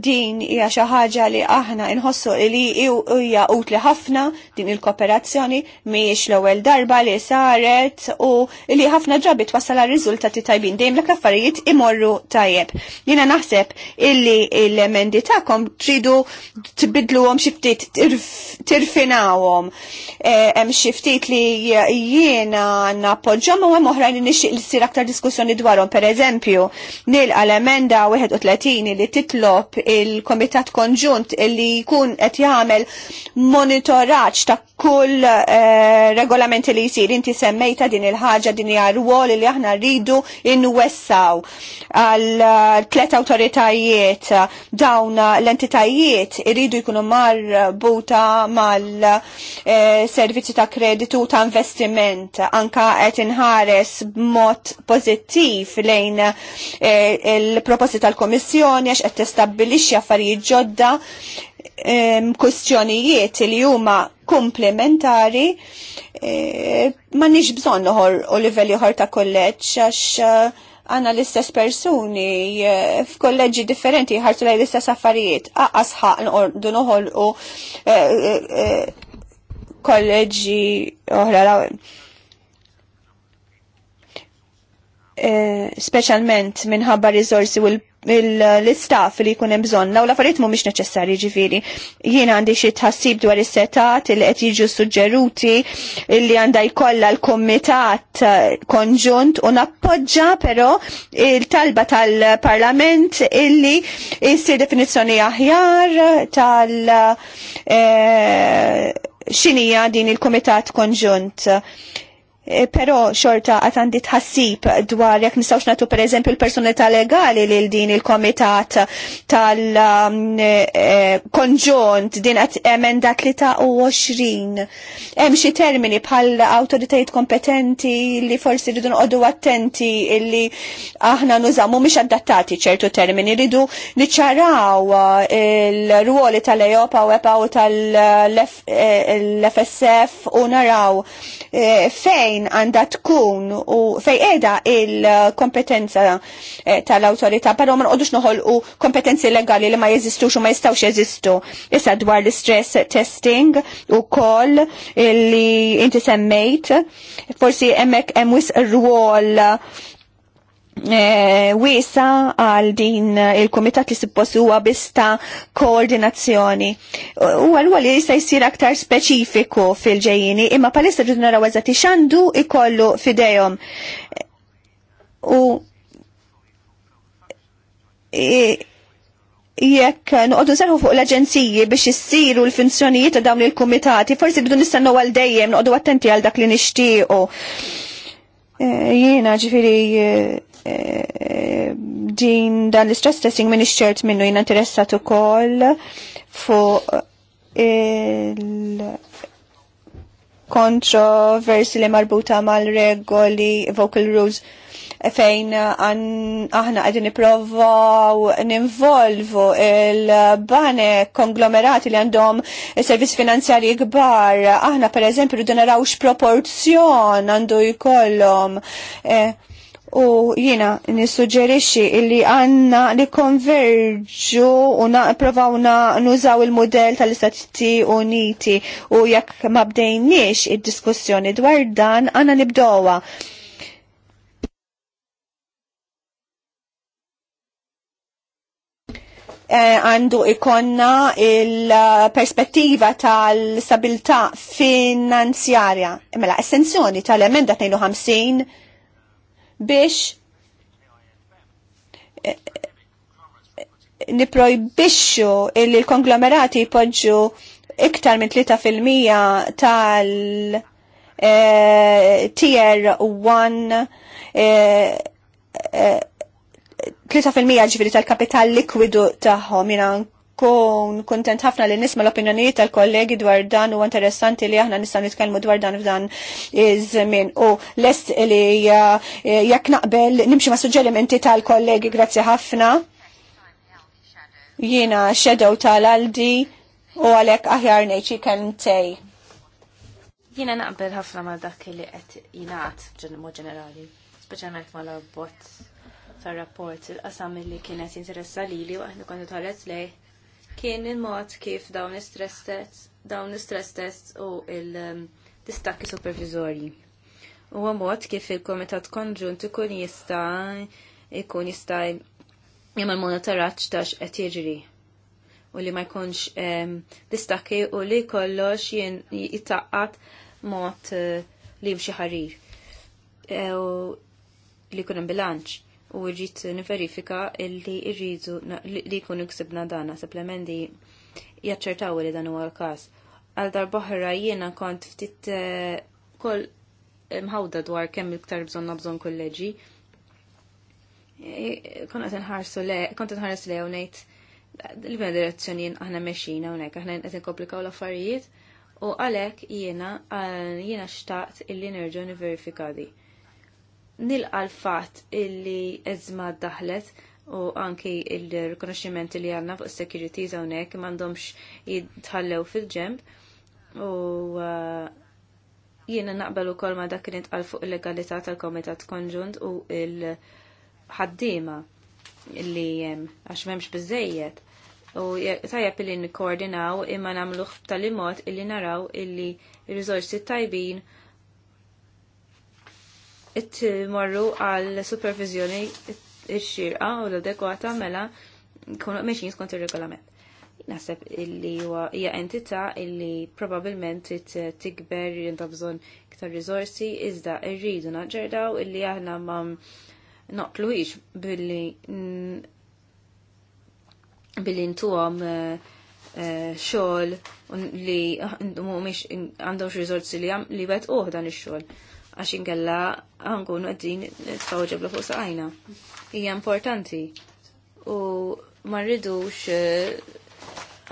din hija xi ħaġa li aħna inħossu li hija utli ħafna din il-kooperazzjoni mhijiex l-ewwel darba li saret u li ħafna drabi twassal riżultati tajbin dejjem l affarijiet imorru tajjeb. Jiena naħseb illi l-emendi tagħkom tridu tbidluhom xi ftit tirfinawhom. E, hemm xi ftit li jiena nappoġġhom u hemm oħrajn li nixtieq li ssir aktar diskussjoni dwarhom. Pereżempju, nilqa l-emenda 31 li titlob il-Komitat Konġunt illi jkun qed jagħmel monitoraġġ ta' kull eh, regolamenti li jisir inti semmejta din il-ħaġa din hija li aħna rridu inwessaw għal tlet awtoritajiet dawn l-entitajiet rridu jkunu marbuta mal-servizzi eh, ta' kreditu ta' investiment anka qed inħares b'mod pozittiv lejn eh, il-proposti tal-Komissjoni għax qed tistabbilixxi affarijiet ġodda kustjonijiet li huma komplementari e, ma nix bżon uħor u livelli uħor ta' kolleġġ għax e, għanna l-istess persuni e, f'kolleġi differenti ħartu lej l-istess affarijiet aqqas ħaq noħol u kolleġi uħra kolleġġi oħra specialment minħabba rizorsi u l l-istaff li jkun hemm bżonna u l-affarijiet mhumiex neċessarji ġifieri. Jien għandi xi tħassib dwar is-setat li qed jiġu suġġeruti li għandha jkollha l-kumitat konġunt u nappoġġa però il-talba tal-Parlament illi jsir definizzjoni aħjar tal- eh, xinija din il-Kumitat Konġunt Eh, Pero xorta għatandi tħassib dwar jek nistawx natu per eżempju l-personalità legali lil din il-komitat tal-konġunt um, eh, din għat ta' u Hemm xi termini bħal autoritajt kompetenti li forsi ridun nqogħdu attenti li aħna nużamu mhumiex adattati ċertu termini rridu niċċaraw eh, il-ruoli tal eopa u EPA u tal-FSF u naraw fejn fejn għandha tkun u fejn qiegħda il-kompetenza eh, tal-awtorità, però ma nqogħdux noħolqu kompetenzi legali li ma jeżistux u ma jistgħux jeżistu. Issa dwar l-stress testing u kol li inti semmejt, forsi hemmhekk hemm wisq rwol Eh, wisa għal din eh, il-komitat li suppost huwa bista koordinazzjoni. U għal li jista' jsir aktar speċifiku fil-ġejjini, imma palissa ġudna naraw eżatt xandu ikollu fidejhom. U jekk noqogħdu nserħu fuq l-aġenziji biex issiru l-funzjonijiet ta' dawn il-kumitati, forsi bidu nistennew għal dejjem nuqodu attenti għal dak li nixtiequ. Eh, jiena ġifiri din dan l-stress testing minn iċċert minnu jina interessat ukoll fuq il- kontroversi li marbuta mal-regoli vocal rules fejn aħna għedin niprovaw ninvolvu il-bane konglomerati li għandhom servizz finanzjari gbar. Aħna per eżempju rridu naraw x-proporzjon għandu jkollhom. Eh, U jina nissuġġerixxi illi għanna li konverġu u naqprovaw nużaw il model tal-Istati Uniti u jekk ma bdejniex id-diskussjoni dwar dan għanna nibdowa. Eh, għandu ikonna il-perspettiva tal-stabilta finanzjarja. Mela, essenzjoni tal-emenda 52 biex eh, niprojbixxu illi l-konglomerati jpoġġu iktar minn 3% tal- eh, tier 1 3% eh, ġifiri tal-kapital likwidu taħħom jina nkun kontent ħafna li nisma l-opinjonijiet tal-kollegi dwar dan u interessanti li aħna nistgħu nitkellmu dwar dan f'dan iż-żmien. U lest li uh, jekk naqbel nimxi ma' suġġerimenti tal-kollegi grazzi ħafna. Jiena shadow tal-Aldi u għalhekk aħjar ngħid xi tej.
Jiena naqbel ħafna mal dak li qed jingħad mod ġenerali, speċjalment mal-abbozz tar-rapport il-qasam li kienet interessa li li waħna kontu tħares lej kien il-mod kif dawn l-stress tests, dawn l-stress tests u l distakki supervizorji. U mod kif il-komitat konġunt ikun jista ikun jista jemma monitoraċ tax qed jiġri u li ma jkunx ehm, distakki u li kollox jitaqqat mod eh, li mxi ħarir. Eh, u li kunem bilanċ u ġit niverifika li irridu li jkunu ksibna dana supplementi jaċċertaw li dan huwa l-każ. Għal darba jiena kont ftit eh, kol mħawda dwar kemm iktar bżonn bżonn kolleġi. Eh, kont qed inħarsu le, kont inħares le ngħid l bina direzzjoni aħna mexxina hawnhekk, aħna qed inkomplikaw l-affarijiet u għalhekk jiena eh, jiena xtaqt illi nerġgħu niverifika di nilqa l-fat illi ezma daħlet u anki il rikonoxximenti li għanna fuq security hawnhekk m'għandhomx jitħallew fil-ġemp u uh, jiena naqbel ukoll ma dak kien itqal fuq il-legalità tal-Komitat Konġunt u il-ħaddiema li hemm għax m'hemmx biżejjed. U tajjeb li nikkoordinaw imma nagħmluh b'tali mod illi naraw illi r-riżorsi tajbin it-marru għal supervizjoni il xirqa u l-adekwata mela kunu meċin skont il-regolament. Naseb illi hija entità illi probabilment tikber jinta bżon iktar riżorsi iżda rridu naġġerdaw illi aħna ma noqtluwix billi billi ntuhom eh, eh, xol li għandhom riżorsi li li uħ uħdan ix-xogħol għax ingella għankunu għaddin tfawġabla fuq saqajna. Hija importanti u ma rridux eh,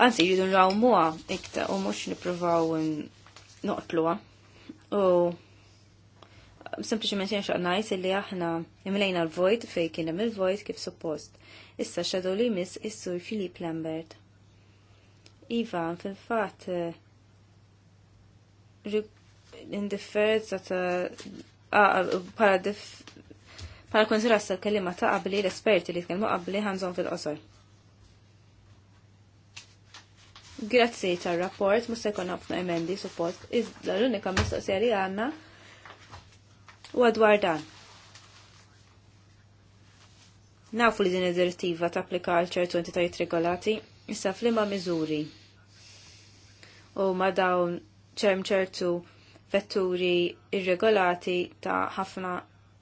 anzi jridu nrawmuha ikta u mhux nippruvaw noqtluha. U sempliċement jien xaq ngħid li aħna imlejna l-vojt fejn kien hemm il-vojt kif suppost. Issa xadu li miss is-sur Filip Lambert. Iva, fil-fatt eh, indifferenza ta' bħala Pala konsiras tal-kellima ta' qabli l-esperti li tkellmu qabli ħanżon fil-qosor. Grazzi ta' rapport musta jkun ħafna emendi, suppost, iżda l-unika mistoqsija li għanna u għadwar dan. Nafu li din id-direttiva ta' applika għal ċertu entitajiet regolati, issa flima miżuri. U ma dawn ċerm ċertu vetturi irregolati ta' ħafna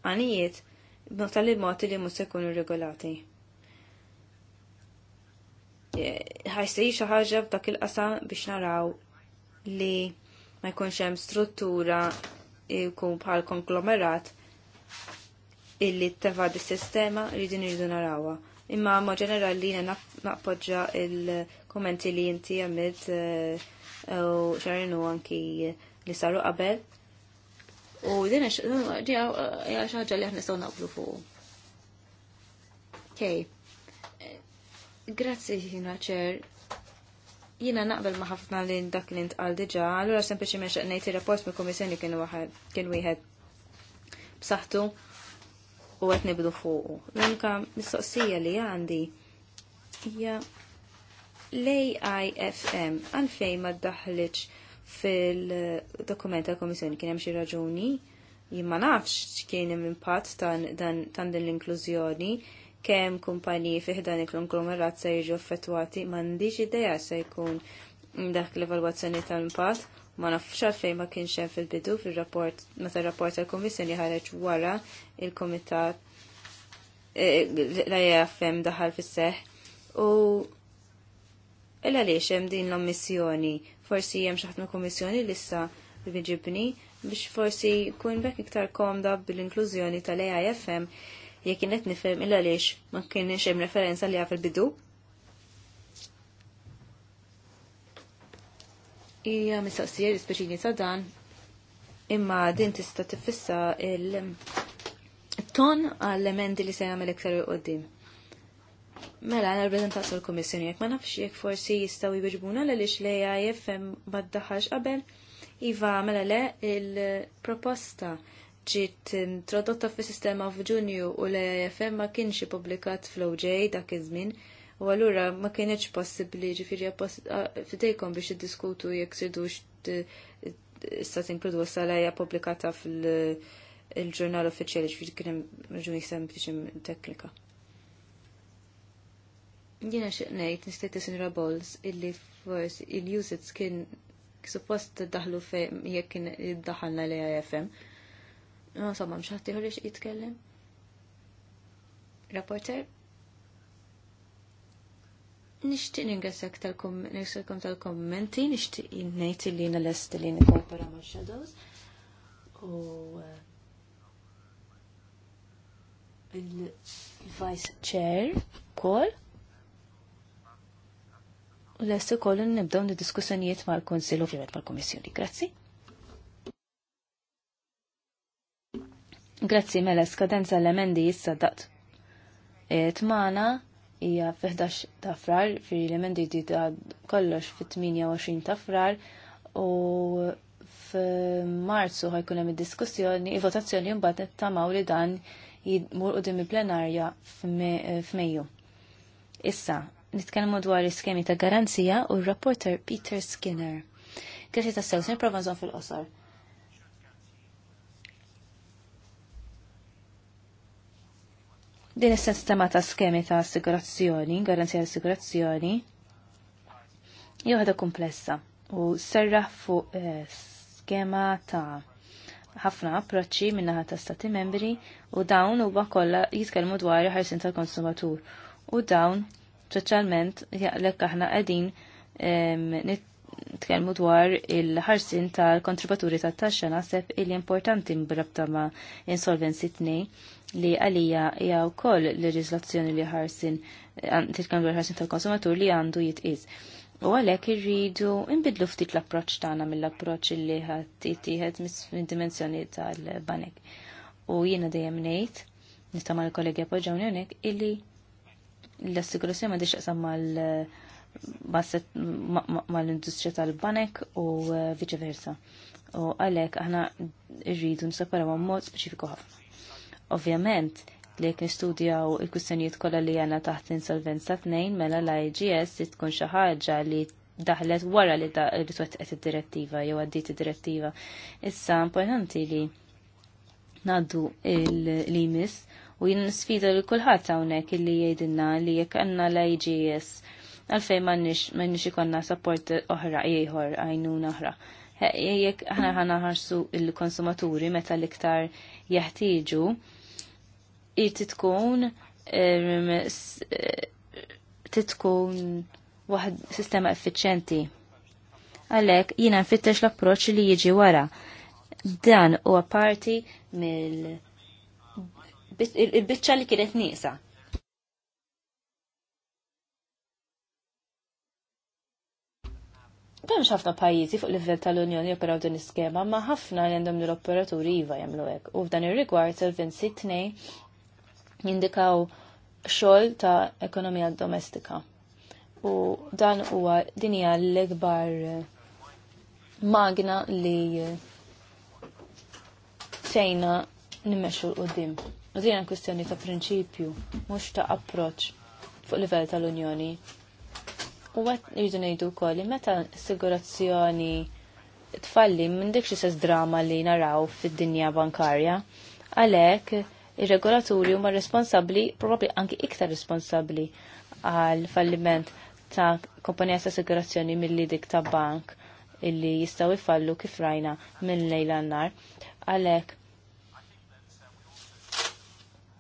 għanijiet b'not tal-mod li mhux se jkunu regolati. E, Ħajsej xi ħaġa f'dak il-qasam biex naraw li ma jkunx hemm struttura jkun bħal konglomerat illi tevadi s-sistema li din narawa. narawha. Imma ma ġenerali li nappoġġa il-kommenti li inti għamilt e, u xarinu anki li saru qabel. U din hija xi ħaġa li aħna nistgħu naqblu fuq. Kej. Eh, grazzi Jina ċer. Jina naqbel ma ħafna li dak li ntqal diġà, allura sempliċiment xaq ngħid ir-rapport mill-Kummissjoni kien waħed kien wieħed b'saħħtu u qed nibdu fuqu. L-unika mistoqsija li għandi hija l-AIFM għalfejn ma ddaħħlitx fil-dokument tal-Komissjoni kien hemm xi raġuni jimma nafx kien hemm impatt tan din l-inklużjoni kemm kumpaniji fih dan il-konglomerat se jiġu affettwati m'għandix idea se jkun dak l-evalwazzjoni tal-impatt ma nafx għalfejn ma kienx hemm fil-bidu fir-rapport meta rapport tal-Kummissjoni ħareġ wara il-Kumitat eh, l-IFM daħal fis-seħ u illa għaliex hemm din l ommissjoni forsi jem xaħt ma' komissjoni lissa viġibni biex forsi kun bekk iktar komda bil-inklużjoni tal-AIFM jekk kienet nifhem illa għaliex ma kienx hemm referenza li għaf il-bidu. Ija mistaqsija li speċini ta' dan imma din tista' tifissa il-ton għall-emendi li se jagħmel iktar u qoddim Mela, għana rappresentat l-Komissjoni, jek ma nafx jek forsi jistaw jibġbuna l lix li għajfem maddaħax qabel. Iva, mela le, il-proposta ġiet introdotta fi sistema f'Ġunju u l għajfem ma kienx publikat fl-OJ dak iż-żmien, u allura ma kienieċ possibbli ġifiri fidejkom biex iddiskutu jekk tridux issa tinkludu s-salajja publikata fil-ġurnal uffiċjali ġifiri kien hemm raġuni sempliċi teknika. Jina xeqnejt nistejti sinra Bowles illi forsi il-usage kien suppost daħlu fe jekk kien id-daħalna li FM. Ma somma mxħat tiħor li jitkellem? Rapporter? Nishtiq ningrazzjak tal-kom tal-kommenti, nishtiq ngħid illi l-est li nikkoopera ma' Shadows. U uh, il-Vice Chair, Kol? U l essu kollu nibdaw diskussjonijiet mal konsil ma' mal komissjoni Grazzi. Grazzi mela skadenza l-emendi jissa dat. E, tmana hija f-11 ta' frar, fi l-emendi di ta' kollox fit-28 ta' frar u f-marzu ħajkun hemm id-diskussjoni, il votazzjoni mbagħad nittamaw li dan jmur u il-plenarja f'Mejju. Issa, nitkellmu dwar iskemi ta' garanzija u r-rapporter Peter Skinner. Grazie ta' sew, niprofa nżon fil-qosor. Din is tema ta' skemi ta' assigurazzjoni, garanzija assigurazzjoni, jew komplessa u serra fuq eh, skema ta' ħafna approċċi minnaħa ta' stati membri u dawn huwa kollha jitkellmu dwar ħarsin tal-konsumatur u dawn specialment jaqlek aħna qegħdin nitkelmu dwar il-ħarsin tal-kontribaturi tat-taxxa naħseb il importanti mbrabta ma' insolvency tnej li għalija hija wkoll l-reżlazzjoni li ħarsin titkellmu dwar ħarsin tal-konsumatur li għandu jitqies. U għalhekk irridu nbidlu ftit l-approċċ tagħna mill-approċċ li ħadd ittieħed mid-dimensjoni tal-banek. U jiena dejjem ngħid nista' mal kollegi appoġġawni hawnhekk illi l assikurazzjoni ma dixqasam mal-industrija tal-banek u eh, viċeversa. U għalek aħna rridu nseparaw mod speċifiku ħafna. Ovvjament, li jek nistudjaw il-kustjonijiet kollha li għana taħt insolvenza tnejn mela l-IGS li tkun xi ħaġa li daħlet wara li t li twettqet id-direttiva jew għaddit id-direttiva. Issa importanti li naddu il-limis U jien sfida li kulħadd hawnhekk illi jgħidilna li jekk għandna l-IGS għalfejn m'għandniex ikonna support oħra ieħor għajnuna oħra. Jekk aħna ħana ħarsu il-konsumaturi meta l-iktar jeħtieġu irti tkun eh, titkun waħd sistema effiċenti. Għalek, jina nfittex l-approċ li jiġi wara. Dan u parti mill il-biċċa li kienet nieqsa. Kemx ħafna pajjiżi fuq livell tal-Unjoni operaw din iskema, ma ħafna li għandhom l-operaturi iva jagħmlu hekk. U f'dan ir-rigward Solvency tnej jindikaw xogħol ta' ekonomija domestika. U dan huwa din hija l-ikbar magna li fejna nimmexxu l-qudiem. U din kwistjoni ta' prinċipju, mhux ta' approċċ fuq livell tal-Unjoni. U għet jridu ngħidu wkoll meta assigurazzjoni tfalli minn dik xi drama li naraw fid-dinja bankarja, għalhekk ir-regolaturi huma responsabbli, probabbli anki iktar responsabbli għal falliment ta' kompanija ta' assigurazzjoni mill dik ta' bank illi jistaw ifallu kif rajna minn lejla nar. Għalek,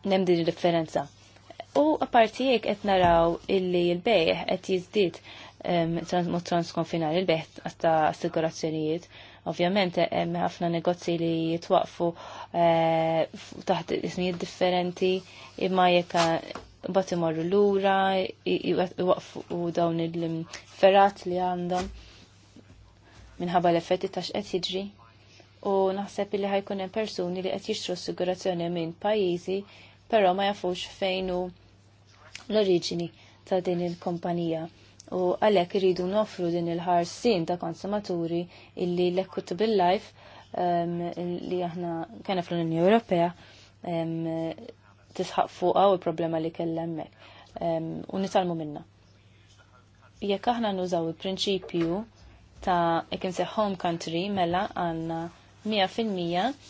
nem din il-differenza. U appartijek qed naraw illi l-bejħ qed jiżdied mod transkonfinar il-bejħ għasta assigurazzjonijiet. Ovvjament hemm ħafna negozji li jitwaqfu e, taħt ismijiet differenti imma jekk bat imorru lura, waqfu dawn il-ferrat li għandhom minħabba l-effetti tax qed jiġri. U naħseb li ħajkun hemm persuni li qed jixtru assigurazzjoni minn pajjiżi però ma jafux fejn hu l-oriġini ta' din il-kumpanija. U għalhekk rridu nofru din il-ħarsin ta' konsumaturi illi l-Equitable Life um, li aħna kena fl-Unjoni Ewropea um, tisħaq fuqa u problema li kellemmek. Um, ehm, u nitalmu minna. Jekk aħna nużaw il-prinċipju ta' ikin se home country mela għanna 100%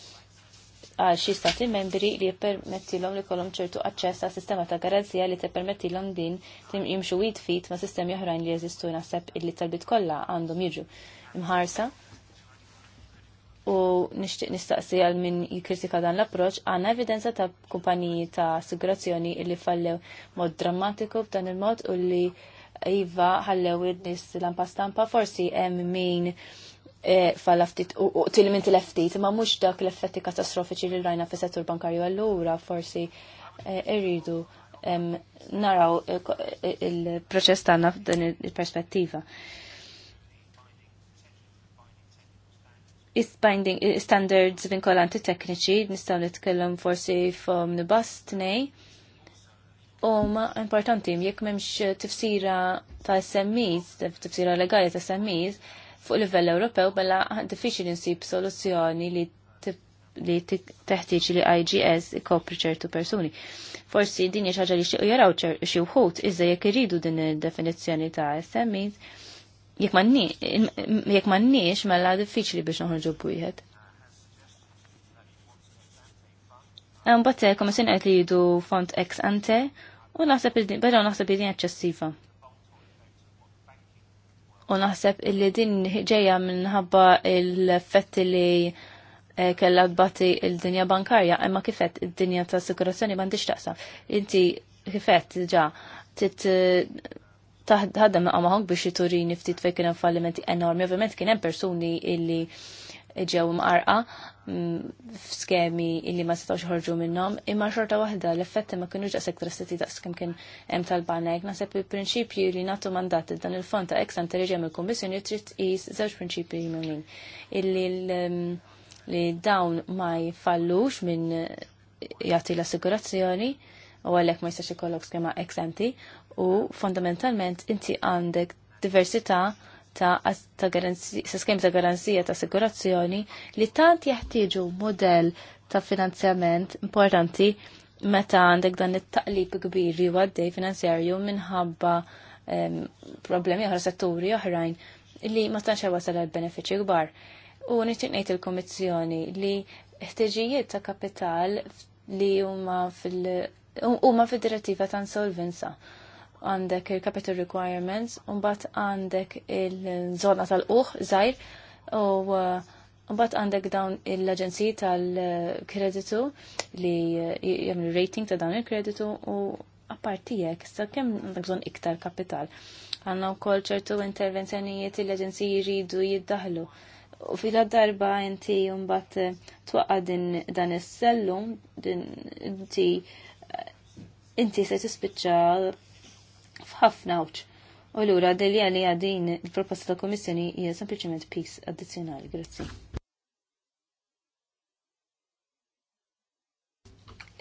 għal xi stati membri li jippermettilhom li kolom ċertu aċċess għas sistema ta' garanzija li tippermettilhom din jimxu wid fit ma' sistemi oħrajn li jeżistu naħseb illi talbit kollha għandhom jiġu imħarsa. U nixtieq nistaqsi għal min jikkritika dan l-approċ għandna evidenza ta' kumpaniji ta' assigurazzjoni li fallew mod drammatiku b'dan il-mod u li iva ħallew id-nis l-ampastampa forsi hemm min E, ftit u til minn ftit ma mux dak l-effetti katastrofiċi li rajna fi settur bankarju għallura forsi e, irridu naraw e, il-proċess tagħna f'din il-perspettiva. Is-binding standards vinkolanti tekniċi nistgħu nitkellem forsi fom nibast nej. U ma importanti, jekk memx tifsira ta' SMEs, tifsira legali ta' SMEs, fuq livell Ewropew mela diffiċli nsib soluzzjoni li li teħtieġ li IGS ikopri ċertu persuni. Forsi din hija ħaġa li xi jaraw xi wħud iżda jekk iridu din id-definizzjoni ta' SMEs jekk m'għandniex mela diffiċli biex noħorġu bwieħed. Ehm, mbagħad komissjoni eh, qed li jidu font ex ante u naħseb bera naħseb din eċċessiva u naħseb illi din ġeja minħabba l fetti li eh, kella tbatti il-dinja bankarja, imma kifet il-dinja ta' assikurazzjoni mandiġ taqsam. Inti kifet ġa tit eh, taħdem ma' maħonk biex jiturini ftit fejn kien fallimenti enormi, ovvjament kien hemm persuni illi ġew mqarqa mm, f'skemi illi ma setgħux ħorġu minnhom, imma xorta waħda l-effetti ma kinux daqshekk drastiti daqs kemm kien hemm tal-banek. Naħseb il-prinċipju li nagħtu mandat dan il-fond ta' ex anteriġi il kummissjoni trid tqis żewġ prinċipji minn illi li dawn ma jfallux minn jagħti l-assigurazzjoni u għalhekk ma jistax ikollok skema ex ante u fondamentalment inti għandek diversità ta' skem ta' garanzija ta' assigurazzjoni li tant jeħtieġu modell ta' finanzjament importanti meta għandek dan it-taqlib kbir li għaddej finanzjarju minħabba problemi oħra setturi oħrajn li ma tantx wasal għal benefiċi kbar. U nixtieq ngħid il-Kummissjoni li ħtiġijiet ta' kapital li huma fil- huma fid-direttiva ta' insolvenza għandek il-capital requirements, unbat għandek il-zona tal-uħ, zaħir, u Mbagħad uh, għandek dawn l agenzi tal-kreditu li uh, jagħmlu rating ta' dawn il-kreditu u għapartijek, sa kemm għandek bżonn iktar kapital. Għandna wkoll ċertu intervenzjonijiet li l-aġenziji jridu jiddaħlu. U fila darba inti mbagħad uh, tuqqa din dan is-sellum inti inti se tispiċċa f'ħafna uċ. U l-ura dilja li għadin il-proposta ta' komissjoni hija sempliciment pis addizjonali. Grazzi.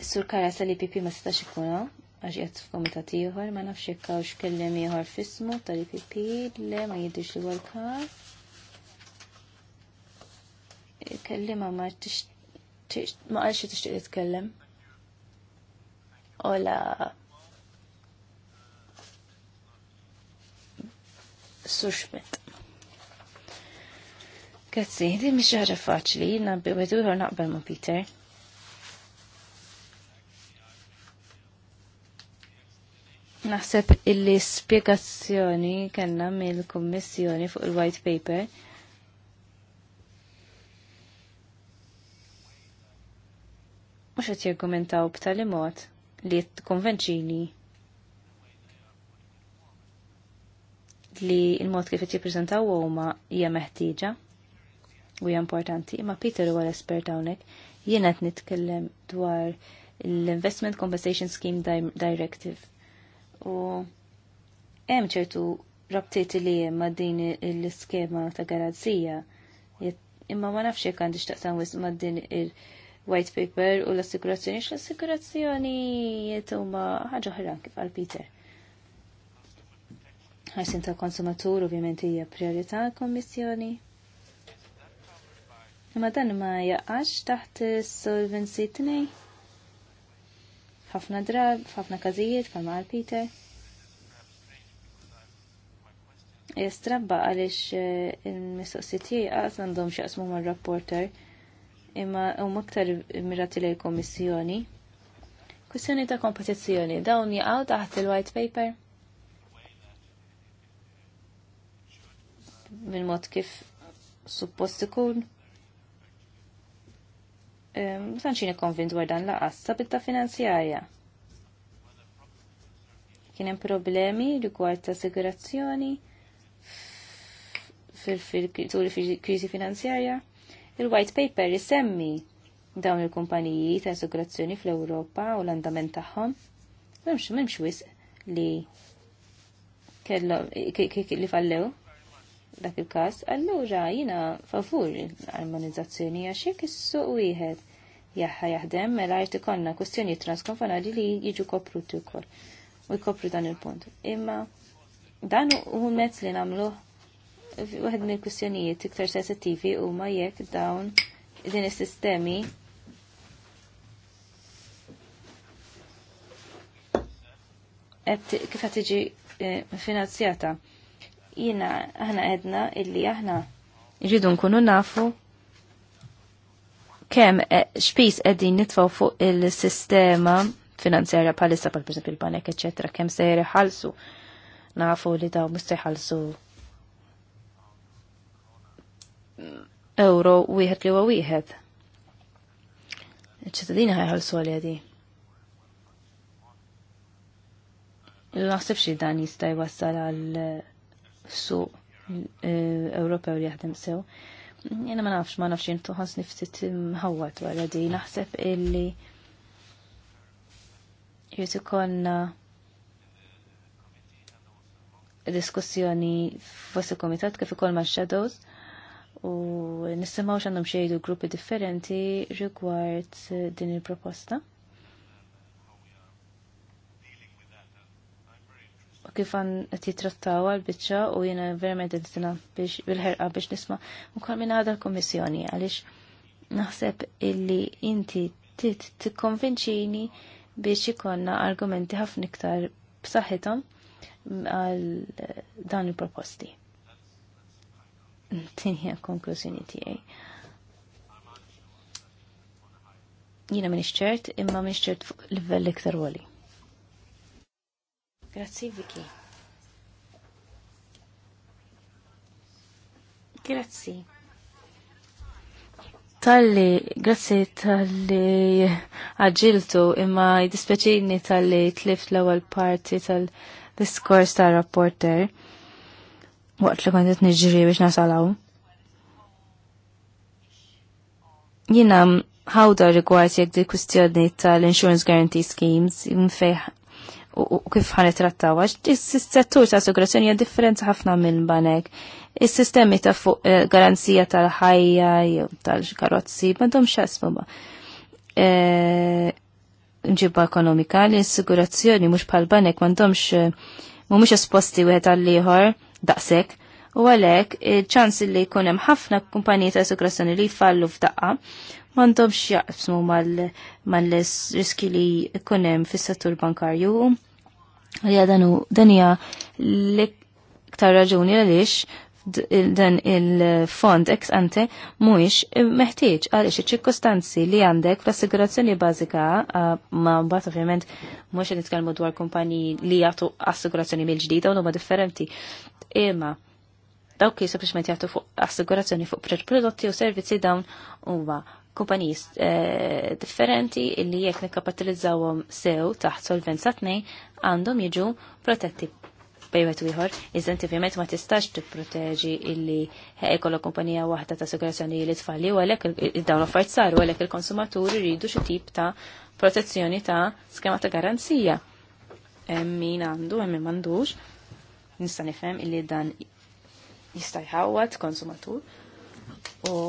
Is-sur Karas li PP ma setax ikuna għax jgħat f'komitat ieħor ma nafx jekk hawnx kellem ieħor f'ismu tal-IPP le ma jidhirx li għal kar. Kellima ma tix ma qalx tixtieq titkellem. Ola Surxmet. Grazzi, di mi xaħġa faċli, nabbi għor naqbel ma' Peter. Naħseb illi spiegazzjoni kellna mill-Kummissjoni fuq il-White Paper. Mux għet jirgumentaw b'tali mod li t-konvenċini li il-mod kif qed jippreżentaw huma hija meħtieġa u hija importanti, imma Peter huwa l-espert hawnhekk. Jien qed nitkellem dwar l-Investment Compensation Scheme Directive. U hemm ċertu rabtiet li hemm ma' din l-iskema ta' garanzija. Imma ma nafx jekk għandix taqsam wisq ma' din il-white paper u l-assikurazzjoni jiet huma ħaġa oħra kif għal Peter ħarsin tal-konsumatur ovvjament hija priorità l-Kommissjoni. Imma dan ma jaqax taħt is-solvency tnej. Ħafna drab, ħafna każijiet bħalma għal Peter. Jastrabba għaliex eh, il-mistoqsitijiet għas għandhom xaqsmu mar-rapporter imma u aktar mirati lejn kommissjoni. Kwistjoni ta' kompetizzjoni dawn jgħaw taħt il-white paper. minn mod kif suppost ikun. Sanċini konvint dwar dan laqas sabitta finanzjarja. Kien hemm problemi rigward ta' sigurazzjoni fil-kriżi finanzjarja. Il-white paper isemmi dawn il-kumpaniji ta' assigurazzjoni fl-Ewropa u l-andament tagħhom. Memx, memx wisq li kellom, li fallew dak il-każ, allura jiena favur armonizzazzjoni għax jekk is-suq wieħed jaħħa jaħdem mela jrid ikollna kwestjonijiet transkonfanali li jiġu kopruti wkoll u jkopru dan il-punt. Imma dan u mezz li nagħmluh waħed mill-kwistjonijiet iktar sensittivi huma jekk dawn din is-sistemi kif qed tiġi eh, finanzjata jina aħna edna illi aħna ġidu nkunu nafu kem eh, xpis edin nitfaw fuq il-sistema finanzjarja palissa pal per il-banek eccetera kem se ħalsu nafu li daw musteħalsu euro wieħed li huwa wieħed. Iċ-ċittadini ħajħalsu għal di. Il-naħsibx dan jista' jwassal għal f'suq eh, Ewropew li jaħdem sew. Jena ma nafx, ma nafx jintu ħas niftit mħawat wara di, naħseb illi jirti konna diskussjoni fost komitat kif ukoll ma' shadows u nisimaw xandom xejdu gruppi differenti rigward din il-proposta. kif għan titrattaw għal-bicċa u jena verament id biex bil-ħerqa biex nisma u kol minna għadha l komissjoni għalix naħseb illi inti t-konvinċini biex ikonna argumenti ħafna iktar b'saħħithom għal dan il-proposti. Tinja konklużjoni tiegħi. Jiena minix ċert imma minix ċert livell iktar għoli. Grazzi Vicky. Grazzi. Talli, grazzi talli għagġiltu imma jdispjaċini talli tlift l-ewwel parti tal-diskors tal rapporter waqt li kontet niġri biex nasalaw. Jina ħawda rigward jekk di kwistjoni tal-insurance guarantee schemes fejn u kif ħan trattaw is-settur ta' assigurazzjoni hija differenza ħafna minn banek. Is-sistemi ta' fuq eh, garanzija tal-ħajja jew tal-karozzi m'għandhomx jasmu eh, Ġibba ekonomika li assigurazzjoni mhux bħal banek m'għandhomx eh, mhumiex esposti wieħed għal ieħor daqshekk u għalhekk ċans li jkun hemm ħafna kumpaniji ta' assigurazzjoni li jfallu f'daqqa mandomx jaqsmu mal-riski li kunem fis settur bankarju Għalija danu danija l-iktar raġuni għaliex dan il-fond ex ante mhuwiex meħtieġ għaliex iċ-ċirkostanzi li għandek fl-assigurazzjoni bażika ma mbagħad ovvjament mhux qed nitkellmu dwar kumpaniji li jagħtu assigurazzjoni mill-ġdida u huma differenti. Imma dawk li sempliċement jagħtu fuq assigurazzjoni fuq prodotti u servizzi dawn ma' kumpanijis eh, differenti illi jekk nikkapitalizzawhom sew taħt solvenza tnejn għandhom jiġu protetti bejwet ieħor, iżda ovvjament ma tistax tipproteġi illi ikollok kumpanija waħda ta' assigurazzjoni li tfalli u għalhekk dawn l-affarijiet saru għalhekk il-konsumaturi jridu xi tip ta' protezzjoni ta' skema ta' garanzija. Min għandu, min m'għandux, nista' nifhem illi dan jista' jħawwat konsumatur u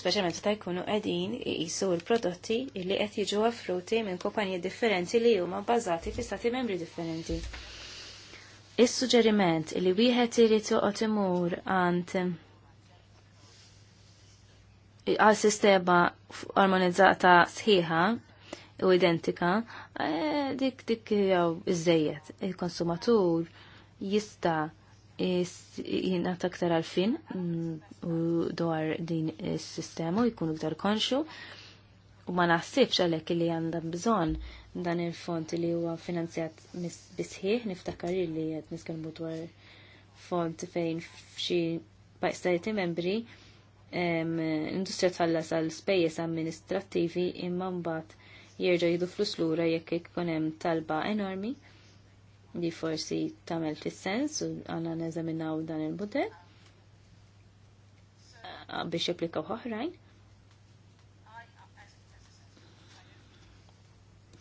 speċjalment ta' jkunu qegħdin iqisu l-prodotti li qed jiġu offruti minn kumpaniji differenti li huma bbażati fi stati membri differenti. Is-suġġeriment li wieħed irid toqgħod imur għand għal sistema armonizzata sħiħa u identika, eh, dik dik jew iżejjed il-konsumatur jista' jina taktar għalfin mm, dwar din is-sistema u jkunu iktar konxu u ma naħsibx għalhekk li għandha bżonn dan il-font li huwa finanzjat bisħiħ niftakar li qed niskellmu dwar font fejn f'xi pajstajti membri industrija tħallas għal spejjeż amministrattivi imma mbagħad jerġa' jidu flus lura jekk ikun hemm talba enormi li forsi tamel fis-sens u għanna neżaminaw dan il-modell biex japplikaw oħrajn.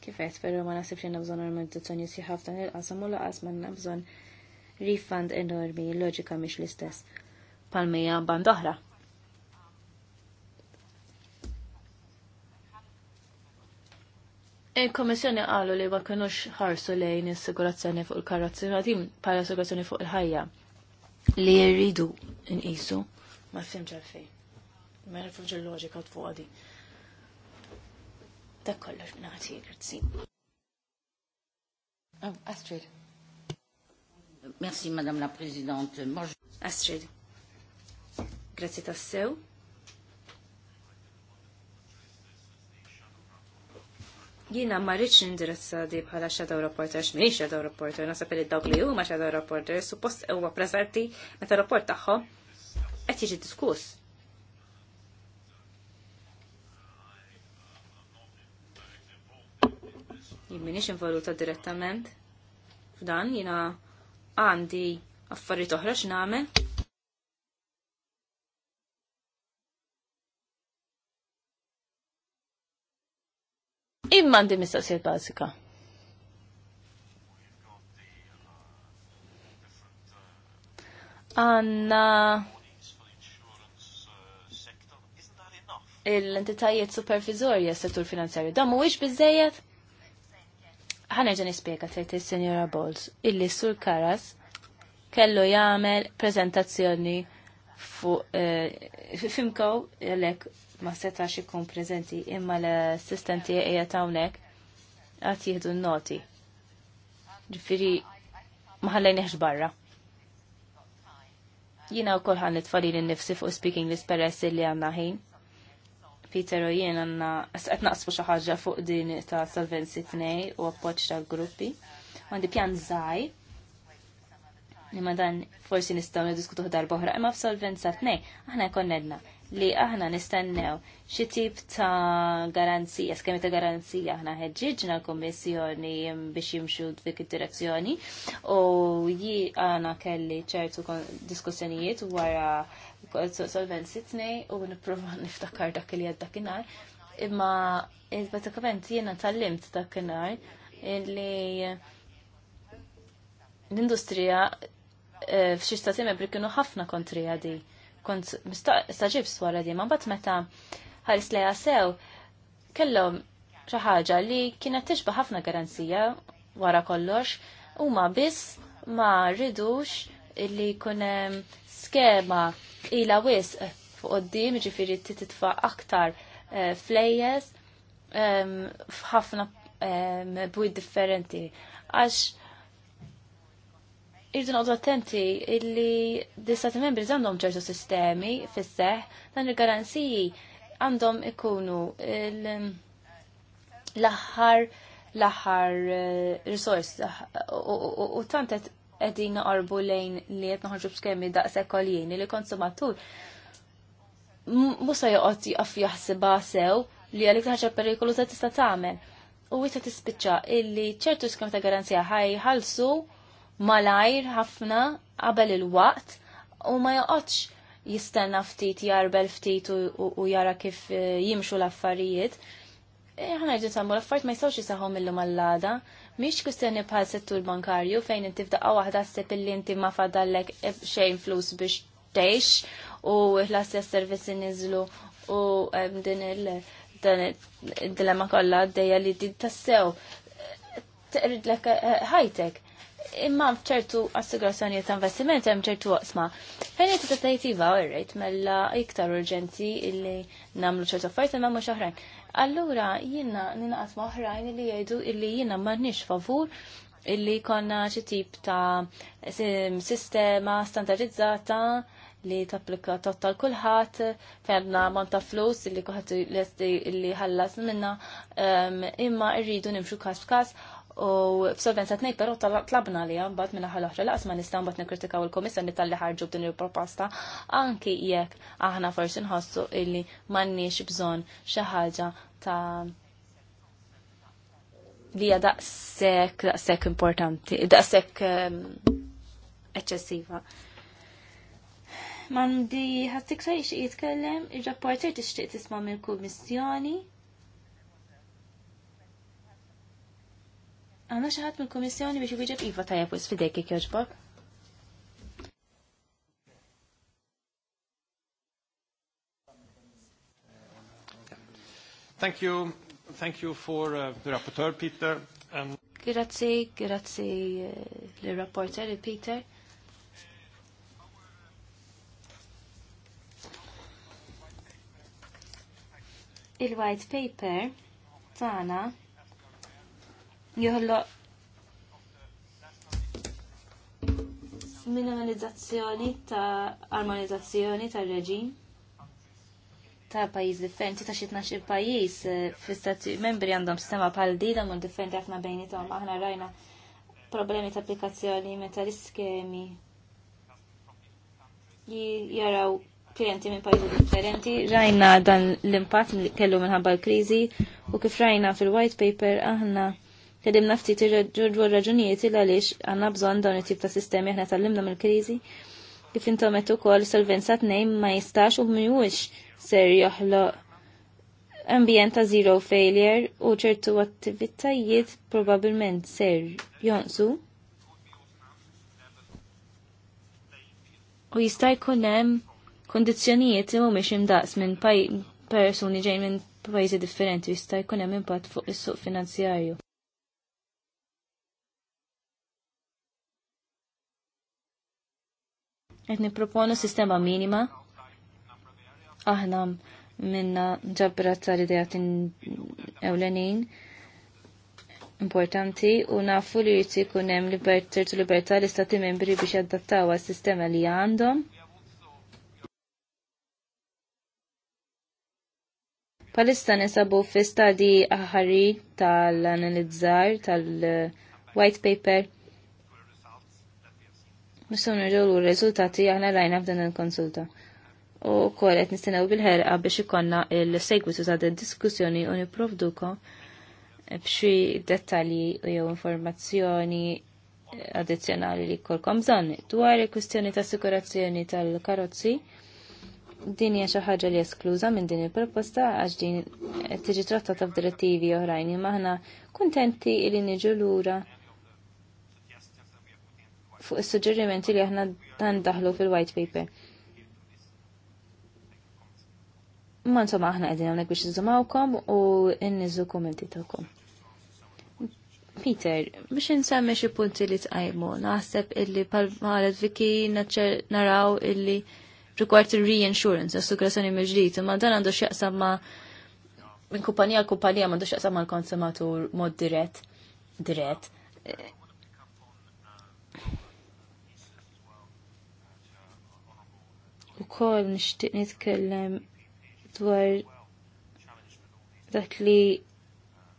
Kifet, però ma nasibx jenna bżon armentazzjoni si ħafna il-qasam u laqas ma bżon refund enormi, loġika miex l-istess. Palmija band oħra. Il-Komissjoni qalu li ma kinux ħarsu lejn il sigurazzjoni fuq il-karozzi ħadim pala sigurazzjoni fuq il-ħajja li jridu nqisu ma s fimx għalfejn. Ma nifhmx il-loġika t fuq għadi. Da kollox minn ħati grazzi. Oh, Astrid. Merci Madame la Présidente. Astrid. Grazie tassew. Jina rridx indirizza di bħala shadow reporter, xmini shadow reporter, nasab li dawk li huma shadow reporter, suppost huwa preżenti meta rapport tagħhom qed jiġi diskuss. Jien minix involuta direttament f'dan, jina għandi affarijiet oħra x'nagħmel. Imma għandi mistoqsijiet bażika. Għanna l-entitajiet supervizorja settur finanzjarju. Dan mhuwiex biżejjed? ħanerġa nispjega tgħid is senjora Bowles illi Sur Karas kellu jagħmel prezentazzjoni fuq eh, fimkaw għalek ma setax ikun prezenti imma l-assistenti għeja tawnek għat jihdu n-noti. Ġifiri maħallajn barra. Jina u kolħan l-tfali l-nifsi fuq speaking l peress li għanna ħin. Peter u jien għanna, għet naqsfu xaħġa fuq din ta' Salvency 2 u appoċ tal-gruppi. Għandi pjan zaħi li ma dan forsi nistgħu niddiskutuh darba oħra, imma f'solvenza nej aħna konnedna li aħna nistennew xi tip ta' garanzija, skemi ta' garanzija aħna ħeġġiġna l-Kommissjoni biex jimxu dik id-direzzjoni u ji aħna kelli ċertu diskussjonijiet wara solvenzi t-nej u nipprova niftakar dak li għadda dakinhar. Imma il batakament jiena tal-limt dakinhar li l-industrija Eh, f'xi stati membri kienu ħafna kontri għadi. Kont staġib s-swar għadi, ma bat meta ħaris li sew, kellhom xi ħaġa li kienet tixba ħafna garanzija wara kollox, huma biss ma rridux li kunem skema ila wis fuq qoddim, ġifiri titfa aktar eh, flejjes ehm, f'ħafna ehm, bwid differenti. Għax irridu noqgħdu attenti illi l-istati membri għandhom ċertu sistemi fis-seħ dan il-garanziji għandhom ikunu l-aħħar l-aħħar eh, risors eh, u tant qegħdin naqarbu lejn li qed noħorġu b'skemi daqshekk għoljien li konsumatur musa joqgħod jaqaf jaħsibha sew li għalik ħaġa perikolu ta' tista' tagħmel. U wita tispiċċa illi ċertu skemi ta' garanzija ħaj ħalsu malajr ħafna qabel il-waqt u ma joqgħodx jistenna ftit jarbel ftit u jara kif eh, jimxu l-affarijiet. Eh, ħana ġiet għamlu l-affarijiet ma jistgħux jisahom illum għall-għada. Mhix kwistjoni bħal settur bankarju fejn inti f'daqqa waħda ssepp illi inti ma fadallek eh, xejn flus biex tgħix u l-istess servizzi niżlu u din il-dilemma kollha għaddejja li tassew teqrid l high-tech imma ċertu assigurazzjoni ta' investiment hemm ċertu waqsma. Fejn qed titattiva rejt mela iktar urġenti illi nagħmlu ċertu affarijiet imma mhux oħrajn. Allura jiena ninaqas ma' oħrajn li jgħidu illi jiena m'għandniex favur illi konna xi tip ta' sistema standardizzata li tapplika totta l-kulħat, fenna monta flus li kuħat li ħallas minna, ehm, imma irridu nimxu kas kas U f'solvenza tnejn però tlabna li mbagħad minna aħħar oħra laqs ma nistan bat nikkritikaw u kummissjoni komissar li ħarġu b'din il-proposta anki jekk aħna forsi nħossu illi m'għandniex bżonn xi ħaġa ta' li hija daqshekk daqshekk importanti, daqshekk ehm, eċċessiva. Mandi ħadd iktar jitkellem, ir-rapporter tixtieq isma mill-Kummissjoni. Għanna xaħat mill-Komissjoni biex uwieġeb Iva tajab u sfidejk jek joġbok?
Thank you. Thank you for uh, the rapporteur, Peter. Um...
Grazie, grazie uh, le rapporteur, Peter. Il-white paper tana joħloq minimalizzazzjoni ta' armonizzazzjoni ta' reġim ta' pajis differenti ta' xitna il-pajis eh, fi membri għandhom sistema pal dida mun differenti għafna ta' aħna rajna problemi ta' applikazzjoni meta l-iskemi jaraw klienti minn pajjiżi differenti rajna dan l-impatt li kellu minħabba l-kriżi u kif rajna fil-white paper aħna Tedimna ftit irġu raġunijiet il għaliex għanna bżon dawn it-tip ta' sistemi aħna tallimna mill-kriżi. Kif intom qed ukoll solvenza tnejn ma jistax u mhuwiex ser joħloq ambjent ta' zero failure u ċertu attivitajiet probabbilment ser jonsu. U jista' jkun hemm kondizzjonijiet li mhumiex imdaqs minn persuni ġejn minn pajjiżi differenti jista' jkun hemm impatt fuq is-suq finanzjarju. qed nipproponu sistema minima. Aħna minna ġabra tal-idejat ewlenin importanti u nafu li jrid ikun hemm ċertu libertà li stati membri biex jadattaw għas-sistema li għandhom. Palista nisabu fi stadi aħari tal-analizzar tal-white paper Nistaw nirġgħu r-riżultati aħna rajna f'dan il-konsulta. U wkoll qed nistennew bil-ħerqa biex ikonna l-segwitu ta' diskussjoni u nipprovdukom b'xi dettalji jew informazzjoni addizzjonali li kolkom bżonn dwar il-kwistjoni ta' sikurazzjoni tal-karozzi din hija xi ħaġa li eskluża minn din il-proposta għax din tiġi trattata f'direttivi oħrajn imma aħna kuntenti li niġu lura fuq is-suġġerimenti li aħna dan daħlu fil-white paper. Ma insomma aħna qegħdin hawnhekk biex niżomawkom u nniżu kummenti tagħkom. Peter, biex insemmi xi punti li tqajmu, naħseb illi bħalet Viki naraw illi rigward il-reinsurance, assukrazzjoni mill-ġdid, imma dan għandu x'jaqsam ma' minn kumpanija għal kumpanija m'għandux x'jaqsam mal-konsumatur mod dirett. Dirett kol nixtieq nitkellem dwar dak li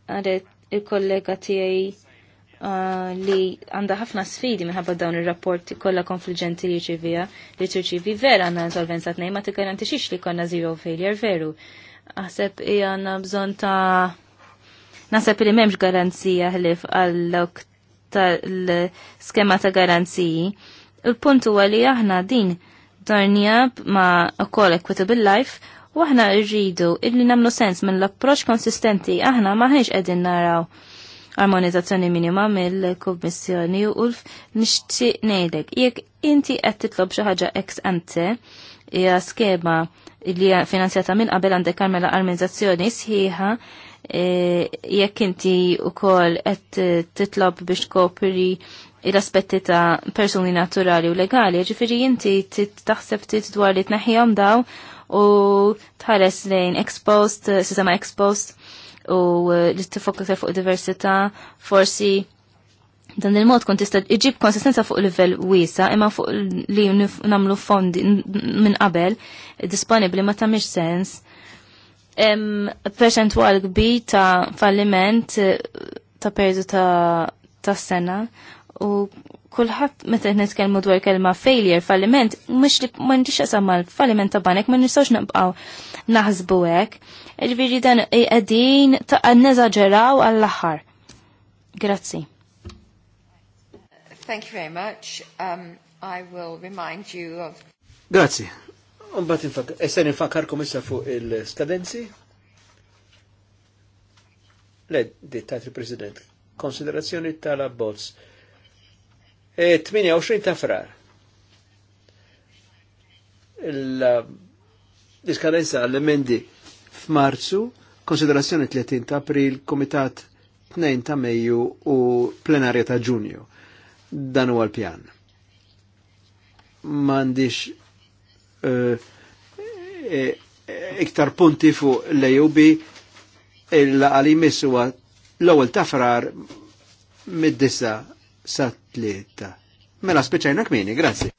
għadet il-kollega tiegħi uh, li għandha ħafna sfidi minħabba dawn ir-rapporti kollha konfliġenti li ċivija li ċivi vera għandna insolvenza tnejn ma xiex li konna zero failure veru. Aħseb i għandna bżonn ta' naħseb li m'hemmx garanzija ħlif għall ta' l skema ta' garanziji. Il-punt huwa li aħna din darnjab ma' ukoll Equitable Life u aħna rridu illi namlu sens minn l-approċ konsistenti aħna maħniex qegħdin naraw armonizzazzjoni minima mill-Kummissjoni u nixtieq ngħidlek jekk inti qed titlob xi ħaġa ex ante hija skema li hija finanzjata minn qabel għandek għamela armonizzazzjoni sħiħa eh, jekk inti wkoll qed titlob biex tkopri il-aspetti ta' persuni naturali u legali, ġifiri jinti taħseb tit dwar li tnaħjom daw u tħares lejn exposed, eh, sistema exposed u eh, li tifokka fuq diversità, forsi dan il-mod kont tista' iġib konsistenza fuq livell wiesa imma fuq li nagħmlu fondi minn qabel disponibbli ma tagħmilx sens. Perċentwal kbir ta' falliment eh, ta' perdu ta' ta' sena u kulħadd meta nitkellmu dwar kelma failure, falliment, mhux li m'għandix qasam mal-falliment ta' banek ma nistgħux nibqgħu naħsbu hekk. Ġifieri dan qegħdin neżaġeraw għall-aħħar. Grazzi.
Thank you very much. Um, I will remind you
of Grazzi. Umbat essen infakarkom komissa fuq il-skadenzi. Le, dittat il-President, konsiderazzjoni tal-abbozz 28 eh, ta' frar. Eh, l-iskadenza l-emendi f'Marzu, konsiderazzjoni 30 ta' april, komitat 2 ta' Mejju u plenarja ta' Ġunju. Dan huwa l-pjan. M'għandix eh, iktar punti fuq l-EUB il għalimissu huwa l-ewwel ta' frar mid-disa sa' tlieta. Mela speċajna kmini, grazzi.